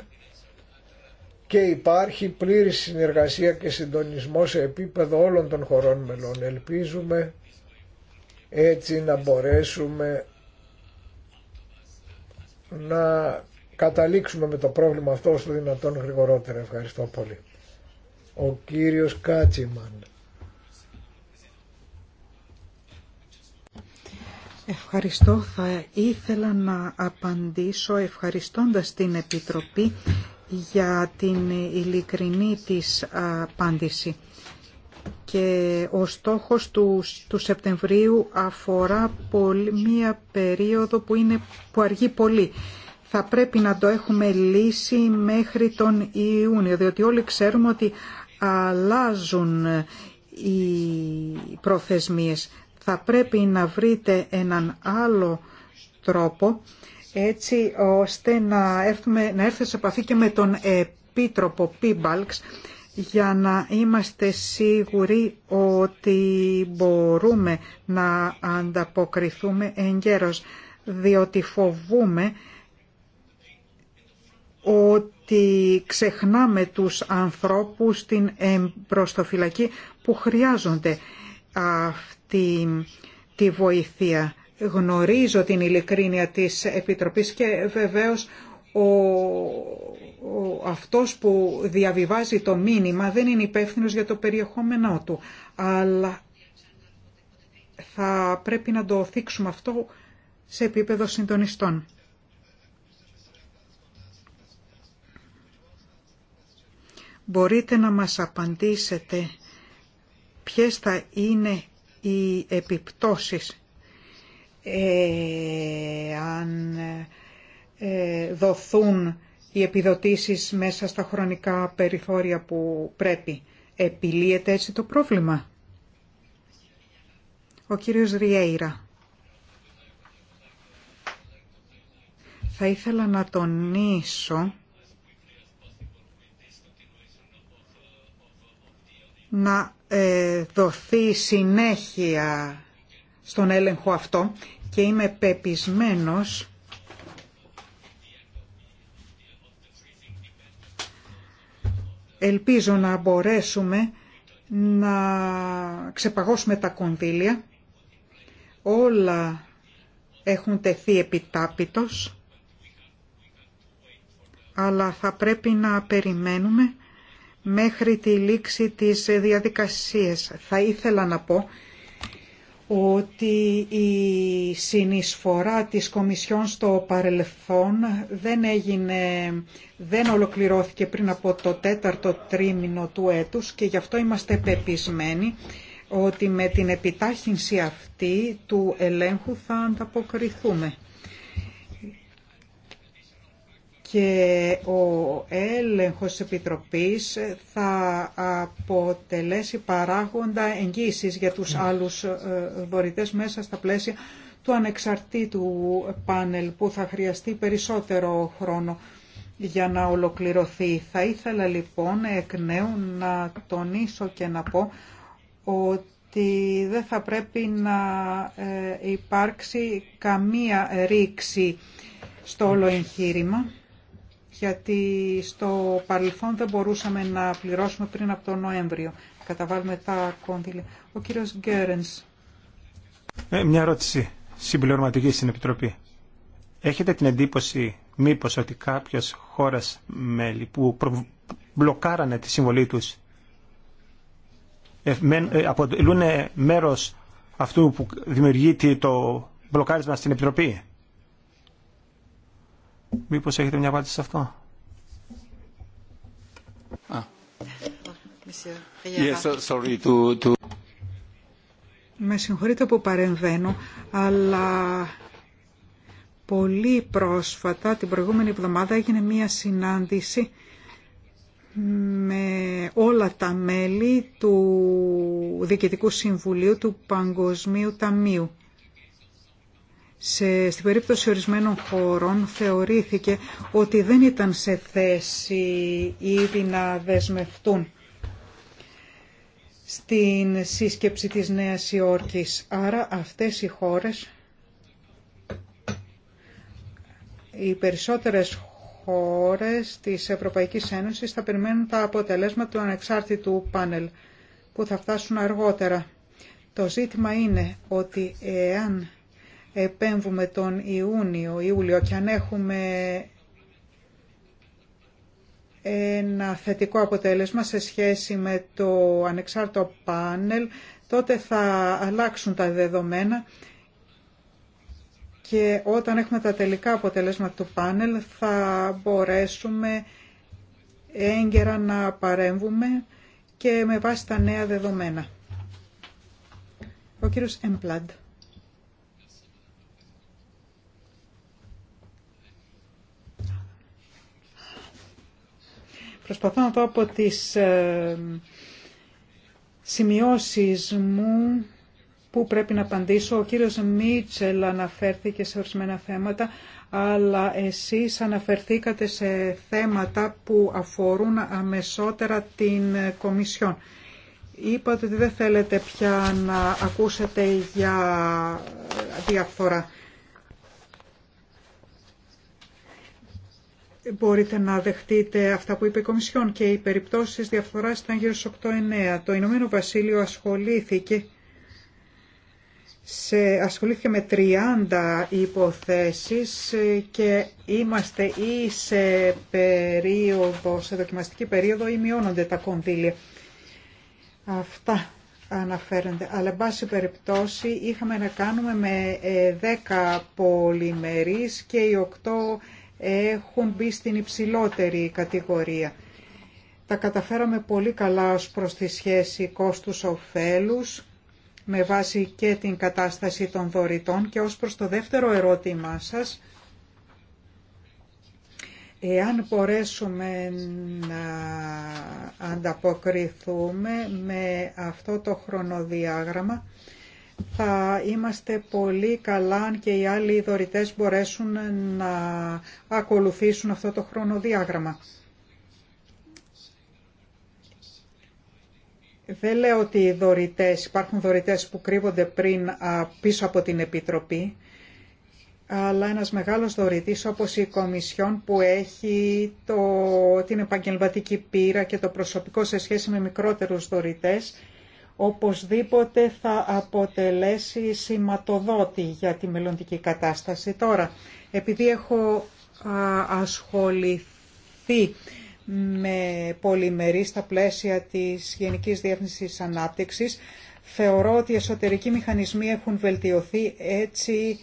και υπάρχει πλήρη συνεργασία και συντονισμό σε επίπεδο όλων των χωρών μελών. Ελπίζουμε έτσι να μπορέσουμε να καταλήξουμε με το πρόβλημα αυτό όσο δυνατόν γρηγορότερα. Ευχαριστώ πολύ. Ο κύριος Κάτσιμαν. Ευχαριστώ. Θα ήθελα να απαντήσω ευχαριστώντας την Επιτροπή για την ειλικρινή της απάντηση και ο στόχος του, του Σεπτεμβρίου αφορά πολύ, μία περίοδο που, είναι, που αργεί πολύ. Θα πρέπει να το έχουμε λύσει μέχρι τον Ιούνιο, διότι όλοι ξέρουμε ότι αλλάζουν οι προθεσμίες. Θα πρέπει να βρείτε έναν άλλο τρόπο έτσι ώστε να, έρθουμε, να έρθετε σε επαφή και με τον Επίτροπο Πίμπαλξ για να είμαστε σίγουροι ότι μπορούμε να ανταποκριθούμε εγκαίρως, διότι φοβούμε ότι ξεχνάμε τους ανθρώπους στην εμπροστοφυλακή που χρειάζονται αυτή τη βοηθεία. Γνωρίζω την ειλικρίνεια της Επιτροπής και βεβαίως ο ο, αυτός που διαβιβάζει το μήνυμα δεν είναι υπεύθυνος για το περιεχόμενό του, αλλά θα πρέπει να το θίξουμε αυτό σε επίπεδο συντονιστών. Μπορείτε να μας απαντήσετε ποιες θα είναι οι επιπτώσεις αν ε, δοθούν οι επιδοτήσεις μέσα στα χρονικά περιθώρια που πρέπει. Επιλύεται έτσι το πρόβλημα. Ο κύριος Ριέιρα. Θα ήθελα να τονίσω να ε, δοθεί συνέχεια στον έλεγχο αυτό και είμαι πεπισμένος Ελπίζω να μπορέσουμε να ξεπαγώσουμε τα κονδύλια. Όλα έχουν τεθεί επιτάπητος, αλλά θα πρέπει να περιμένουμε μέχρι τη λήξη της διαδικασίας. Θα ήθελα να πω ότι η συνεισφορά της Κομισιόν στο παρελθόν δεν, έγινε, δεν ολοκληρώθηκε πριν από το τέταρτο τρίμηνο του έτους και γι' αυτό είμαστε πεπισμένοι ότι με την επιτάχυνση αυτή του ελέγχου θα ανταποκριθούμε και ο έλεγχος της Επιτροπής θα αποτελέσει παράγοντα εγγύησης για τους άλλους ε, δωρητές μέσα στα πλαίσια του ανεξαρτήτου πάνελ που θα χρειαστεί περισσότερο χρόνο για να ολοκληρωθεί. Θα ήθελα λοιπόν εκ νέου να τονίσω και να πω ότι δεν θα πρέπει να ε, υπάρξει καμία ρήξη στο όλο εγχείρημα γιατί στο παρελθόν δεν μπορούσαμε να πληρώσουμε πριν από τον Νοέμβριο. Καταβάλουμε τα κονδύλια. Ο κύριος Γκέρενς. Ε, μια ερώτηση συμπληρωματική στην Επιτροπή. Έχετε την εντύπωση μήπως ότι κάποιες χώρες μέλη που μπλοκάρανε τη συμβολή τους ε, ε αποτελούν μέρος αυτού που δημιουργείται το μπλοκάρισμα στην Επιτροπή. Μήπως έχετε μια απάντηση σε αυτό. Με συγχωρείτε που παρεμβαίνω, αλλά πολύ πρόσφατα, την προηγούμενη εβδομάδα, έγινε μία συνάντηση με όλα τα μέλη του Διοικητικού Συμβουλίου του Παγκοσμίου Ταμείου σε, στην περίπτωση ορισμένων χωρών θεωρήθηκε ότι δεν ήταν σε θέση ήδη να δεσμευτούν στην σύσκεψη της Νέας Υόρκης. Άρα αυτές οι χώρες, οι περισσότερες χώρες της Ευρωπαϊκής Ένωσης θα περιμένουν τα αποτελέσματα του ανεξάρτητου πάνελ που θα φτάσουν αργότερα. Το ζήτημα είναι ότι εάν επέμβουμε τον Ιούνιο, Ιούλιο και αν έχουμε ένα θετικό αποτέλεσμα σε σχέση με το ανεξάρτητο πάνελ, τότε θα αλλάξουν τα δεδομένα και όταν έχουμε τα τελικά αποτελέσματα του πάνελ θα μπορέσουμε έγκαιρα να παρέμβουμε και με βάση τα νέα δεδομένα. Ο κύριος Εμπλάντ. Προσπαθώ να δω από τις ε, σημειώσεις μου που πρέπει να απαντήσω. Ο κύριος Μίτσελ αναφέρθηκε σε ορισμένα θέματα, αλλά εσείς αναφερθήκατε σε θέματα που αφορούν αμεσότερα την ε, Κομισιόν. Είπατε ότι δεν θέλετε πια να ακούσετε για ε, διαφθορά. μπορείτε να δεχτείτε αυτά που είπε η Κομισιόν και οι περιπτώσεις διαφθοράς ήταν γύρω στις 8-9. Το Ηνωμένο Βασίλειο ασχολήθηκε, σε, ασχολήθηκε με 30 υποθέσεις και είμαστε ή σε, περίοδο, σε δοκιμαστική περίοδο ή μειώνονται τα κονδύλια. Αυτά αναφέρονται. Αλλά, εν πάση περιπτώσει, είχαμε να κάνουμε με 10 ε, πολυμερείς και οι 8 έχουν μπει στην υψηλότερη κατηγορία. Τα καταφέραμε πολύ καλά ως προς τη σχέση κόστους-οφέλους με βάση και την κατάσταση των δωρητών και ως προς το δεύτερο ερώτημά σας, εάν μπορέσουμε να ανταποκριθούμε με αυτό το χρονοδιάγραμμα, θα είμαστε πολύ καλά αν και οι άλλοι δωρητές μπορέσουν να ακολουθήσουν αυτό το χρονοδιάγραμμα. Δεν λέω ότι οι δωρητές, υπάρχουν δωρητές που κρύβονται πριν πίσω από την Επιτροπή, αλλά ένας μεγάλος δωρητής όπως η Κομισιόν που έχει το, την επαγγελματική πείρα και το προσωπικό σε σχέση με μικρότερους δωρητές, οπωσδήποτε θα αποτελέσει σηματοδότη για τη μελλοντική κατάσταση. Τώρα, επειδή έχω ασχοληθεί με πολυμερή στα πλαίσια της Γενικής Διεύθυνσης Ανάπτυξης, θεωρώ ότι οι εσωτερικοί μηχανισμοί έχουν βελτιωθεί έτσι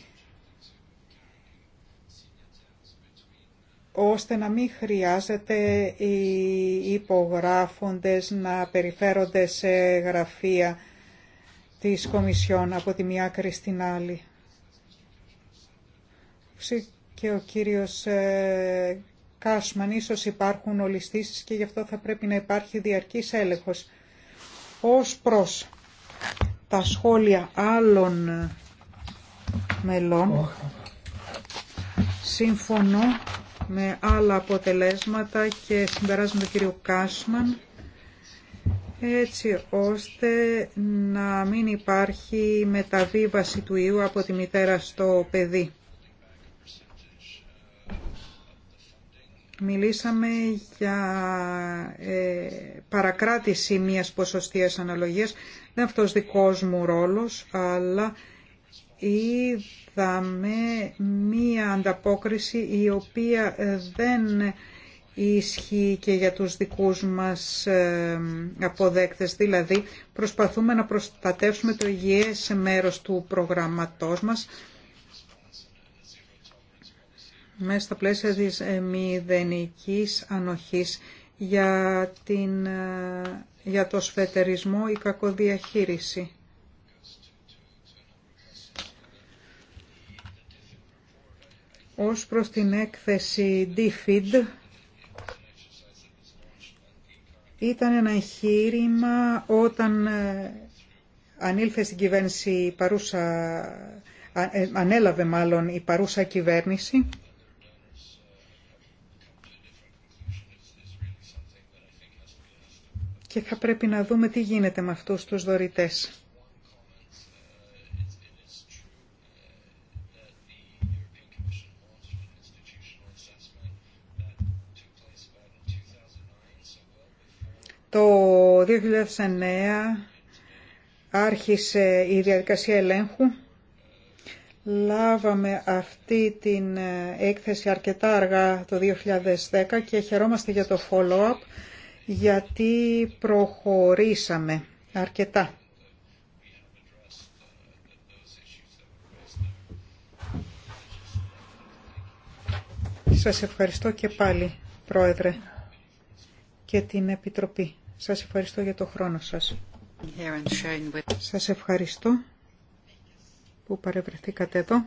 ώστε να μην χρειάζεται οι υπογράφοντες να περιφέρονται σε γραφεία της Κομισιόν από τη μια άκρη στην άλλη. Και ο κύριος ε, Κάσμαν, ίσως υπάρχουν ολιστήσεις και γι' αυτό θα πρέπει να υπάρχει διαρκής έλεγχος. Ως προς τα σχόλια άλλων μελών, συμφωνώ με άλλα αποτελέσματα και συμπεράσματα τον κύριο Κάσμαν έτσι ώστε να μην υπάρχει μεταβίβαση του ιού από τη μητέρα στο παιδί. Μιλήσαμε για ε, παρακράτηση μιας ποσοστίας αναλογίας. Δεν αυτός δικός μου ρόλος, αλλά είδαμε μία ανταπόκριση η οποία δεν ισχύει και για τους δικούς μας ε, αποδέκτες. Δηλαδή προσπαθούμε να προστατεύσουμε το σε μέρος του προγραμματός μας μέσα στα πλαίσια της ε, μηδενικής ανοχής για, την, ε, για το σφετερισμό ή κακοδιαχείριση. Ως προς την έκθεση DFID, ήταν ένα εγχείρημα όταν ε, ανήλθε στην κυβέρνηση παρούσα, ε, ανέλαβε μάλλον η παρούσα κυβέρνηση. Και θα πρέπει να δούμε τι γίνεται με αυτούς τους δωρητές. Το 2009 άρχισε η διαδικασία ελέγχου. Λάβαμε αυτή την ε, έκθεση αρκετά αργά το 2010 και χαιρόμαστε για το follow-up γιατί προχωρήσαμε αρκετά. Σας ευχαριστώ και πάλι, Πρόεδρε, και την Επιτροπή. Σας ευχαριστώ για το χρόνο σας. Σας ευχαριστώ που παρευρεθήκατε εδώ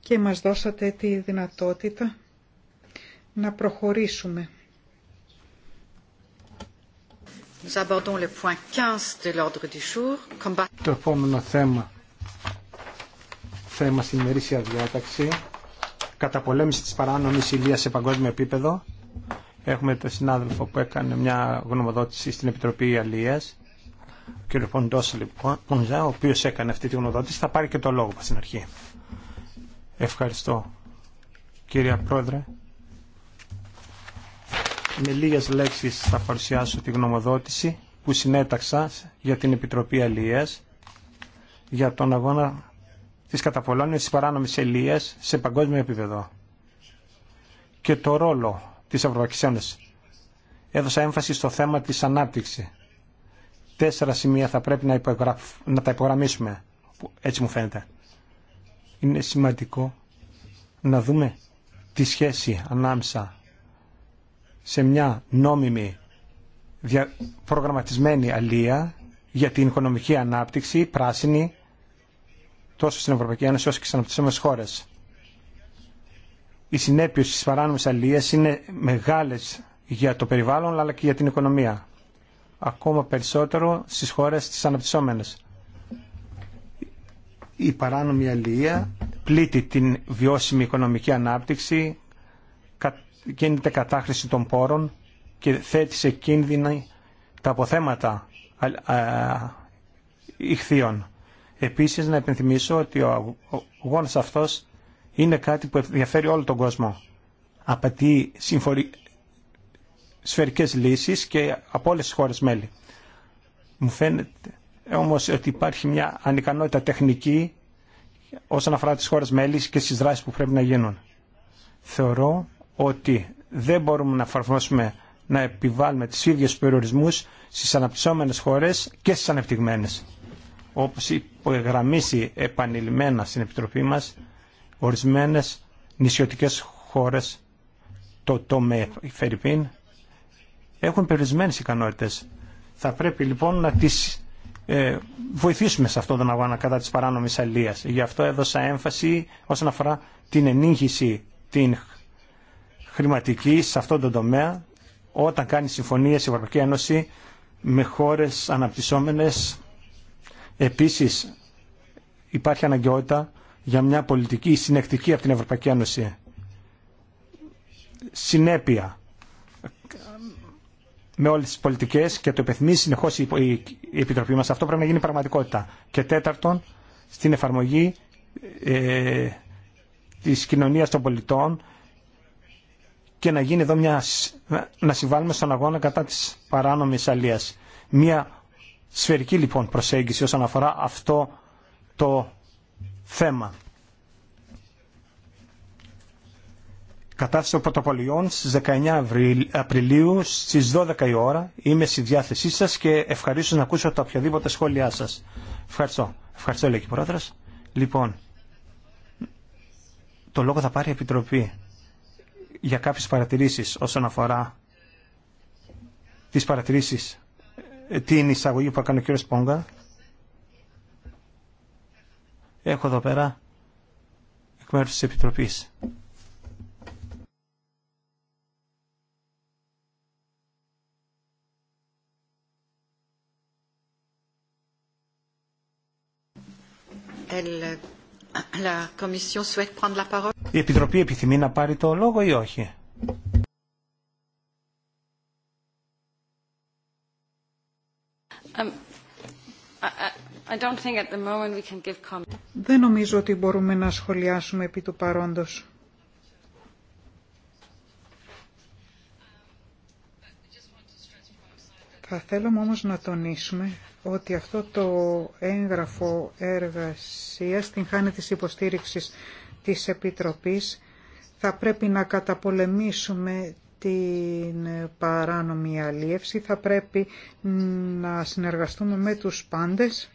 και μας δώσατε τη δυνατότητα να προχωρήσουμε. Το επόμενο θέμα, θέμα στην ημερήσια διάταξη, καταπολέμηση της παράνομης ηλίας σε παγκόσμιο επίπεδο, Έχουμε τον συνάδελφο που έκανε μια γνωμοδότηση στην Επιτροπή Αλίας, ο κ. Ποντός λοιπόν ο οποίο έκανε αυτή τη γνωμοδότηση, θα πάρει και το λόγο στην αρχή. Ευχαριστώ. Κύριε Πρόεδρε, με λίγες λέξεις θα παρουσιάσω τη γνωμοδότηση που συνέταξα για την Επιτροπή Αλίας για τον αγώνα της καταπολώνησης τη παράνομης Αλίας σε παγκόσμιο επίπεδο και το ρόλο τη Ευρωπαϊκή Ένωση, Έδωσα έμφαση στο θέμα της ανάπτυξη. Τέσσερα σημεία θα πρέπει να, να τα υπογραμμίσουμε, έτσι μου φαίνεται. Είναι σημαντικό να δούμε τη σχέση ανάμεσα σε μια νόμιμη προγραμματισμένη αλία για την οικονομική ανάπτυξη, πράσινη, τόσο στην Ευρωπαϊκή Ένωση όσο και στι αναπτυσσόμενες χώρες οι συνέπειες τη παράνομη αλληλεία είναι μεγάλες για το περιβάλλον αλλά και για την οικονομία. Ακόμα περισσότερο στις χώρες τι αναπτυσσόμενε. Η παράνομη αλληλεία πλήττει την βιώσιμη οικονομική ανάπτυξη, γίνεται κατάχρηση των πόρων και θέτει σε κίνδυνα τα αποθέματα ηχθείων. Επίσης να επενθυμίσω ότι ο αγώνας αυτός είναι κάτι που ενδιαφέρει όλο τον κόσμο. Απαιτεί συμφορι... σφαιρικές λύσεις και από όλες τις χώρες μέλη. Μου φαίνεται όμως ότι υπάρχει μια ανικανότητα τεχνική όσον αφορά τις χώρες μέλη και στις δράσεις που πρέπει να γίνουν. Θεωρώ ότι δεν μπορούμε να εφαρμόσουμε να επιβάλλουμε τις ίδιες περιορισμούς στις αναπτυσσόμενες χώρες και στις ανεπτυγμένες. Όπως υπογραμμίσει επανειλημμένα στην Επιτροπή μας, Ορισμένες νησιωτικές χώρες, το τομέα Φερρυπίν, έχουν περιορισμένες ικανότητες. Θα πρέπει λοιπόν να τις ε, βοηθήσουμε σε αυτόν τον αγώνα κατά της παράνομης αλίας. Γι' αυτό έδωσα έμφαση όσον αφορά την ενήγηση την χρηματική σε αυτόν τον τομέα όταν κάνει συμφωνίες η Ευρωπαϊκή Ένωση με χώρες αναπτυσσόμενες. Επίσης υπάρχει αναγκαιότητα για μια πολιτική συνεκτική από την Ευρωπαϊκή Ένωση. Συνέπεια με όλε τι πολιτικέ και το επιθυμεί συνεχώ η Επιτροπή μα. Αυτό πρέπει να γίνει πραγματικότητα. Και τέταρτον, στην εφαρμογή ε, τη κοινωνία των πολιτών και να γίνει εδώ να συμβάλλουμε στον αγώνα κατά της παράνομης αλίας. Μια σφαιρική λοιπόν προσέγγιση όσον αφορά αυτό το θέμα. Κατάσταση των πρωτοπολιών στις 19 Απριλίου στις 12 η ώρα. Είμαι στη διάθεσή σας και ευχαρίστω να ακούσω τα οποιαδήποτε σχόλιά σας. Ευχαριστώ. Ευχαριστώ λέει και Λοιπόν, το λόγο θα πάρει η Επιτροπή για κάποιες παρατηρήσεις όσον αφορά τις παρατηρήσεις την εισαγωγή που έκανε ο κ. Πόγκα έχω εδώ πέρα εκ μέρους της Επιτροπής. Η Επιτροπή επιθυμεί να πάρει το λόγο ή όχι. Δεν νομίζω ότι μπορούμε να σχολιάσουμε επί του παρόντος. Θα θέλαμε όμως να τονίσουμε ότι αυτό το έγγραφο εργασίας την χάνη της υποστήριξης της Επιτροπής θα πρέπει να καταπολεμήσουμε την παράνομη αλίευση, θα πρέπει να συνεργαστούμε με τους πάντες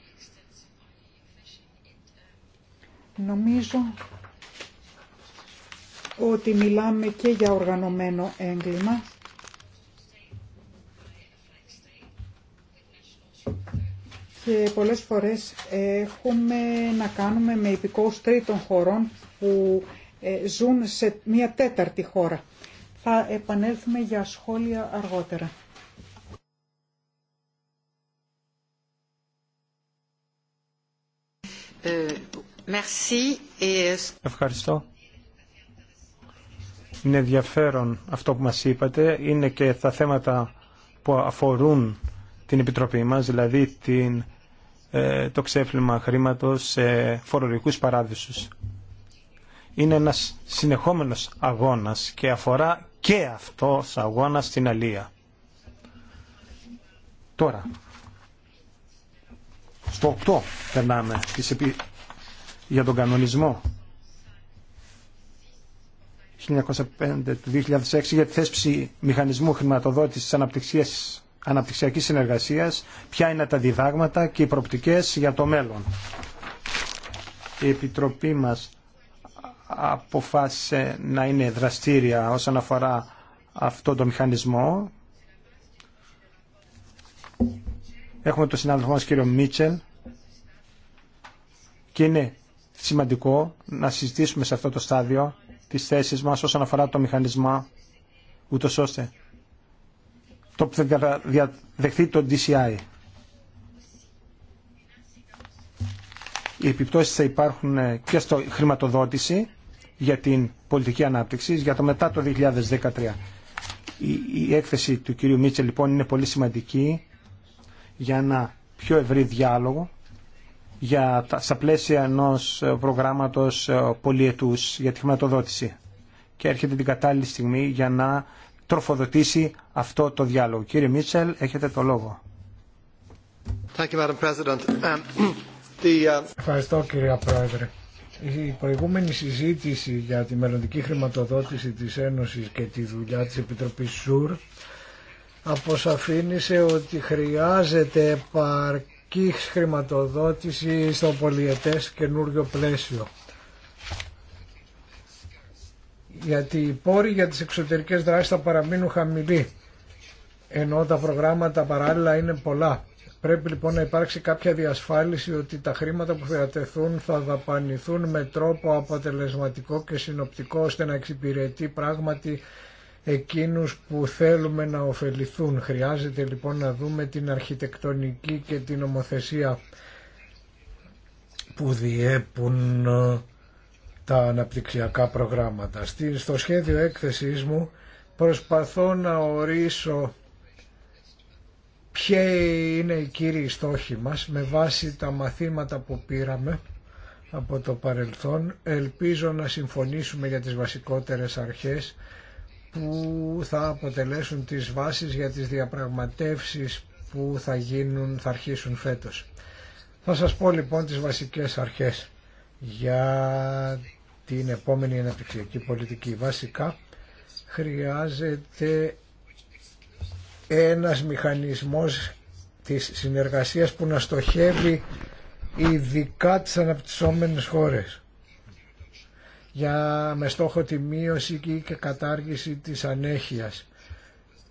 Νομίζω ότι μιλάμε και για οργανωμένο έγκλημα. Και πολλές φορές έχουμε να κάνουμε με υπηκόους τρίτων χωρών που ε, ζουν σε μια τέταρτη χώρα. Θα επανέλθουμε για σχόλια αργότερα. Euh, Ευχαριστώ. Είναι ενδιαφέρον αυτό που μας είπατε. Είναι και τα θέματα που αφορούν την Επιτροπή μας, δηλαδή την, ε, το ξέφλυμα χρήματος σε φορολογικούς παράδεισους. Είναι ένας συνεχόμενος αγώνας και αφορά και αυτός αγώνας στην Αλία. Τώρα, στο 8 περνάμε τις για τον κανονισμό 1905 του 2006 για τη θέσπιση μηχανισμού χρηματοδότησης αναπτυξίας αναπτυξιακής συνεργασίας, ποια είναι τα διδάγματα και οι προπτικές για το μέλλον. Η Επιτροπή μας αποφάσισε να είναι δραστήρια όσον αφορά αυτό το μηχανισμό. Έχουμε τον συνάδελφό μας κύριο Μίτσελ και είναι σημαντικό να συζητήσουμε σε αυτό το στάδιο τις θέσεις μας όσον αφορά το μηχανισμό ούτω ώστε το που θα διαδεχθεί το DCI. Οι επιπτώσεις θα υπάρχουν ε, και στο χρηματοδότηση για την πολιτική ανάπτυξη για το μετά το 2013. Η, η έκθεση του κυρίου Μίτσελ λοιπόν είναι πολύ σημαντική για ένα πιο ευρύ διάλογο για τα, στα πλαίσια ενός ε, προγράμματος ε, πολιετούς για τη χρηματοδότηση και έρχεται την κατάλληλη στιγμή για να τροφοδοτήσει αυτό το διάλογο. Κύριε Μίτσελ, έχετε το λόγο. Um, uh, Ευχαριστώ κύριε Πρόεδρε. Η προηγούμενη συζήτηση για τη μελλοντική χρηματοδότηση της Ένωσης και τη δουλειά της Επιτροπής ΣΟΥΡ αποσαφήνισε ότι χρειάζεται επαρκή επαρκής χρηματοδότηση στο πολιετές καινούριο πλαίσιο. Γιατί οι πόροι για τις εξωτερικές δράσεις θα παραμείνουν χαμηλοί, ενώ τα προγράμματα παράλληλα είναι πολλά. Πρέπει λοιπόν να υπάρξει κάποια διασφάλιση ότι τα χρήματα που θεατεθούν θα δαπανηθούν με τρόπο αποτελεσματικό και συνοπτικό ώστε να εξυπηρετεί πράγματι εκείνους που θέλουμε να ωφεληθούν. Χρειάζεται λοιπόν να δούμε την αρχιτεκτονική και την ομοθεσία που διέπουν ε, τα αναπτυξιακά προγράμματα. Στο σχέδιο έκθεσής μου προσπαθώ να ορίσω ποιοι είναι οι κύριοι στόχοι μας με βάση τα μαθήματα που πήραμε από το παρελθόν. Ελπίζω να συμφωνήσουμε για τις βασικότερες αρχές που θα αποτελέσουν τις βάσεις για τις διαπραγματεύσεις που θα, γίνουν, θα αρχίσουν φέτος. Θα σας πω λοιπόν τις βασικές αρχές για την επόμενη αναπτυξιακή πολιτική. Βασικά χρειάζεται ένας μηχανισμός της συνεργασίας που να στοχεύει ειδικά τις αναπτυσσόμενες χώρες για, με στόχο τη μείωση και κατάργηση της ανέχειας.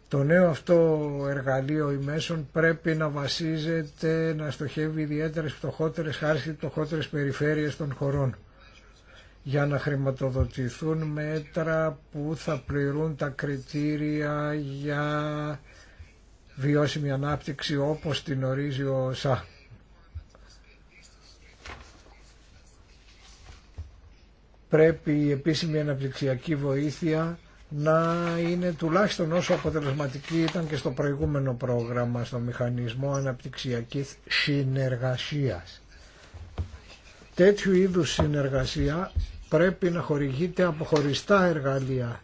Το νέο αυτό εργαλείο ημέσων πρέπει να βασίζεται, να στοχεύει ιδιαίτερε φτωχότερε χάρη και φτωχότερε περιφέρειε των χωρών για να χρηματοδοτηθούν μέτρα που θα πληρούν τα κριτήρια για βιώσιμη ανάπτυξη όπως την ορίζει ο ΣΑΧ. πρέπει η επίσημη αναπτυξιακή βοήθεια να είναι τουλάχιστον όσο αποτελεσματική ήταν και στο προηγούμενο πρόγραμμα, στο μηχανισμό αναπτυξιακής συνεργασίας. Τέτοιου είδους συνεργασία πρέπει να χορηγείται από χωριστά εργαλεία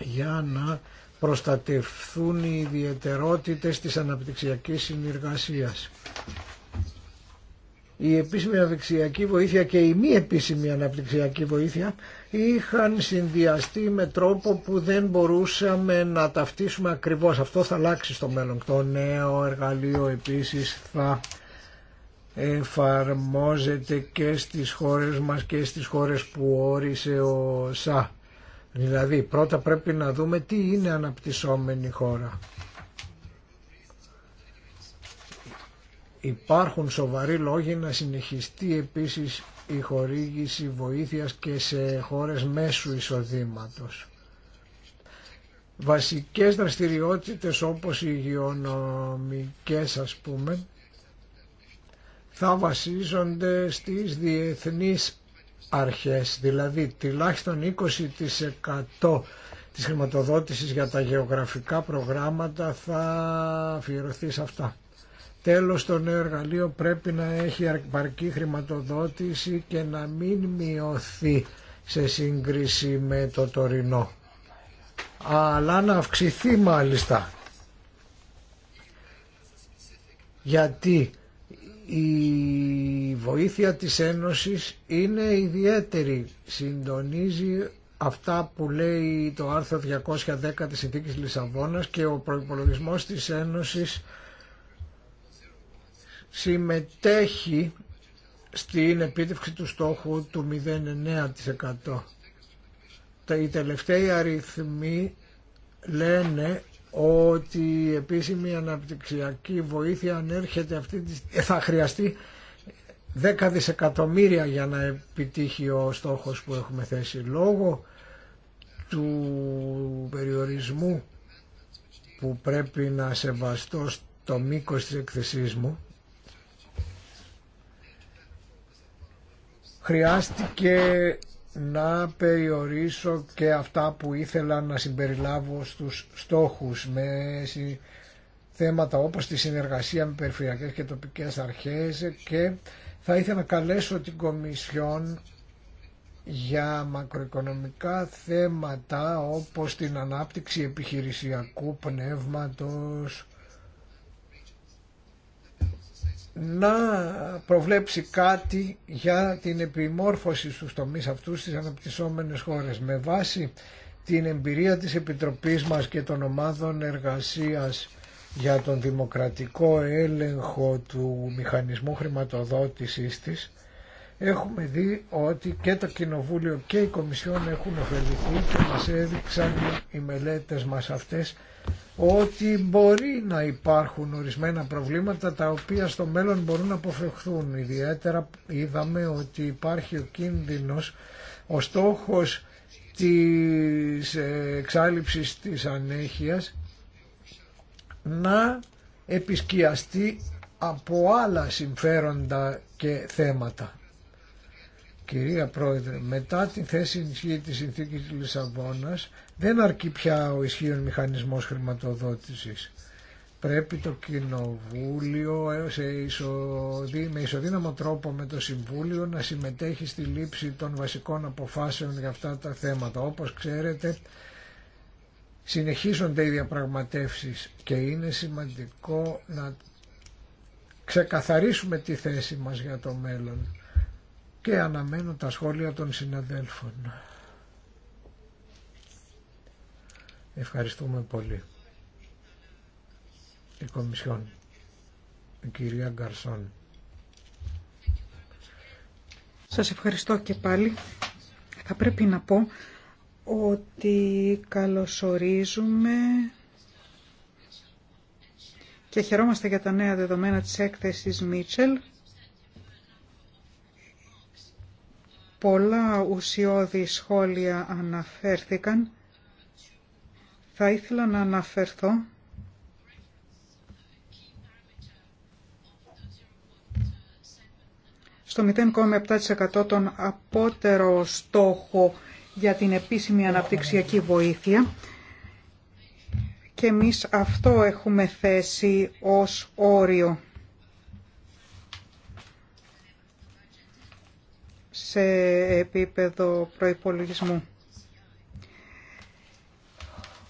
για να προστατευθούν οι ιδιαιτερότητες της αναπτυξιακής συνεργασίας η επίσημη αναπτυξιακή βοήθεια και η μη επίσημη αναπτυξιακή βοήθεια είχαν συνδυαστεί με τρόπο που δεν μπορούσαμε να ταυτίσουμε ακριβώς. Αυτό θα αλλάξει στο μέλλον. Το νέο εργαλείο επίσης θα εφαρμόζεται και στις χώρες μας και στις χώρες που όρισε ο ΣΑ. Δηλαδή πρώτα πρέπει να δούμε τι είναι αναπτυσσόμενη χώρα Υπάρχουν σοβαροί λόγοι να συνεχιστεί επίσης η χορήγηση βοήθειας και σε χώρες μέσου εισοδήματος. Βασικές δραστηριότητες όπως οι υγειονομικές ας πούμε θα βασίζονται στις διεθνείς αρχές, δηλαδή τουλάχιστον 20% της χρηματοδότησης για τα γεωγραφικά προγράμματα θα αφιερωθεί σε αυτά. Τέλος, το νέο εργαλείο πρέπει να έχει αρκετή χρηματοδότηση και να μην μειωθεί σε σύγκριση με το τωρινό, αλλά να αυξηθεί μάλιστα. Γιατί η βοήθεια της Ένωσης είναι ιδιαίτερη. Συντονίζει αυτά που λέει το άρθρο 210 της Συνθήκης Λισαβόνας και ο προϋπολογισμός της Ένωσης συμμετέχει στην επίτευξη του στόχου του 0,9%. Τα οι τελευταίοι αριθμοί λένε ότι η επίσημη αναπτυξιακή βοήθεια ανέρχεται αυτή τη... θα χρειαστεί 10 δισεκατομμύρια για να επιτύχει ο στόχος που έχουμε θέσει λόγω του περιορισμού που πρέπει να σεβαστώ στο μήκος της εκθεσής μου Χρειάστηκε να περιορίσω και αυτά που ήθελα να συμπεριλάβω στους στόχους με θέματα όπως τη συνεργασία με περιφερειακές και τοπικές αρχές και θα ήθελα να καλέσω την Κομισιόν για μακροοικονομικά θέματα όπως την ανάπτυξη επιχειρησιακού πνεύματος να προβλέψει κάτι για την επιμόρφωση στους τομείς αυτούς στις αναπτυσσόμενες χώρες με βάση την εμπειρία της Επιτροπής μας και των ομάδων εργασίας για τον δημοκρατικό έλεγχο του μηχανισμού χρηματοδότησης της έχουμε δει ότι και το Κοινοβούλιο και η Κομισιόν έχουν ωφεληθεί και μας έδειξαν οι μελέτες μας αυτές ότι μπορεί να υπάρχουν ορισμένα προβλήματα τα οποία στο μέλλον μπορούν να αποφευχθούν. Ιδιαίτερα είδαμε ότι υπάρχει ο κίνδυνος, ο στόχος της εξάλληψης της ανέχειας να επισκιαστεί από άλλα συμφέροντα και θέματα. Κυρία Πρόεδρε, μετά τη θέση της συνθήκης της Λισαβόνας δεν αρκεί πια ο ισχύων μηχανισμός χρηματοδότησης. Πρέπει το Κοινοβούλιο ε, σε ισοδύ... με ισοδύναμο τρόπο με το Συμβούλιο να συμμετέχει στη λήψη των βασικών αποφάσεων για αυτά τα θέματα. Όπως ξέρετε, συνεχίζονται οι διαπραγματεύσεις και είναι σημαντικό να ξεκαθαρίσουμε τη θέση μας για το μέλλον και αναμένω τα σχόλια των συναδέλφων. Ευχαριστούμε πολύ. Η Κομισιόν, η κυρία Γκαρσόν. Σας ευχαριστώ και πάλι. Θα πρέπει να πω ότι καλωσορίζουμε και χαιρόμαστε για τα νέα δεδομένα της έκθεσης Μίτσελ. Πολλά ουσιώδη σχόλια αναφέρθηκαν θα ήθελα να αναφερθώ στο 0,7% τον απότερο στόχο για την επίσημη αναπτυξιακή βοήθεια και εμείς αυτό έχουμε θέσει ως όριο σε επίπεδο προϋπολογισμού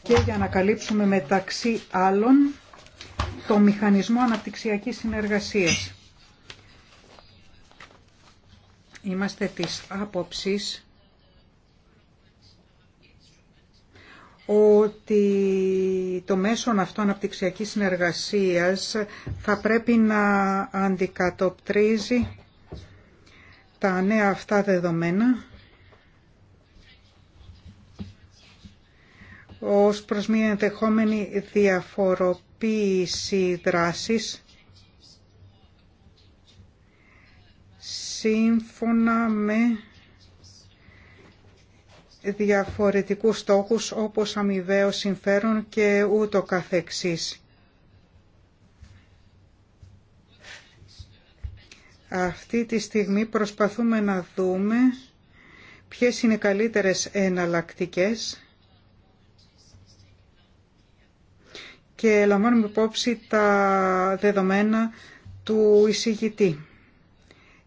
και για να καλύψουμε μεταξύ άλλων το μηχανισμό αναπτυξιακής συνεργασίας. Είμαστε της άποψης ότι το μέσο αυτό αναπτυξιακής συνεργασίας θα πρέπει να αντικατοπτρίζει τα νέα αυτά δεδομένα ως προς μια ενδεχόμενη διαφοροποίηση δράσης σύμφωνα με διαφορετικούς στόχους όπως αμοιβαίο συμφέρον και ούτω καθεξής. Αυτή τη στιγμή προσπαθούμε να δούμε ποιες είναι οι καλύτερες εναλλακτικές και λαμβάνουμε υπόψη τα δεδομένα του εισηγητή.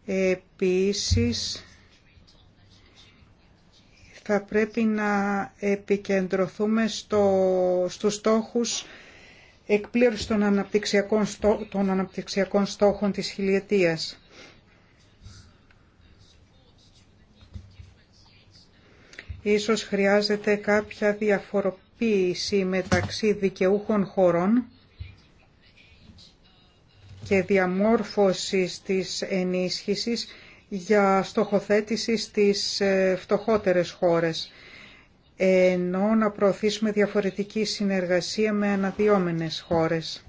Επίσης, θα πρέπει να επικεντρωθούμε στο, στους στόχους εκπλήρωση των αναπτυξιακών, στό, αναπτυξιακών στόχων της χιλιετίας. Ίσως χρειάζεται κάποια διαφοροποίηση πίση μεταξύ δικαιούχων χωρών και διαμόρφωση της ενίσχυσης για στοχοθέτηση στις ε, φτωχότερες χώρες, ενώ να προωθήσουμε διαφορετική συνεργασία με αναδυόμενες χώρες.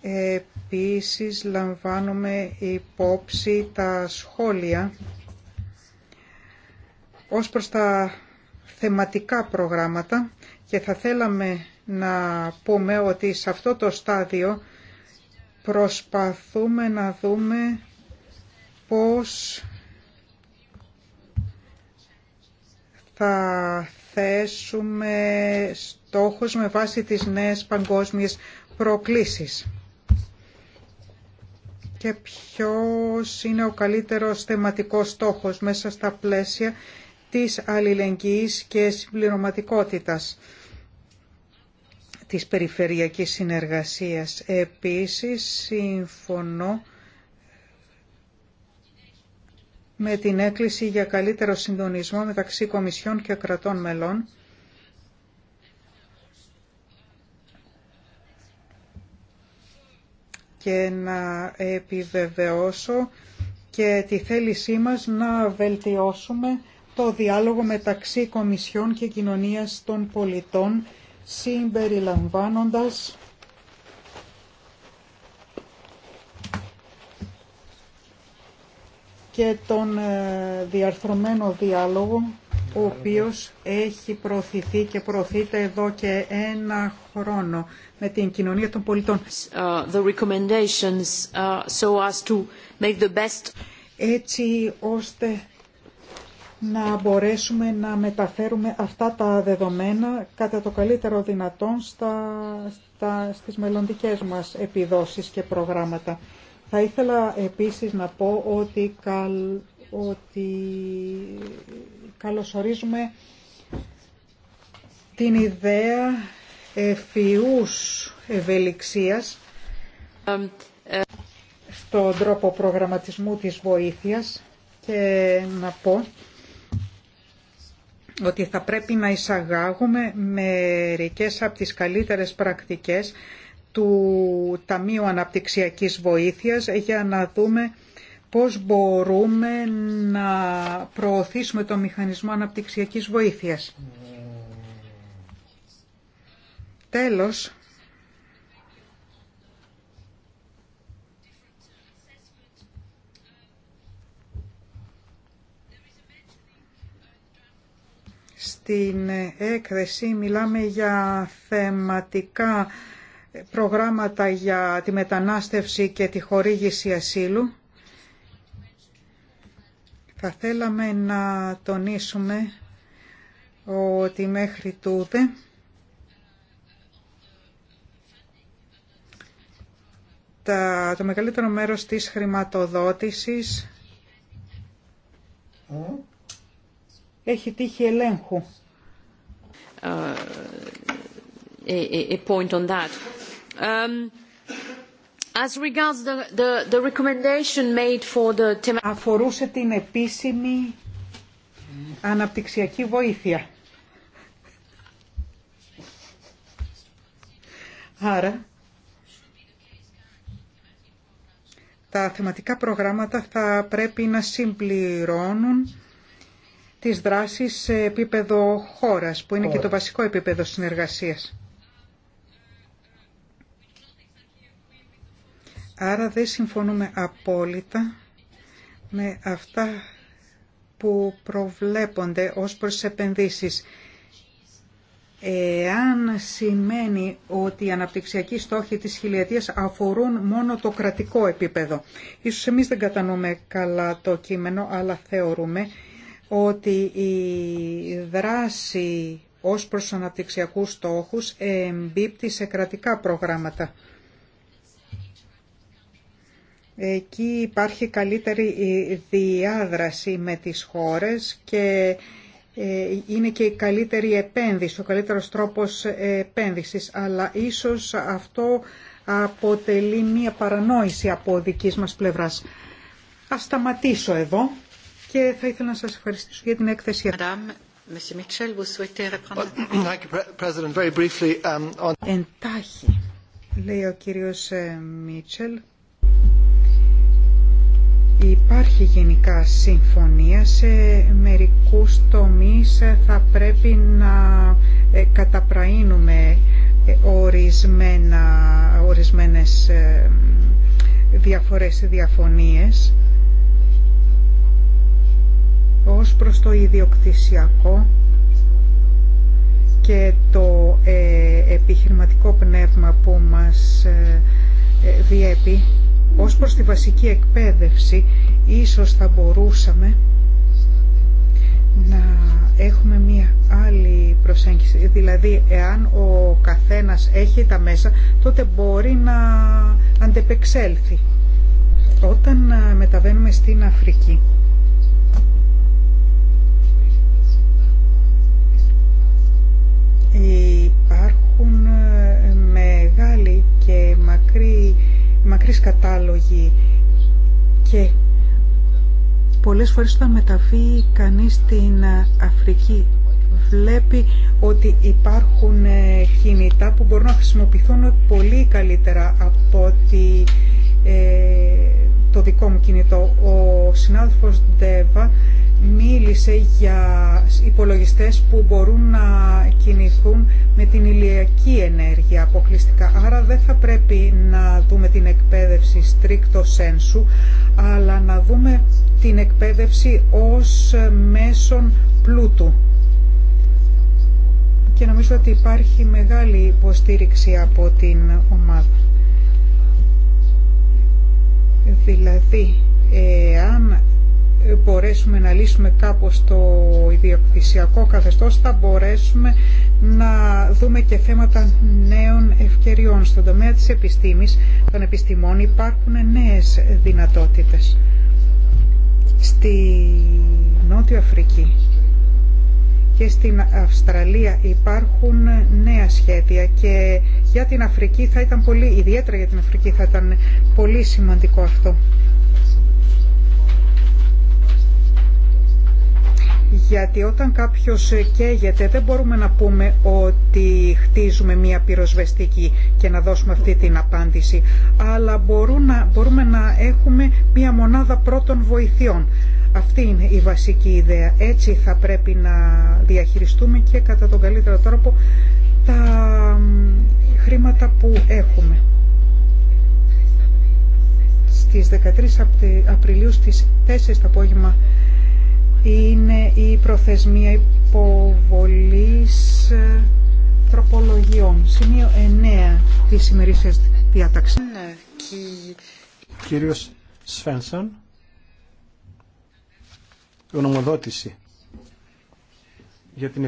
Επίσης λαμβάνουμε υπόψη τα σχόλια ως προς τα θεματικά προγράμματα και θα θέλαμε να πούμε ότι σε αυτό το στάδιο προσπαθούμε να δούμε πώς θα θέσουμε στόχους με βάση τις νέες παγκόσμιες προκλήσεις και ποιος είναι ο καλύτερος θεματικός στόχος μέσα στα πλαίσια της αλληλεγγύης και συμπληρωματικότητας της περιφερειακής συνεργασίας. Επίσης, συμφωνώ με την έκκληση για καλύτερο συντονισμό μεταξύ Κομισιών και κρατών μελών και να επιβεβαιώσω και τη θέλησή μας να βελτιώσουμε το διάλογο μεταξύ Κομισιών και Κοινωνίας των Πολιτών συμπεριλαμβάνοντας και τον ε, διαρθρωμένο διάλογο ο οποίος έχει προωθηθεί και προωθείται εδώ και ένα χρόνο με την κοινωνία των πολιτών. Uh, Έτσι ώστε να μπορέσουμε να μεταφέρουμε αυτά τα δεδομένα κατά το καλύτερο δυνατόν στα, στα, στις μελλοντικές μας επιδόσεις και προγράμματα. Θα ήθελα επίσης να πω ότι, καλ, ότι καλωσορίζουμε την ιδέα ευφυούς ευελιξίας στον τρόπο προγραμματισμού της βοήθειας και να πω ότι θα πρέπει να εισαγάγουμε μερικές από τις καλύτερες πρακτικές του Ταμείου Αναπτυξιακής Βοήθειας για να δούμε πώς μπορούμε να προωθήσουμε το μηχανισμό αναπτυξιακής βοήθειας. Mm. Τέλος, στην έκθεση μιλάμε για θεματικά προγράμματα για τη μετανάστευση και τη χορήγηση ασύλου. Θα θέλαμε να τονίσουμε ότι μέχρι τούτε το μεγαλύτερο μέρος της χρηματοδότησης έχει τύχει ελέγχου. Uh, a, point on that. Um, as regards the, recommendation made for the... Αφορούσε την επίσημη αναπτυξιακή βοήθεια. Άρα, τα θεματικά προγράμματα θα πρέπει να συμπληρώνουν της δράσεις σε επίπεδο χώρας, που είναι και το βασικό επίπεδο συνεργασίας. Άρα δεν συμφωνούμε απόλυτα με αυτά που προβλέπονται ως προς επενδύσεις. Εάν σημαίνει ότι οι αναπτυξιακοί στόχοι της χιλιετίας αφορούν μόνο το κρατικό επίπεδο. Ίσως εμείς δεν κατανοούμε καλά το κείμενο, αλλά θεωρούμε ότι η δράση ως προς αναπτυξιακούς στόχους εμπίπτει σε κρατικά προγράμματα. Εκεί υπάρχει καλύτερη διάδραση με τις χώρες και ε, είναι και η καλύτερη επένδυση, ο καλύτερος τρόπος επένδυσης, αλλά ίσως αυτό αποτελεί μία παρανόηση από δικής μας πλευράς. Ας σταματήσω εδώ και θα ήθελα να σας ευχαριστήσω για την έκθεση. Εντάχει, λέει ο κύριος ε, Μίτσελ, υπάρχει γενικά συμφωνία σε μερικούς τομείς ε, θα πρέπει να ε, καταπραίνουμε ορισμένα, ορισμένες διαφορές ή διαφωνίες ως προς το ιδιοκτησιακό και το ε, επιχειρηματικό πνεύμα που μας ε, ε, διέπει ως προς τη βασική εκπαίδευση ίσως θα μπορούσαμε να έχουμε μία άλλη προσέγγιση. Δηλαδή, εάν ο καθένας έχει τα μέσα, τότε μπορεί να αντεπεξέλθει. Όταν μεταβαίνουμε στην Αφρική, Υπάρχουν ε, μεγάλοι και μακρύ, μακρύς κατάλογοι και πολλές φορές όταν μεταβεί κανείς στην ε, Αφρική βλέπει ότι υπάρχουν ε, κινητά που μπορούν να χρησιμοποιηθούν πολύ καλύτερα από το δικό μου κινητό. Ο συνάδελφος Ντέβα μίλησε για υπολογιστές που μπορούν να κινηθούν με την ηλιακή ενέργεια αποκλειστικά. Άρα δεν θα πρέπει να δούμε την εκπαίδευση στρίκτο σένσου, αλλά να δούμε την εκπαίδευση ως μέσον πλούτου. Και νομίζω ότι υπάρχει μεγάλη υποστήριξη από την ομάδα. Δηλαδή, εάν μπορέσουμε να λύσουμε κάπως το ιδιοκτησιακό καθεστώς θα μπορέσουμε να δούμε και θέματα νέων ευκαιριών. Στον τομέα της επιστήμης των επιστημών υπάρχουν νέες δυνατότητες. Στη Νότια Αφρική και στην Αυστραλία υπάρχουν νέα σχέδια και για την Αφρική θα ήταν πολύ, ιδιαίτερα για την Αφρική θα ήταν πολύ σημαντικό αυτό. Γιατί όταν κάποιος ε, καίγεται δεν μπορούμε να πούμε ότι χτίζουμε μία πυροσβεστική και να δώσουμε αυτή την απάντηση. Αλλά μπορούμε, μπορούμε να έχουμε μία μονάδα πρώτων βοηθειών. Αυτή είναι η βασική ιδέα. Έτσι θα πρέπει να διαχειριστούμε και κατά τον καλύτερο τρόπο τα χρήματα που έχουμε. Στις 13 Απριλίου στις 4 το απόγευμα είναι η προθεσμία υποβολής ε, τροπολογιών. Σημείο 9 της σημερινής διάταξης. Κύριος Σφένσον, γνωμοδότηση για την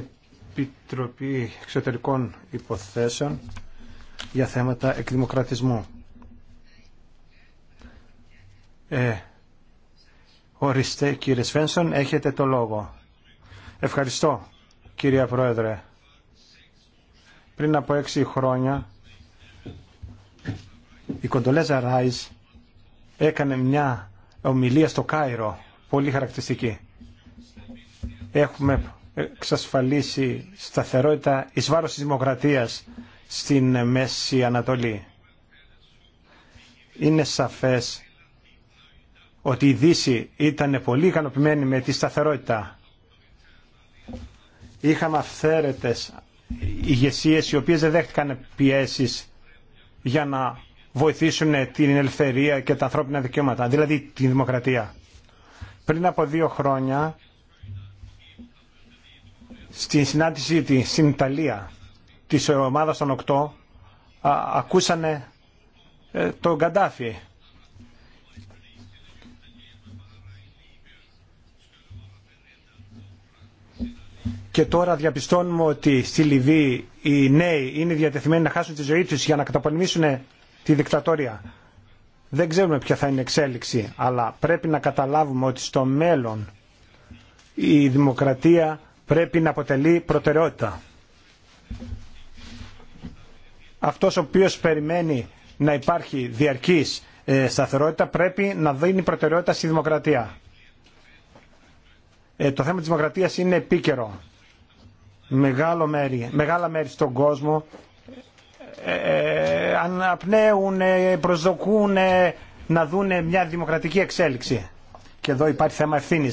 Επιτροπή Εξωτερικών Υποθέσεων για θέματα εκδημοκρατισμού. Ε, Ορίστε κύριε Σφένσον, έχετε το λόγο. Ευχαριστώ κύριε Πρόεδρε. Πριν από έξι χρόνια η Κοντολέζα Ράις έκανε μια ομιλία στο Κάιρο, πολύ χαρακτηριστική. Έχουμε εξασφαλίσει σταθερότητα εις βάρος της δημοκρατίας στην Μέση Ανατολή. Είναι σαφές ότι η Δύση ήταν πολύ ικανοποιημένη με τη σταθερότητα. Είχαμε αυθαίρετες ηγεσίες οι οποίες δεν δέχτηκαν πιέσεις για να βοηθήσουν την ελευθερία και τα ανθρώπινα δικαιώματα, δηλαδή την δημοκρατία. Πριν από δύο χρόνια, στην συνάντηση τη, στην Ιταλία της ομάδας των Οκτώ, ακούσανε ε, τον Καντάφη και τώρα διαπιστώνουμε ότι στη Λιβύη οι νέοι είναι διατεθειμένοι να χάσουν τη ζωή τους για να καταπολεμήσουν τη δικτατορία. Δεν ξέρουμε ποια θα είναι η εξέλιξη, αλλά πρέπει να καταλάβουμε ότι στο μέλλον η δημοκρατία πρέπει να αποτελεί προτεραιότητα. Αυτός ο οποίος περιμένει να υπάρχει διαρκής ε, σταθερότητα πρέπει να δίνει προτεραιότητα στη δημοκρατία. Ε, το θέμα της δημοκρατίας είναι επίκαιρο μεγάλο μέρη, μεγάλα μέρη στον κόσμο ε, ε αναπνέουν, προσδοκούν να δουν μια δημοκρατική εξέλιξη. Και εδώ υπάρχει θέμα ευθύνη.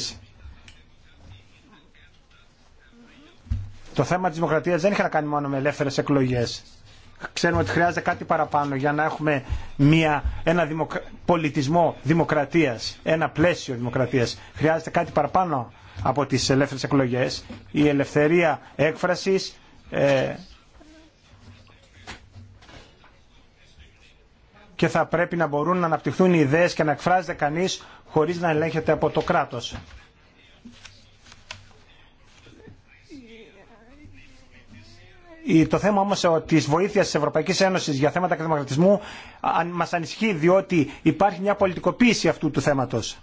Το θέμα της δημοκρατίας δεν είχε να κάνει μόνο με ελεύθερες εκλογές. Ξέρουμε ότι χρειάζεται κάτι παραπάνω για να έχουμε μια, ένα πολιτισμό δημοκρατίας, ένα πλαίσιο δημοκρατίας. Χρειάζεται κάτι παραπάνω από τις ελεύθερες εκλογές. Η ελευθερία έκφρασης ε, και θα πρέπει να μπορούν να αναπτυχθούν οι ιδέες και να εκφράζεται κανείς χωρίς να ελέγχεται από το κράτος. Το θέμα όμως της βοήθειας της Ευρωπαϊκής Ένωσης για θέματα δημοκρατισμού μας ανισχύει διότι υπάρχει μια πολιτικοποίηση αυτού του θέματος.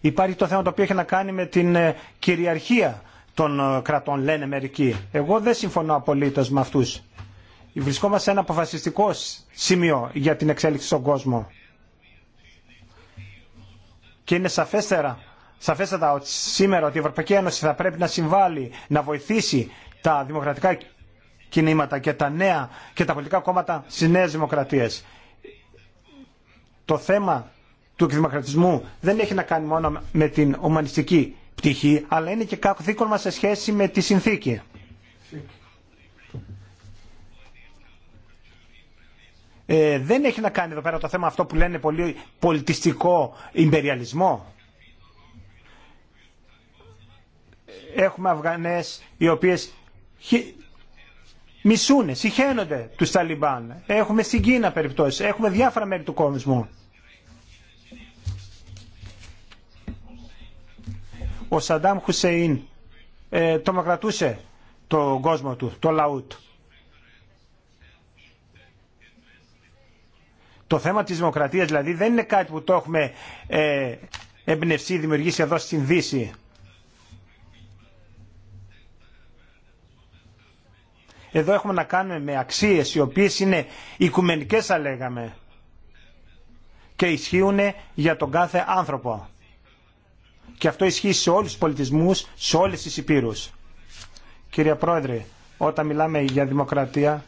Υπάρχει το θέμα το οποίο έχει να κάνει με την ε, κυριαρχία των ε, κρατών, λένε μερικοί. Εγώ δεν συμφωνώ απολύτω με αυτού. Βρισκόμαστε σε ένα αποφασιστικό σημείο για την εξέλιξη στον κόσμο. Και είναι σαφέστερα, σαφέστατα ότι σήμερα ότι η Ευρωπαϊκή Ένωση θα πρέπει να συμβάλλει, να βοηθήσει τα δημοκρατικά κινήματα και τα νέα και τα πολιτικά κόμματα στι νέε δημοκρατίε. Το θέμα του εκδημοκρατισμού δεν έχει να κάνει μόνο με την ομανιστική πτυχή, αλλά είναι και καθήκον μας σε σχέση με τη συνθήκη. Ε, δεν έχει να κάνει εδώ πέρα το θέμα αυτό που λένε πολύ πολιτιστικό υπεριαλισμό. Έχουμε Αυγανές οι οποίες μισούνε, συχαίνονται τους Ταλιμπάν. Έχουμε στην Κίνα περιπτώσεις, έχουμε διάφορα μέρη του κόσμου. ο Σαντάμ Χουσέιν ε, τρομοκρατούσε το κόσμο του, το λαού του. Το θέμα της δημοκρατίας δηλαδή δεν είναι κάτι που το έχουμε ε, εμπνευσεί, δημιουργήσει εδώ στην Δύση. Εδώ έχουμε να κάνουμε με αξίες οι οποίες είναι οικουμενικές θα λέγαμε και ισχύουν για τον κάθε άνθρωπο. Και αυτό ισχύει σε όλους τους πολιτισμούς, σε όλες τις υπήρους. Κύριε Πρόεδρε, όταν μιλάμε για δημοκρατία,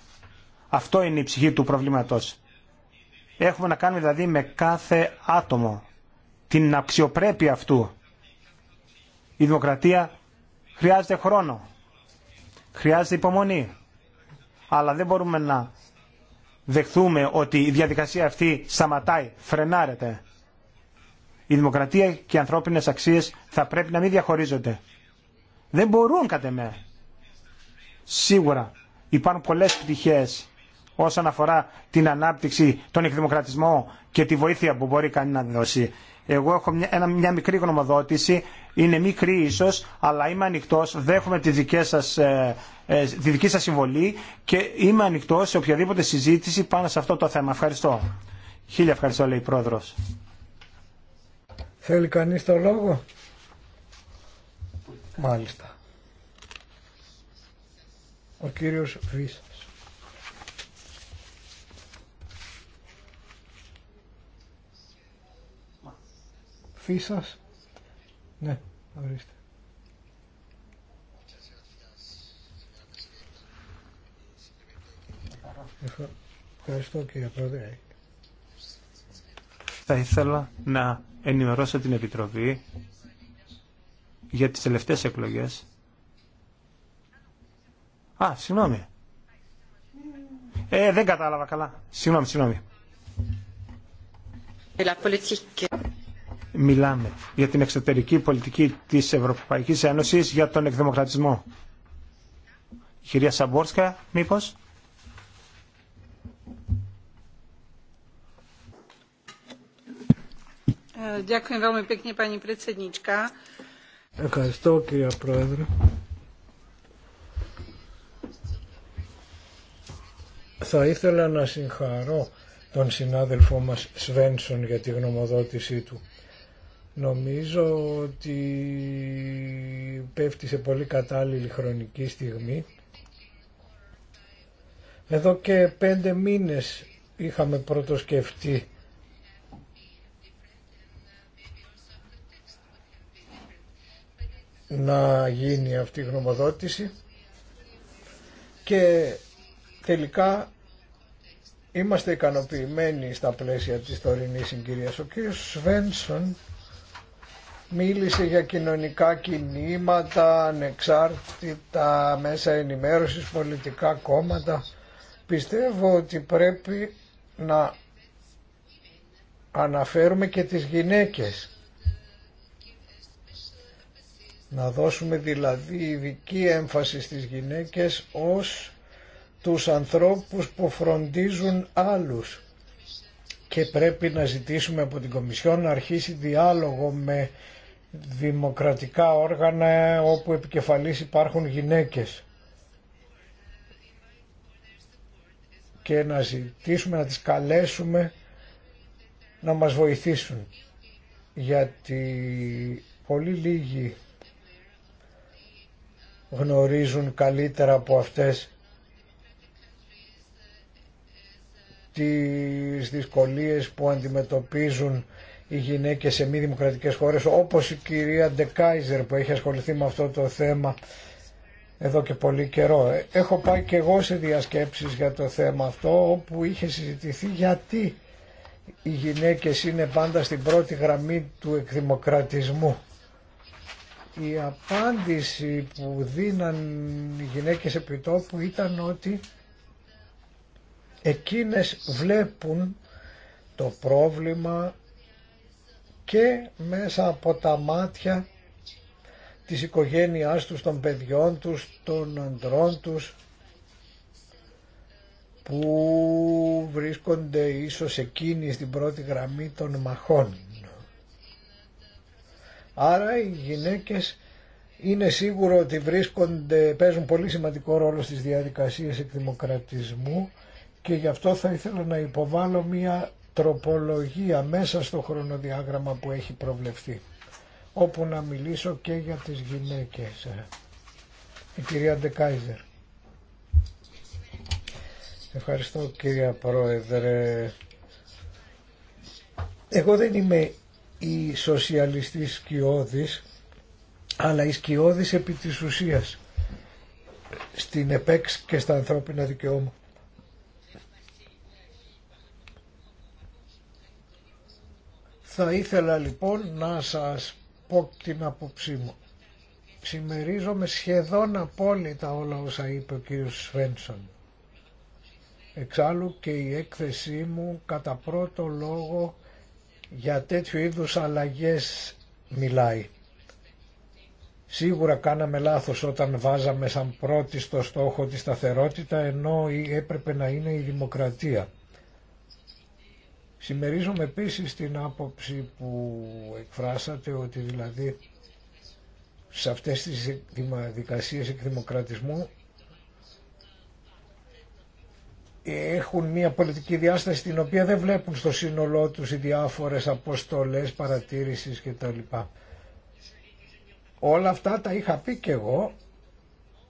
αυτό είναι η ψυχή του προβλήματος. Έχουμε να κάνουμε δηλαδή με κάθε άτομο, την αξιοπρέπεια αυτού. Η δημοκρατία χρειάζεται χρόνο, χρειάζεται υπομονή. Αλλά δεν μπορούμε να δεχθούμε ότι η διαδικασία αυτή σταματάει, φρενάρεται. Η δημοκρατία και οι ανθρώπινες αξίες θα πρέπει να μην διαχωρίζονται. Δεν μπορούν κατ' εμέ. Σίγουρα υπάρχουν πολλές πτυχές όσον αφορά την ανάπτυξη, τον εκδημοκρατισμό και τη βοήθεια που μπορεί κανεί να δώσει. Εγώ έχω μια, μια μικρή γνωμοδότηση, είναι μικρή ίσω, αλλά είμαι ανοιχτό, δέχομαι τη, δική σας, ε, ε, τη δική σα συμβολή και είμαι ανοιχτό σε οποιαδήποτε συζήτηση πάνω σε αυτό το θέμα. Ευχαριστώ. Χίλια ευχαριστώ, λέει η πρόεδρο. Θέλει κανείς το λόγο. Μάλιστα. Ο κύριος Βίσας. Φίσας. Ναι, ορίστε. Ευχαριστώ κύριε Πρόεδρε. Θα ήθελα να ενημερώσω την Επιτροπή για τις τελευταίες εκλογές. Α, συγγνώμη. Ε, δεν κατάλαβα καλά. Συγγνώμη, συγγνώμη. Μιλάμε για την εξωτερική πολιτική της Ευρωπαϊκής Ένωσης για τον εκδημοκρατισμό. Η κυρία Σαμπόρσκα, μήπως. Ευχαριστώ κύριε Πρόεδρε. Θα ήθελα να συγχαρώ τον συνάδελφό μας Σβένσον για τη γνωμοδότησή του. Νομίζω ότι πέφτει σε πολύ κατάλληλη χρονική στιγμή. Εδώ και πέντε μήνες είχαμε πρώτο σκεφτεί να γίνει αυτή η γνωμοδότηση και τελικά είμαστε ικανοποιημένοι στα πλαίσια της τωρινής συγκυρίας. Ο κ. Σβένσον μίλησε για κοινωνικά κινήματα, ανεξάρτητα μέσα ενημέρωσης, πολιτικά κόμματα. Πιστεύω ότι πρέπει να αναφέρουμε και τις γυναίκες να δώσουμε δηλαδή ειδική έμφαση στις γυναίκες ως τους ανθρώπους που φροντίζουν άλλους και πρέπει να ζητήσουμε από την Κομισιόν να αρχίσει διάλογο με δημοκρατικά όργανα όπου επικεφαλής υπάρχουν γυναίκες και να ζητήσουμε να τις καλέσουμε να μας βοηθήσουν γιατί πολύ λίγοι γνωρίζουν καλύτερα από αυτές τις δυσκολίες που αντιμετωπίζουν οι γυναίκες σε μη δημοκρατικές χώρες όπως η κυρία Ντεκάιζερ που έχει ασχοληθεί με αυτό το θέμα εδώ και πολύ καιρό. Έχω πάει και εγώ σε διασκέψεις για το θέμα αυτό όπου είχε συζητηθεί γιατί οι γυναίκες είναι πάντα στην πρώτη γραμμή του εκδημοκρατισμού η απάντηση που δίναν οι γυναίκες επιτόπου ήταν ότι εκείνες βλέπουν το πρόβλημα και μέσα από τα μάτια της οικογένειάς τους, των παιδιών τους, των αντρών τους που βρίσκονται ίσως εκείνοι στην πρώτη γραμμή των μαχών. Άρα οι γυναίκες είναι σίγουρο ότι βρίσκονται, παίζουν πολύ σημαντικό ρόλο στις διαδικασίες εκδημοκρατισμού και γι' αυτό θα ήθελα να υποβάλω μία τροπολογία μέσα στο χρονοδιάγραμμα που έχει προβλεφθεί όπου να μιλήσω και για τις γυναίκες. Η κυρία Ντεκάιζερ. Ευχαριστώ κυρία Πρόεδρε. Εγώ δεν είμαι η σοσιαλιστή Σκιώδης αλλά η Σκιώδης επί της ουσίας στην ΕΠΕΞ και στα ανθρώπινα δικαιώματα. Θα ήθελα λοιπόν να σας πω την απόψή μου. Ξημερίζομαι σχεδόν απόλυτα όλα όσα είπε ο κύριος Σφέντσον. Εξάλλου και η έκθεσή μου κατά πρώτο λόγο για τέτοιου είδους αλλαγές μιλάει. Σίγουρα κάναμε λάθος όταν βάζαμε σαν πρώτη στο στόχο τη σταθερότητα ενώ έπρεπε να είναι η δημοκρατία. Συμμερίζομαι επίσης την άποψη που εκφράσατε ότι δηλαδή σε αυτές τις δικασίες εκδημοκρατισμού έχουν μια πολιτική διάσταση την οποία δεν βλέπουν στο σύνολό τους οι διάφορες αποστολές παρατήρησης κτλ. Όλα αυτά τα είχα πει και εγώ,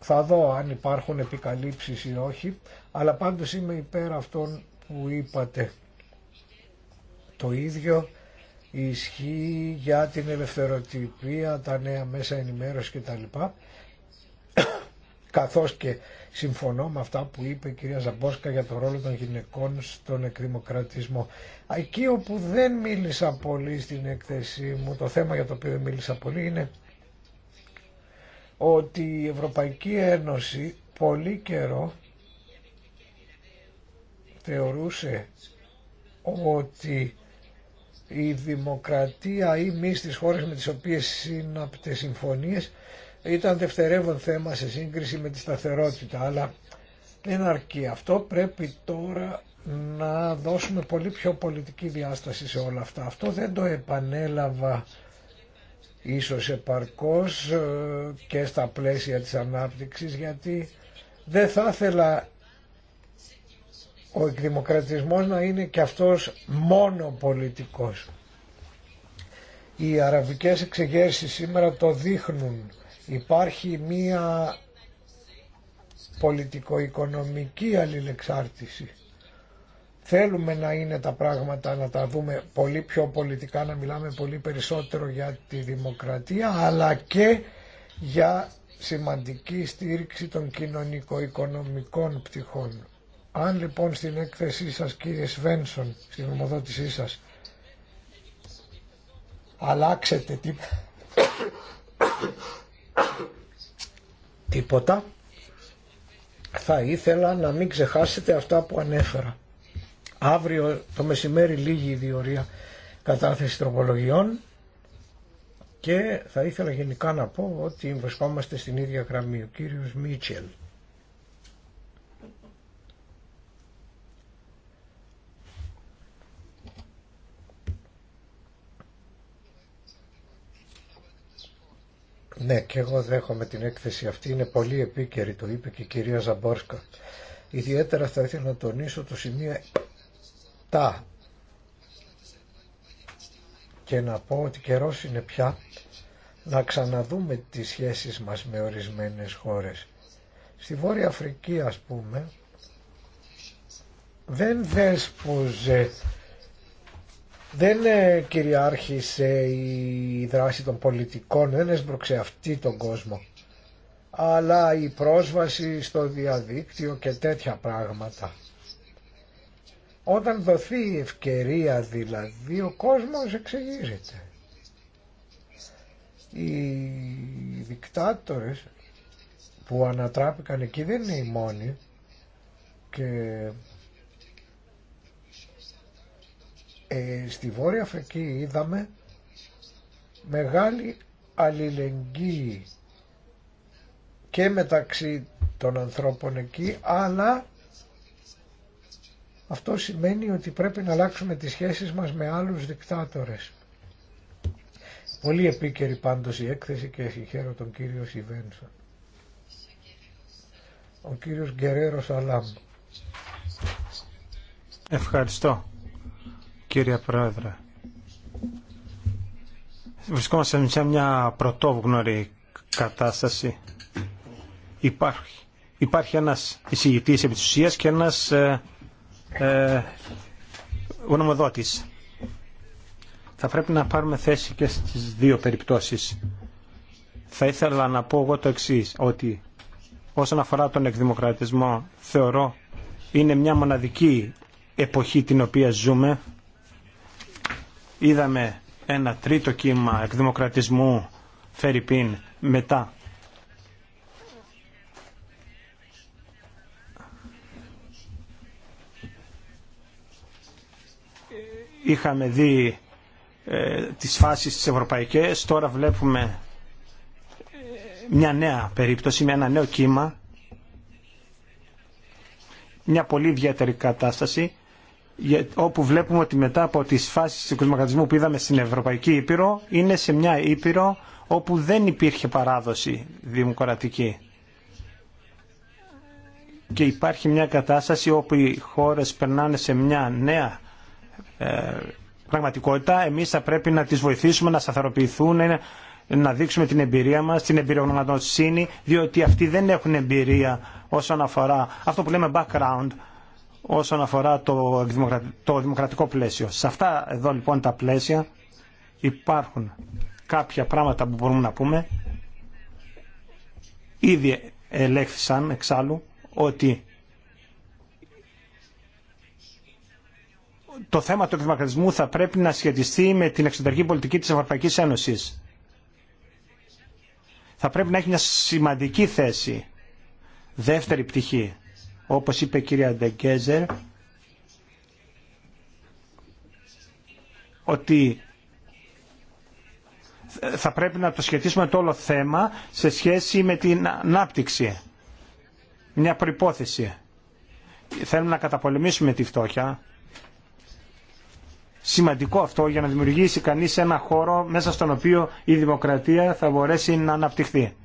θα δω αν υπάρχουν επικαλύψεις ή όχι, αλλά πάντως είμαι υπέρ αυτών που είπατε. Το ίδιο ισχύει για την ελευθεροτυπία, τα νέα μέσα ενημέρωση κτλ. καθώς και Συμφωνώ με αυτά που είπε η κυρία Ζαμπόσκα για το ρόλο των γυναικών στον εκδημοκρατισμό. Εκεί όπου δεν μίλησα πολύ στην έκθεσή μου, το θέμα για το οποίο δεν μίλησα πολύ είναι ότι η Ευρωπαϊκή Ένωση πολύ καιρό θεωρούσε ότι η δημοκρατία ή μη στις χώρες με τις οποίες συνάπτε συμφωνίες ήταν δευτερεύον θέμα σε σύγκριση με τη σταθερότητα, αλλά δεν αρκεί. Αυτό πρέπει τώρα να δώσουμε πολύ πιο πολιτική διάσταση σε όλα αυτά. Αυτό δεν το επανέλαβα ίσως επαρκώς ε, και στα πλαίσια της ανάπτυξης γιατί δεν θα ήθελα ο εκδημοκρατισμός να είναι και αυτός μόνο πολιτικός. Οι αραβικές εξεγέρσεις σήμερα το δείχνουν Υπάρχει μία πολιτικο-οικονομική αλληλεξάρτηση. Θέλουμε να είναι τα πράγματα να τα δούμε πολύ πιο πολιτικά, να μιλάμε πολύ περισσότερο για τη δημοκρατία, αλλά και για σημαντική στήριξη των κοινωνικο-οικονομικών πτυχών. Αν λοιπόν στην έκθεσή σας κύριε Σβένσον, στην ομοδότησή σας, αλλάξετε τι τίποτα, θα ήθελα να μην ξεχάσετε αυτά που ανέφερα. Αύριο το μεσημέρι λίγη η διορία κατάθεση τροπολογιών και θα ήθελα γενικά να πω ότι βρισκόμαστε στην ίδια γραμμή. Ο κύριος Μίτσελ. Ναι, και εγώ δέχομαι την έκθεση αυτή. Είναι πολύ επίκαιρη, το είπε και η κυρία Ζαμπόρσκα. Ιδιαίτερα θα ήθελα να τονίσω το σημείο τα και να πω ότι καιρό είναι πια να ξαναδούμε τις σχέσεις μας με ορισμένες χώρες. Στη Βόρεια Αφρική ας πούμε δεν δέσποζε δεν ε, κυριάρχησε η δράση των πολιτικών, δεν έσπρωξε αυτή τον κόσμο αλλά η πρόσβαση στο διαδίκτυο και τέτοια πράγματα. Όταν δοθεί η ευκαιρία δηλαδή ο κόσμος εξηγίζεται. Οι δικτάτορες που ανατράπηκαν εκεί δεν είναι οι μόνοι και Ε, στη Βόρεια Αφρική είδαμε μεγάλη αλληλεγγύη και μεταξύ των ανθρώπων εκεί, αλλά αυτό σημαίνει ότι πρέπει να αλλάξουμε τις σχέσεις μας με άλλους δικτάτορες. Πολύ επίκαιρη πάντως η έκθεση και συγχαίρω τον κύριο Σιβένσον. Ο κύριος Γκερέρος Αλάμ. Ευχαριστώ κύριε Πρόεδρε. Βρισκόμαστε σε μια πρωτόγνωρη κατάσταση. Υπάρχει, υπάρχει ένας εισηγητής επί και ένας ε, ε Θα πρέπει να πάρουμε θέση και στις δύο περιπτώσεις. Θα ήθελα να πω εγώ το εξής, ότι όσον αφορά τον εκδημοκρατισμό θεωρώ είναι μια μοναδική εποχή την οποία ζούμε Είδαμε ένα τρίτο κύμα εκδημοκρατισμού Φερρυπίν μετά. Είχαμε δει ε, τις φάσεις της ευρωπαϊκές, τώρα βλέπουμε ε, μια νέα περίπτωση με ένα νέο κύμα, μια πολύ ιδιαίτερη κατάσταση όπου βλέπουμε ότι μετά από τις φάσεις του που είδαμε στην Ευρωπαϊκή Ήπειρο είναι σε μια Ήπειρο όπου δεν υπήρχε παράδοση δημοκρατική. Και υπάρχει μια κατάσταση όπου οι χώρες περνάνε σε μια νέα ε, πραγματικότητα. Εμείς θα πρέπει να τις βοηθήσουμε να σταθεροποιηθούν, να δείξουμε την εμπειρία μας, την εμπειρογνωματοσύνη, διότι αυτοί δεν έχουν εμπειρία όσον αφορά αυτό που λέμε background, όσον αφορά το, το δημοκρατικό πλαίσιο. Σε αυτά εδώ λοιπόν τα πλαίσια υπάρχουν κάποια πράγματα που μπορούμε να πούμε. Ήδη ελέγχθησαν εξάλλου ότι το θέμα του δημοκρατισμού θα πρέπει να σχετιστεί με την εξωτερική πολιτική της Ευρωπαϊκής Ένωσης. Θα πρέπει να έχει μια σημαντική θέση. Δεύτερη πτυχή όπως είπε η κυρία Ντεγκέζερ, ότι θα πρέπει να το σχετίσουμε το όλο θέμα σε σχέση με την ανάπτυξη. Μια προϋπόθεση. Θέλουμε να καταπολεμήσουμε τη φτώχεια. Σημαντικό αυτό για να δημιουργήσει κανείς ένα χώρο μέσα στον οποίο η δημοκρατία θα μπορέσει να αναπτυχθεί.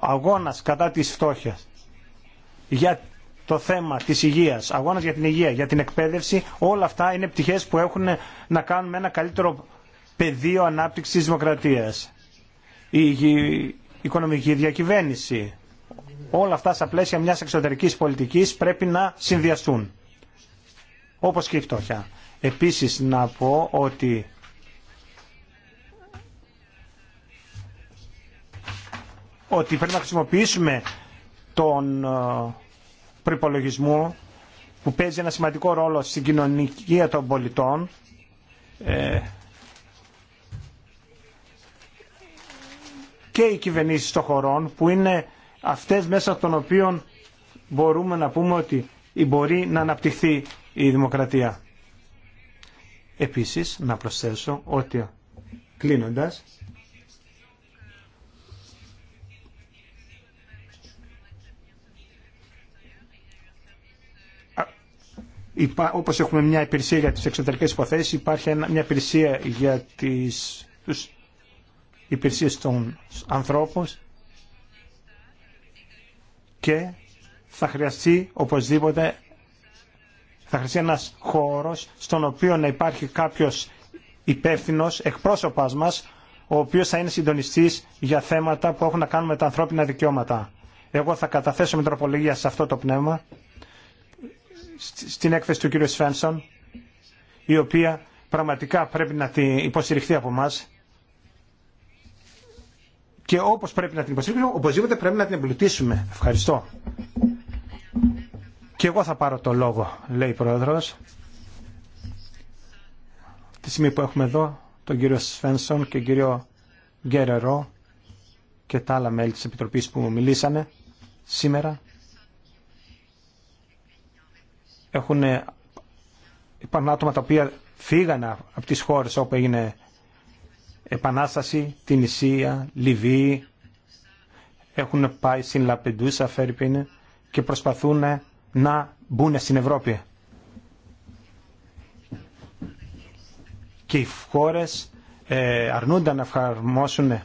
Αγώνας κατά της φτώχειας. Για το θέμα της υγείας, αγώνας για την υγεία, για την εκπαίδευση, όλα αυτά είναι πτυχέ που έχουν να κάνουν με ένα καλύτερο πεδίο ανάπτυξης δημοκρατία. Η οικονομική διακυβέρνηση, όλα αυτά στα πλαίσια μιας εξωτερικής πολιτικής πρέπει να συνδυαστούν. Όπως και η φτώχεια. Επίση να πω ότι ότι πρέπει να χρησιμοποιήσουμε τον ε, προπολογισμού που παίζει ένα σημαντικό ρόλο στην κοινωνική των πολιτών ε, και οι κυβερνήσει των χωρών που είναι αυτές μέσα των οποίων μπορούμε να πούμε ότι μπορεί να αναπτυχθεί η δημοκρατία. Επίσης να προσθέσω ότι κλείνοντας όπως έχουμε μια υπηρεσία για τις εξωτερικές υποθέσεις, υπάρχει μια υπηρεσία για τις τους υπηρεσίες των ανθρώπων και θα χρειαστεί οπωσδήποτε θα χρειαστεί ένας χώρος στον οποίο να υπάρχει κάποιος υπεύθυνο εκπρόσωπάς μας ο οποίος θα είναι συντονιστής για θέματα που έχουν να κάνουν με τα ανθρώπινα δικαιώματα. Εγώ θα καταθέσω μετροπολογία σε αυτό το πνεύμα στην έκθεση του κ. Σφένσον, η οποία πραγματικά πρέπει να την υποστηριχθεί από εμά. Και όπως πρέπει να την υποστηρίξουμε, οπωσδήποτε πρέπει να την εμπλουτίσουμε. Ευχαριστώ. Και εγώ θα πάρω το λόγο, λέει η Πρόεδρος. Τη στιγμή που έχουμε εδώ τον κύριο Σφένσον και τον κύριο Γκέρερο και τα άλλα μέλη της Επιτροπής που μου μιλήσανε σήμερα. έχουν υπάρχουν άτομα τα οποία φύγανε από τις χώρες όπου έγινε Επανάσταση, την Ισία, Λιβύη, έχουν πάει στην Λαπεντούσα, Φερρυπίνε, και προσπαθούν να μπουν στην Ευρώπη. Και οι χώρες ε, αρνούνται να εφαρμόσουν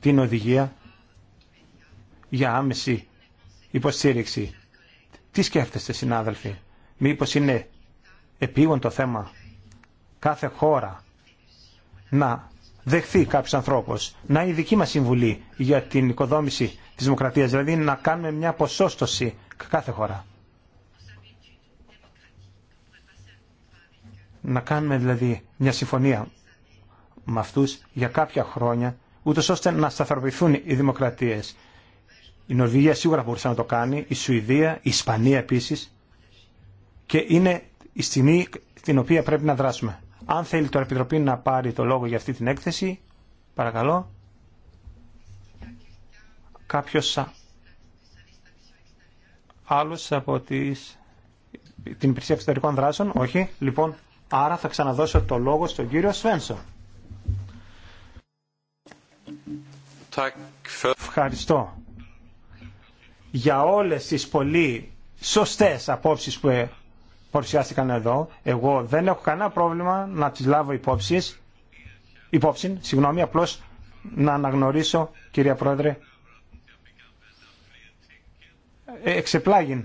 την οδηγία για άμεση υποστήριξη. Τι σκέφτεστε συνάδελφοι μήπως είναι επίγον το θέμα κάθε χώρα να δεχθεί κάποιους ανθρώπος, να είναι η δική μας συμβουλή για την οικοδόμηση της δημοκρατίας, δηλαδή να κάνουμε μια ποσόστοση κάθε χώρα. Να κάνουμε δηλαδή μια συμφωνία με αυτούς για κάποια χρόνια, ούτως ώστε να σταθεροποιηθούν οι δημοκρατίες. Η Νορβηγία σίγουρα μπορούσε να το κάνει, η Σουηδία, η Ισπανία επίσης και είναι η στιγμή την οποία πρέπει να δράσουμε. Αν θέλει τώρα η Επιτροπή να πάρει το λόγο για αυτή την έκθεση, παρακαλώ. Κάποιος άλλος από τις... την υπηρεσία εξωτερικών δράσεων, όχι. Λοιπόν, άρα θα ξαναδώσω το λόγο στον κύριο Σβένσο. Ευχαριστώ για όλες τις πολύ σωστές απόψεις που ε- παρουσιάστηκαν εδώ, εγώ δεν έχω κανένα πρόβλημα να τις λάβω υπόψη, υπόψη συγγνώμη, απλώς να αναγνωρίσω, κυρία Πρόεδρε, ε, εξεπλάγην.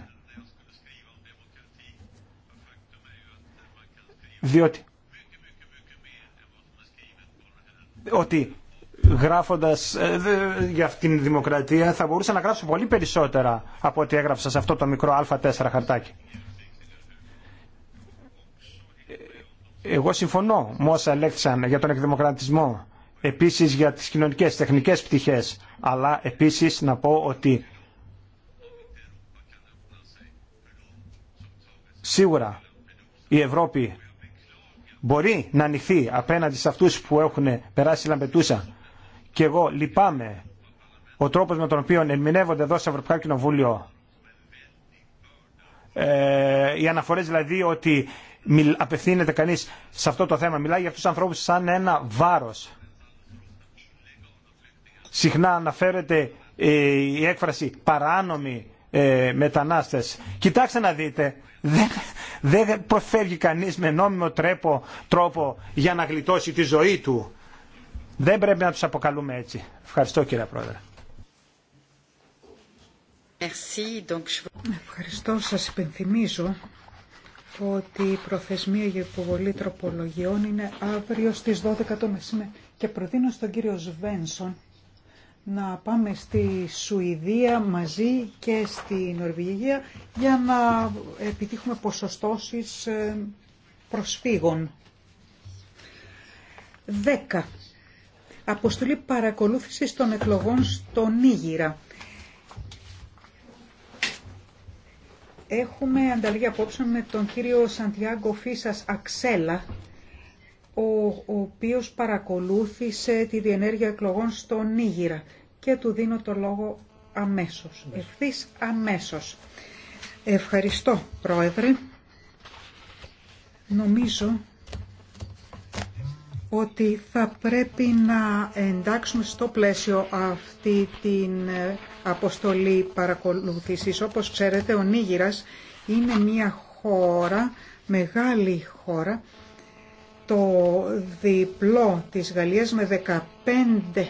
Διότι ότι γράφοντας ε, για αυτήν την δημοκρατία θα μπορούσα να γράψω πολύ περισσότερα από ό,τι έγραψα σε αυτό το μικρό α4 χαρτάκι. Εγώ συμφωνώ με όσα για τον εκδημοκρατισμό, επίσης για τις κοινωνικές, τεχνικές πτυχές, αλλά επίσης να πω ότι σίγουρα η Ευρώπη μπορεί να ανοιχθεί απέναντι σε αυτούς που έχουν περάσει λαμπετούσα. Και εγώ λυπάμαι ο τρόπος με τον οποίο ερμηνεύονται εδώ στο Ευρωπαϊκό Κοινοβούλιο ε, οι αναφορές δηλαδή ότι απευθύνεται κανείς σε αυτό το θέμα. Μιλάει για αυτούς τους ανθρώπους σαν ένα βάρος. Συχνά αναφέρεται ε, η έκφραση παράνομοι ε, μετανάστες. Κοιτάξτε να δείτε, δεν, δεν προφεύγει κανείς με νόμιμο τρέπο, τρόπο για να γλιτώσει τη ζωή του. Δεν πρέπει να τους αποκαλούμε έτσι. Ευχαριστώ κύριε Πρόεδρε. Ευχαριστώ. Σας υπενθυμίζω ότι η προθεσμία για υποβολή τροπολογιών είναι αύριο στις 12 το μεσημέρι. Και προτείνω στον κύριο Σβένσον να πάμε στη Σουηδία μαζί και στη Νορβηγία για να επιτύχουμε ποσοστώσεις ε, προσφύγων. 10. Αποστολή παρακολούθησης των εκλογών στο Νίγηρα. Έχουμε ανταλλαγή απόψε με τον κύριο Σαντιάγκο Φίσας Αξέλα, ο, οποίος παρακολούθησε τη διενέργεια εκλογών στο Νίγηρα και του δίνω το λόγο αμέσως, ευθύς αμέσως. Ευχαριστώ, Πρόεδρε. Νομίζω ότι θα πρέπει να εντάξουμε στο πλαίσιο αυτή την ε, αποστολή παρακολούθησης. Όπως ξέρετε, ο Νίγηρας είναι μια χώρα, μεγάλη χώρα, το διπλό της Γαλλίας με 15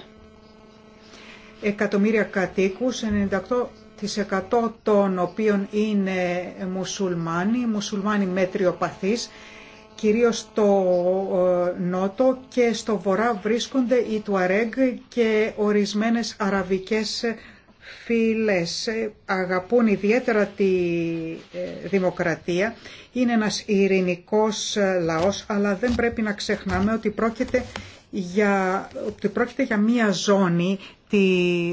εκατομμύρια κατοίκους, 98% των οποίων είναι μουσουλμάνοι, μουσουλμάνοι μετριοπαθείς κυρίως στο ε, νότο και στο βορρά βρίσκονται οι Τουαρέγ και ορισμένες αραβικές φίλες. Ε, αγαπούν ιδιαίτερα τη ε, δημοκρατία. Είναι ένας ειρηνικός λαός, αλλά δεν πρέπει να ξεχνάμε ότι πρόκειται για, ότι για μία ζώνη, τη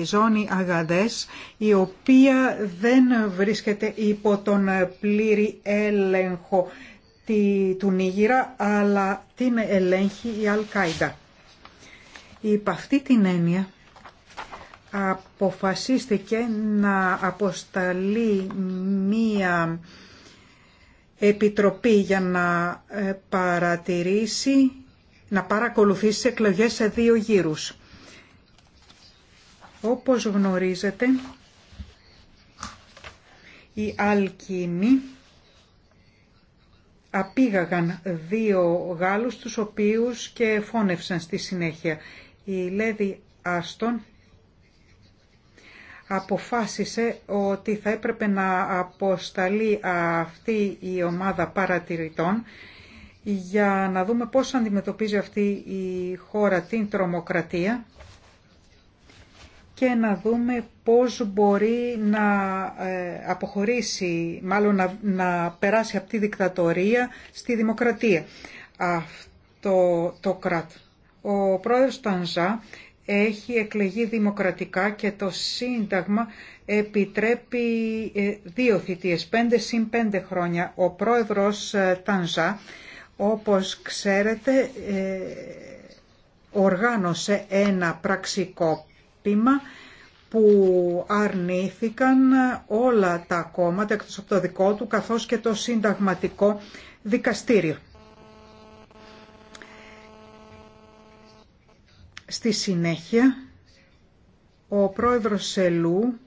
ζώνη Αγαδές, η οποία δεν βρίσκεται υπό τον πλήρη έλεγχο του Νίγηρα, αλλά την ελέγχει η Αλκάιντα. Υπ' αυτή την έννοια αποφασίστηκε να αποσταλεί μία επιτροπή για να ε, παρατηρήσει, να παρακολουθήσει εκλογές σε δύο γύρους. Όπως γνωρίζετε, η Αλκίνη απήγαγαν δύο Γάλλους, τους οποίους και φώνευσαν στη συνέχεια. Η Λέδη Άστον αποφάσισε ότι θα έπρεπε να αποσταλεί αυτή η ομάδα παρατηρητών για να δούμε πώς αντιμετωπίζει αυτή η χώρα την τρομοκρατία και να δούμε πώς μπορεί να ε, αποχωρήσει, μάλλον να, περάσει από τη δικτατορία στη δημοκρατία αυτό το κράτος. Ο πρόεδρος Τανζά έχει εκλεγεί δημοκρατικά και το Σύνταγμα επιτρέπει ε, δύο θητείες, πέντε συν πέντε χρόνια. Ο πρόεδρος ε, Τανζά, όπως ξέρετε, οργάνωσε ένα πραξικό που αρνήθηκαν όλα τα κόμματα εκτός από το δικό του καθώς και το συνταγματικό δικαστήριο. Στη συνέχεια, ο πρόεδρος Σελού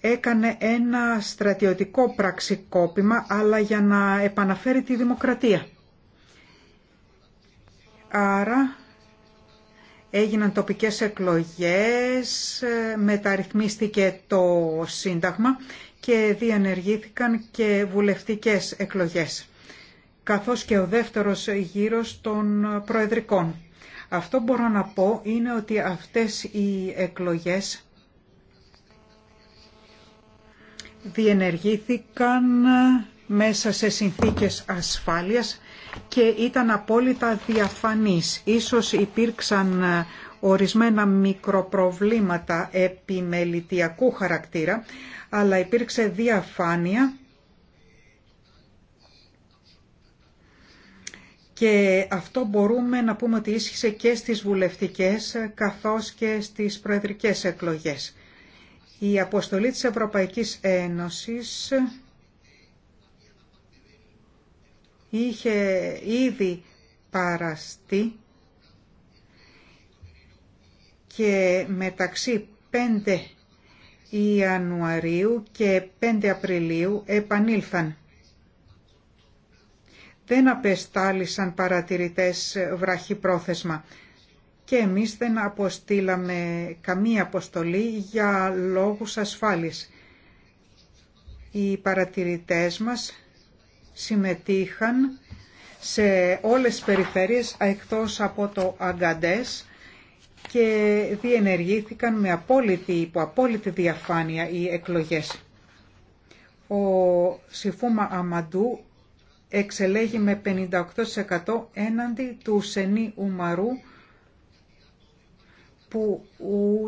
έκανε ένα στρατιωτικό πραξικόπημα, αλλά για να επαναφέρει τη δημοκρατία. Άρα έγιναν τοπικές εκλογές, ε, μεταρρυθμίστηκε το Σύνταγμα και διενεργήθηκαν και βουλευτικές εκλογές, καθώς και ο δεύτερος γύρος των προεδρικών. Αυτό μπορώ να πω είναι ότι αυτές οι εκλογές διενεργήθηκαν ε, μέσα σε συνθήκες ασφάλειας και ήταν απόλυτα διαφανής. Ίσως υπήρξαν ε, ορισμένα μικροπροβλήματα επιμελητιακού χαρακτήρα, αλλά υπήρξε διαφάνεια και αυτό μπορούμε να πούμε ότι ίσχυσε και στις βουλευτικές ε, καθώς και στις προεδρικές εκλογές. Η αποστολή της Ευρωπαϊκής Ένωσης είχε ήδη παραστεί και μεταξύ 5 Ιανουαρίου και 5 Απριλίου επανήλθαν. Δεν απεστάλησαν παρατηρητές βραχυπρόθεσμα και εμείς δεν αποστήλαμε καμία αποστολή για λόγους ασφάλειας. Οι παρατηρητές μας συμμετείχαν σε όλες τις περιφέρειες εκτός από το Αγκαντές και διενεργήθηκαν με απόλυτη, υπό απόλυτη διαφάνεια οι εκλογές. Ο Σιφούμα Αμαντού εξελέγει με 58% έναντι του Σενή Ουμαρού που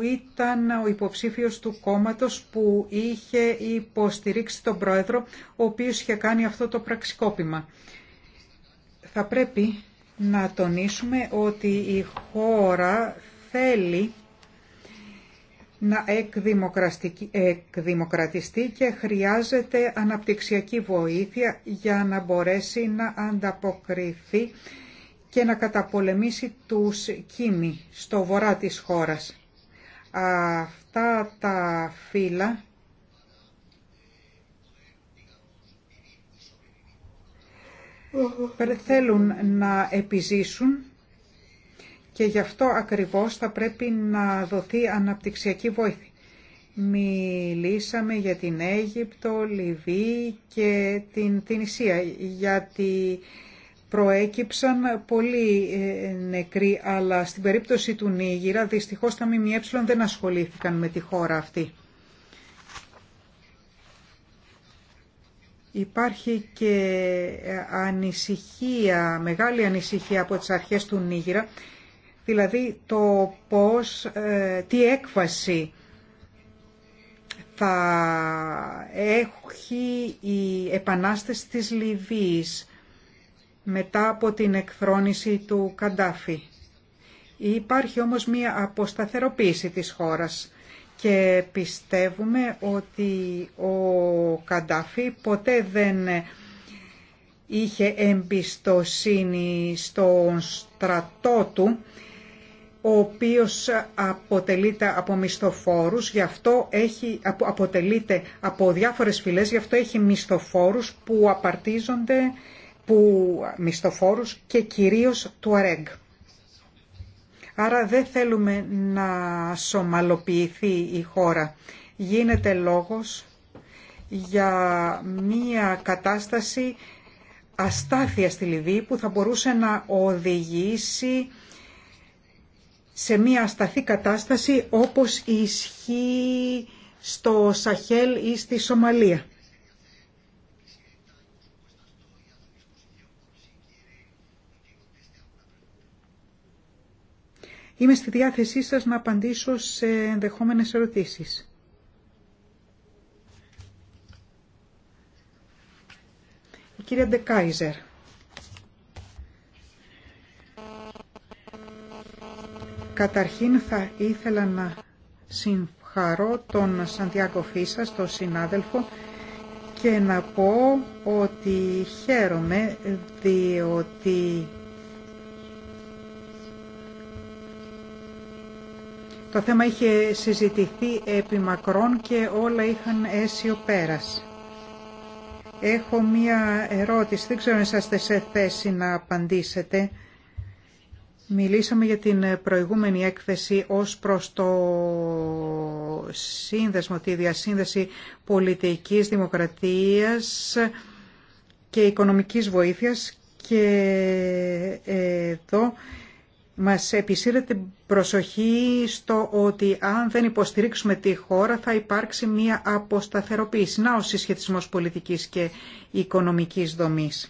ήταν ο υποψήφιος του κόμματος που είχε υποστηρίξει τον πρόεδρο, ο οποίος είχε κάνει αυτό το πραξικόπημα. Θα πρέπει να τονίσουμε ότι η χώρα θέλει να εκδημοκρατιστεί και χρειάζεται αναπτυξιακή βοήθεια για να μπορέσει να ανταποκριθεί και να καταπολεμήσει τους Κίμι στο βορρά της χώρας. Αυτά τα φύλλα θέλουν να επιζήσουν και γι' αυτό ακριβώς θα πρέπει να δοθεί αναπτυξιακή βοήθεια. Μιλήσαμε για την Αίγυπτο, Λιβύη και την Τινησία, γιατί προέκυψαν πολύ ε, νεκροί, αλλά στην περίπτωση του Νίγηρα δυστυχώς τα ΜΜΕ δεν ασχολήθηκαν με τη χώρα αυτή. Υπάρχει και ε, ανησυχία, μεγάλη ανησυχία από τις αρχές του Νίγηρα, δηλαδή το πώς, ε, τι έκφαση θα έχει η επανάσταση της Λιβύης μετά από την εκφρόνηση του Καντάφη. Υπάρχει όμως μία αποσταθεροποίηση της χώρας και πιστεύουμε ότι ο Καντάφη ποτέ δεν είχε εμπιστοσύνη στον στρατό του, ο οποίος αποτελείται από μισθοφόρους, γι' αυτό έχει, αποτελείται από διάφορες φυλές, γι' αυτό έχει μισθοφόρους που απαρτίζονται που μισθοφόρους και κυρίως του ΑΡΕΓ. Άρα δεν θέλουμε να σομαλοποιηθεί η χώρα. Γίνεται λόγος για μία κατάσταση αστάθεια στη Λιβύη που θα μπορούσε να οδηγήσει σε μία ασταθή κατάσταση όπως ισχύει στο Σαχέλ ή στη Σομαλία. Είμαι στη διάθεσή σας να απαντήσω σε ενδεχόμενες ερωτήσεις. Η κυρία Ντεκάιζερ. Καταρχήν θα ήθελα να συγχαρώ τον Σαντιάκο Φίσα, τον συνάδελφο, και να πω ότι χαίρομαι διότι Το θέμα είχε συζητηθεί επί μακρόν και όλα είχαν αίσιο πέρας. Έχω μία ερώτηση, δεν ξέρω αν είσαστε σε θέση να απαντήσετε. Μιλήσαμε για την προηγούμενη έκθεση ως προς το σύνδεσμο, τη διασύνδεση πολιτικής δημοκρατίας και οικονομικής βοήθειας και εδώ μας επισύρεται προσοχή στο ότι αν δεν υποστηρίξουμε τη χώρα θα υπάρξει μία αποσταθεροποίηση. Να ο συσχετισμός πολιτικής και οικονομικής δομής.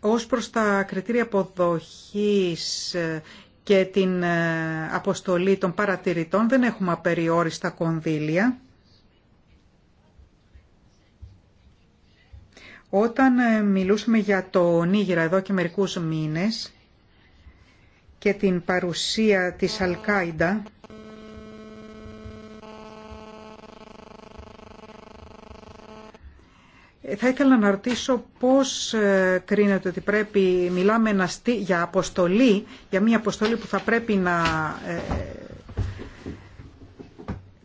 Ως προς τα κριτήρια αποδοχής ε, και την ε, αποστολή των παρατηρητών δεν έχουμε απεριόριστα κονδύλια Όταν ε, μιλούσαμε για το Νίγηρα εδώ και μερικούς μήνες και την παρουσία της Αλκάιντα ε, Θα ήθελα να ρωτήσω πώς ε, κρίνεται ότι πρέπει, μιλάμε για αποστολή, για μια αποστολή που θα πρέπει να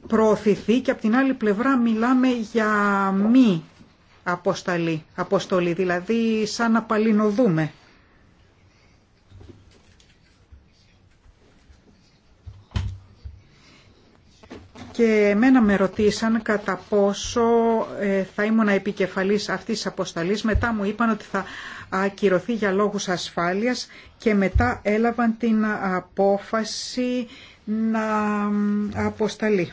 προωθηθεί και από την άλλη πλευρά μιλάμε για μη αποσταλή, αποστολή, δηλαδή σαν να παλινοδούμε. Και μένα με ρωτήσαν κατά πόσο ε, θα ήμουν επικεφαλής αυτής της αποσταλής. Μετά μου είπαν ότι θα ακυρωθεί για λόγους ασφάλειας και μετά έλαβαν την απόφαση να αποσταλεί.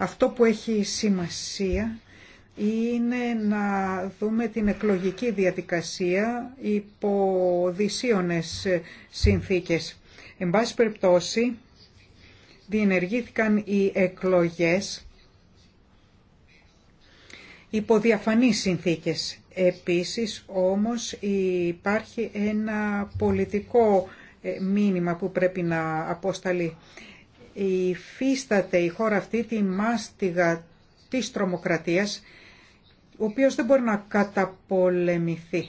Αυτό που έχει σημασία είναι να δούμε την εκλογική διαδικασία υπό δυσίωνες συνθήκες. Εν πάση περιπτώσει, διενεργήθηκαν οι εκλογές υπό διαφανείς συνθήκες. Επίσης, όμως, υπάρχει ένα πολιτικό ε, μήνυμα που πρέπει να αποσταλεί υφίσταται η χώρα αυτή τη μάστιγα της τρομοκρατίας, ο οποίος δεν μπορεί να καταπολεμηθεί.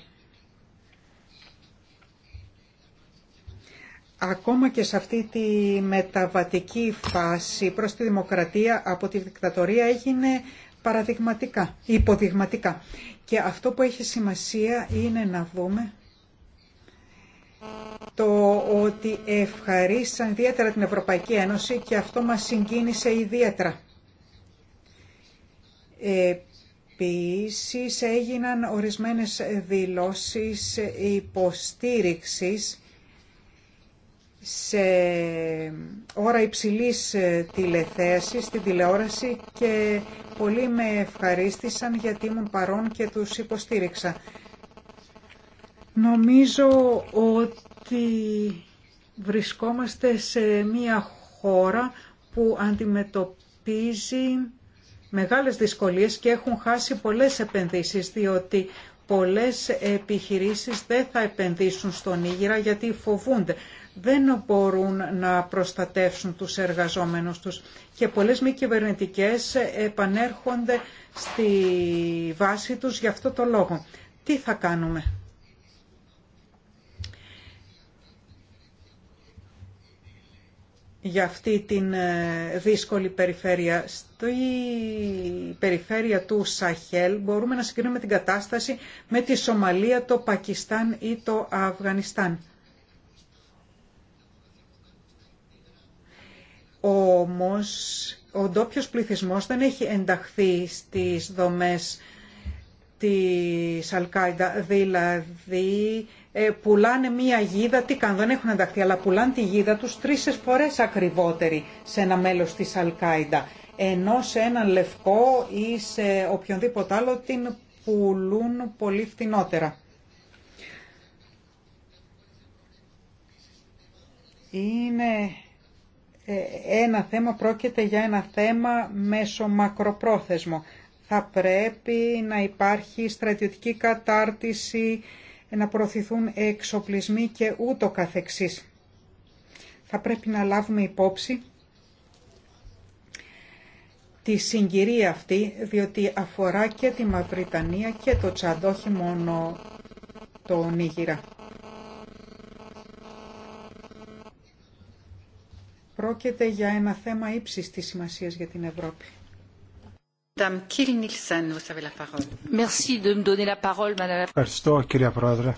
Ακόμα και σε αυτή τη μεταβατική φάση προς τη δημοκρατία από τη δικτατορία έγινε παραδειγματικά, υποδειγματικά. Και αυτό που έχει σημασία είναι να δούμε το ότι ευχαρίστησαν ιδιαίτερα την Ευρωπαϊκή Ένωση και αυτό μας συγκίνησε ιδιαίτερα. Επίσης έγιναν ορισμένες δηλώσεις υποστήριξης σε ώρα υψηλής τηλεθέασης, στην τηλεόραση και πολύ με ευχαρίστησαν γιατί ήμουν παρόν και τους υποστήριξα. Νομίζω ότι βρισκόμαστε σε μια χώρα που αντιμετωπίζει μεγάλες δυσκολίες και έχουν χάσει πολλές επενδύσεις, διότι πολλές επιχειρήσεις δεν θα επενδύσουν στον Ήγηρα γιατί φοβούνται. Δεν μπορούν να προστατεύσουν τους εργαζόμενους τους και πολλές μη κυβερνητικέ επανέρχονται στη βάση τους για αυτό το λόγο. Τι θα κάνουμε. για αυτή την ε, δύσκολη περιφέρεια. Στη περιφέρεια του Σαχέλ μπορούμε να συγκρίνουμε την κατάσταση με τη Σομαλία, το Πακιστάν ή το Αφγανιστάν. Όμως ο ντόπιο πληθυσμός δεν έχει ενταχθεί στις δομές της Αλκάιντα, δηλαδή ε, πουλάνε μία γίδα, τι κάνουν, δεν έχουν ενταχθεί, αλλά πουλάνε τη γίδα τους τρεις φορές ακριβότερη σε ένα μέλος της Αλκάιντα. Ενώ σε έναν λευκό ή σε οποιονδήποτε άλλο την πουλούν πολύ φτηνότερα. Είναι ε, ένα θέμα, πρόκειται για ένα θέμα μέσω μακροπρόθεσμο. Θα πρέπει να υπάρχει στρατιωτική κατάρτιση, να προωθηθούν εξοπλισμοί και ούτω καθεξής. Θα πρέπει να λάβουμε υπόψη τη συγκυρία αυτή, διότι αφορά και τη Μαυριτανία και το Τσαντόχι μόνο το Νίγηρα. Πρόκειται για ένα θέμα ύψης της σημασίας για την Ευρώπη. Ευχαριστώ κυρία Πρόεδρε.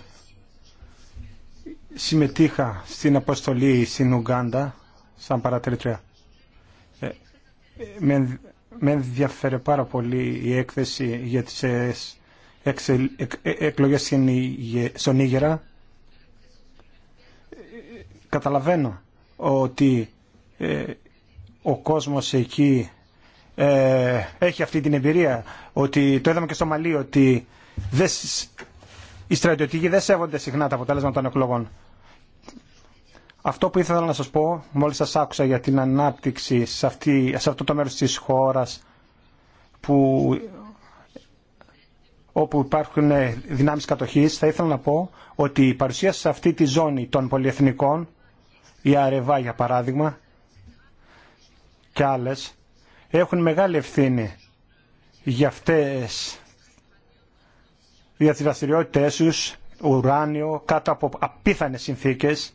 Συμμετείχα στην αποστολή στην Ουγγάντα σαν παρατηρητρία. Ε, με, με ενδιαφέρει πάρα πολύ η έκθεση για τις ε, ε, εκλογές στον Ήγερα. Καταλαβαίνω ότι ο κόσμος εκεί ε, έχει αυτή την εμπειρία ότι το είδαμε και στο Μαλί ότι δεν, οι στρατιωτικοί δεν σέβονται συχνά τα αποτέλεσμα των εκλογών. Αυτό που ήθελα να σας πω, μόλις σας άκουσα για την ανάπτυξη σε, αυτή, σε αυτό το μέρος της χώρας που, όπου υπάρχουν δυνάμεις κατοχής, θα ήθελα να πω ότι η παρουσία σε αυτή τη ζώνη των πολιεθνικών η Αρεβά για παράδειγμα, και άλλες, έχουν μεγάλη ευθύνη για αυτές για τις δραστηριότητες τους, ουράνιο, κάτω από απίθανες συνθήκες,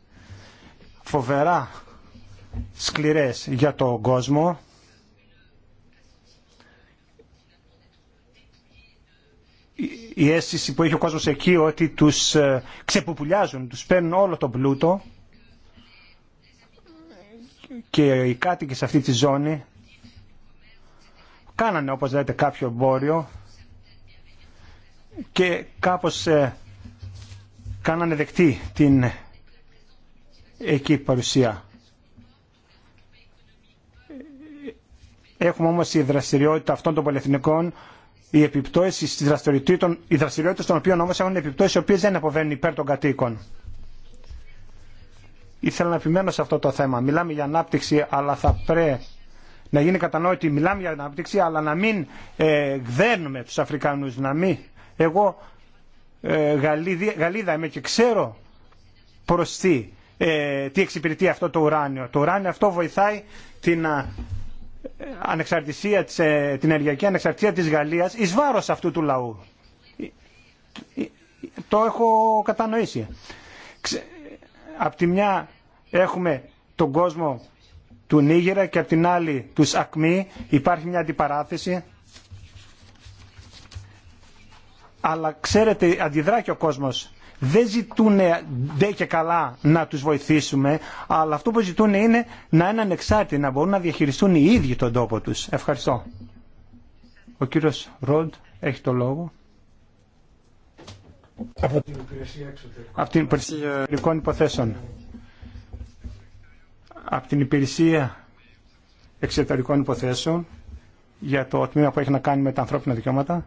φοβερά σκληρές για τον κόσμο, η αίσθηση που έχει ο κόσμος εκεί ότι τους ε, ξεπουπουλιάζουν, τους παίρνουν όλο τον πλούτο και οι κάτοικοι σε αυτή τη ζώνη κάνανε όπως λέτε κάποιο εμπόριο και κάπως ε, κάνανε δεκτή την εκεί παρουσία. Έχουμε όμως η δραστηριότητα αυτών των πολυεθνικών, οι επιπτώσεις της οι δραστηριότητες των οποίων όμως έχουν επιπτώσεις οι οποίες δεν αποβαίνουν υπέρ των κατοίκων. Ήθελα να επιμένω σε αυτό το θέμα. Μιλάμε για ανάπτυξη, αλλά θα πρέπει να γίνει κατανόητη. Μιλάμε για ανάπτυξη, αλλά να μην ε, γδέρνουμε τους Αφρικανούς, να μην. Εγώ ε, Γαλλίδα, είμαι και ξέρω προς τι, ε, τι εξυπηρετεί αυτό το ουράνιο. Το ουράνιο αυτό βοηθάει την ε, ανεξαρτησία, της, ε, την ενεργειακή ανεξαρτησία της Γαλλίας εις βάρος αυτού του λαού. Ε, το έχω κατανοήσει. Ξε, απ' τη μια έχουμε τον κόσμο του Νίγηρα και από την άλλη του ΑΚΜΗ υπάρχει μια αντιπαράθεση. Αλλά ξέρετε, αντιδρά και ο κόσμος. Δεν ζητούν ντε και καλά να τους βοηθήσουμε, αλλά αυτό που ζητούν είναι να είναι ανεξάρτητοι, να μπορούν να διαχειριστούν οι ίδιοι τον τόπο τους. Ευχαριστώ. Ο κύριος Ροντ έχει το λόγο. Από την υπηρεσία εξωτερικών υποθέσεων από την υπηρεσία εξωτερικών υποθέσεων για το τμήμα που έχει να κάνει με τα ανθρώπινα δικαιώματα.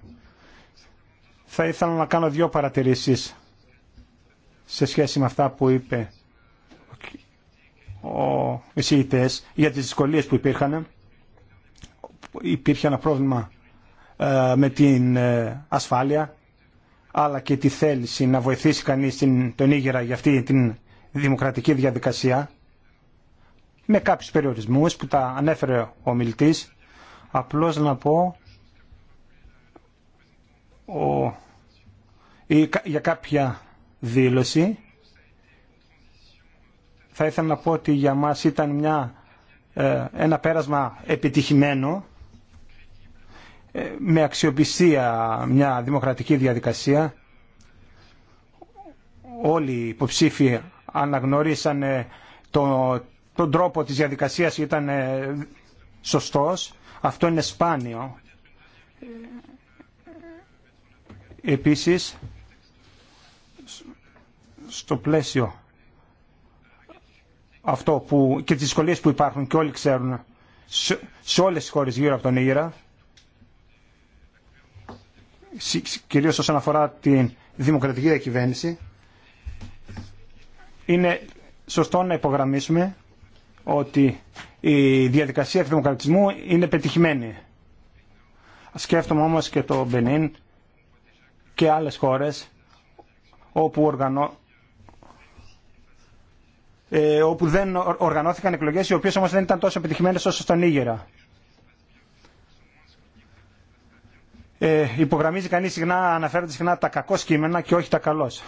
Θα ήθελα να κάνω δύο παρατηρήσεις σε σχέση με αυτά που είπε ο εισηγητές για τις δυσκολίες που υπήρχαν. Υπήρχε ένα πρόβλημα ε, με την ε, ασφάλεια αλλά και τη θέληση να βοηθήσει κανείς την, τον Ήγερα για αυτή την δημοκρατική διαδικασία με κάποιους περιορισμούς που τα ανέφερε ο μιλτής. Απλώς να πω ο, ή, για κάποια δήλωση θα ήθελα να πω ότι για μας ήταν μια, ε, ένα πέρασμα επιτυχημένο ε, με αξιοπιστία μια δημοκρατική διαδικασία. Όλοι οι υποψήφοι αναγνώρισαν το, τον τρόπο της διαδικασίας ήταν ε, σωστός. Αυτό είναι σπάνιο. Επίσης, στο πλαίσιο αυτό που και τις δυσκολίε που υπάρχουν και όλοι ξέρουν σε όλες τις χώρες γύρω από τον Ήρα κυρίως όσον αφορά την δημοκρατική διακυβέρνηση είναι σωστό να υπογραμμίσουμε ότι η διαδικασία εκδημοκρατισμού είναι πετυχημένη. Σκέφτομαι όμως και το Μπενίν και άλλες χώρες όπου, οργανώ... Ε, όπου δεν οργανώθηκαν εκλογές οι οποίες όμως δεν ήταν τόσο επιτυχημένες όσο στον Ήγερα. Ε, υπογραμμίζει κανείς συχνά, αναφέρονται συχνά τα κακό κείμενα και όχι τα καλός.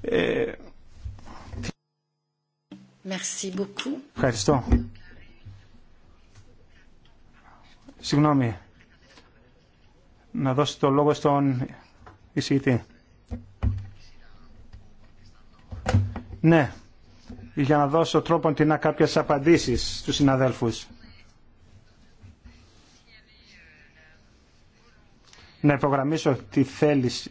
Ε, Ευχαριστώ. Συγγνώμη. Να δώσω το λόγο στον εισηγητή. Ναι, για να δώσω τρόπον την κάποιες απαντήσεις στους συναδέλφους. Να υπογραμμίσω τη θέληση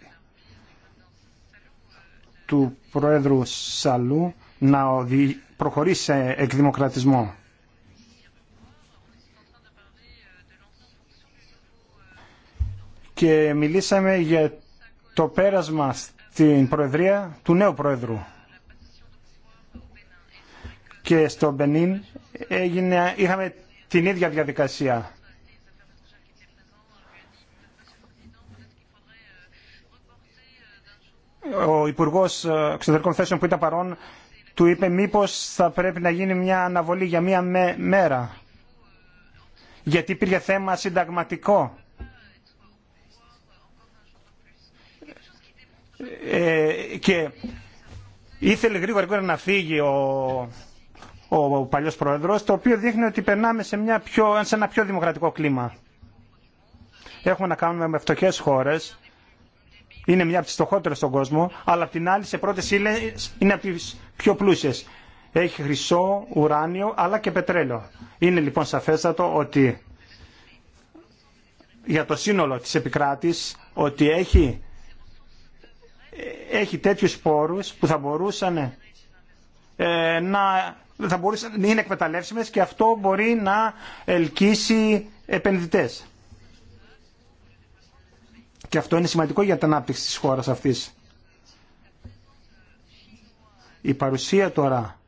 του Πρόεδρου Σαλού να, οδη προχωρήσει σε εκδημοκρατισμό. Και μιλήσαμε για το πέρασμα στην Προεδρία του νέου Πρόεδρου. Και στο Μπενίν έγινε, είχαμε την ίδια διαδικασία. Ο Υπουργός Εξωτερικών Θέσεων που ήταν παρόν του είπε μήπως θα πρέπει να γίνει μια αναβολή για μια μέρα γιατί υπήρχε θέμα συνταγματικό. Ε, και ήθελε γρήγορα, γρήγορα να φύγει ο, ο παλιός πρόεδρος, το οποίο δείχνει ότι περνάμε σε, μια πιο, σε ένα πιο δημοκρατικό κλίμα. Έχουμε να κάνουμε με φτωχέ χώρες είναι μια από τις στοχότερες στον κόσμο, αλλά απ' την άλλη σε πρώτες ύλε είναι από τι πιο πλούσιες. Έχει χρυσό, ουράνιο, αλλά και πετρέλαιο. Είναι λοιπόν σαφέστατο ότι για το σύνολο της επικράτης ότι έχει, ε, έχει τέτοιους πόρους που θα μπορούσαν ε, να θα μπορούσαν, είναι εκμεταλλεύσιμες και αυτό μπορεί να ελκύσει επενδυτές. Και αυτό είναι σημαντικό για την ανάπτυξη της χώρας αυτής. Η παρουσία τώρα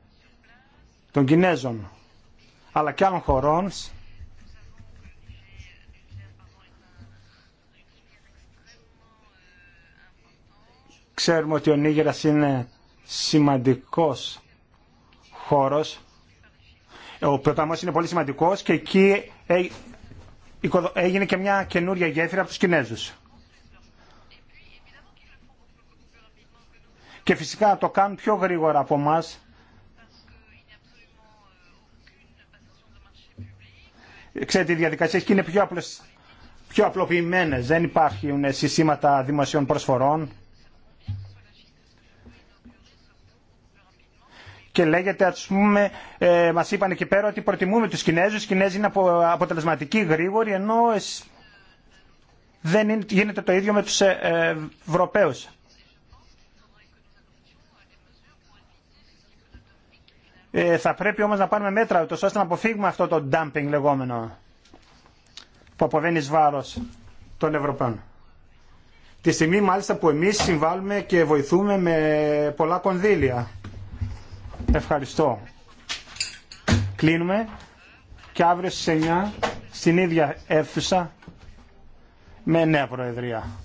των Κινέζων αλλά και άλλων χωρών Ξέρουμε ότι ο Νίγερας είναι σημαντικός χώρος. Ο ποταμός είναι πολύ σημαντικός και εκεί έγινε και μια καινούρια γέφυρα από τους Κινέζους. και φυσικά το κάνουν πιο γρήγορα από εμά. Ξέρετε, οι διαδικασίε και είναι πιο, απλές, πιο απλοποιημένε. Δεν υπάρχουν συστήματα δημοσίων προσφορών. και λέγεται ας πούμε ε, μας είπαν εκεί πέρα ότι προτιμούμε τους Κινέζους, οι Κινέζοι είναι απο, αποτελεσματικοί, γρήγοροι ενώ δεν γίνεται το ίδιο με τους ε, ε Ευρωπαίους. Ε, θα πρέπει όμως να πάρουμε μέτρα ούτως ώστε να αποφύγουμε αυτό το dumping λεγόμενο που αποβαίνει βάρος των Ευρωπαίων. Τη στιγμή μάλιστα που εμείς συμβάλλουμε και βοηθούμε με πολλά κονδύλια. Ευχαριστώ. Κλείνουμε και αύριο στις 9 στην ίδια αίθουσα με νέα προεδρία.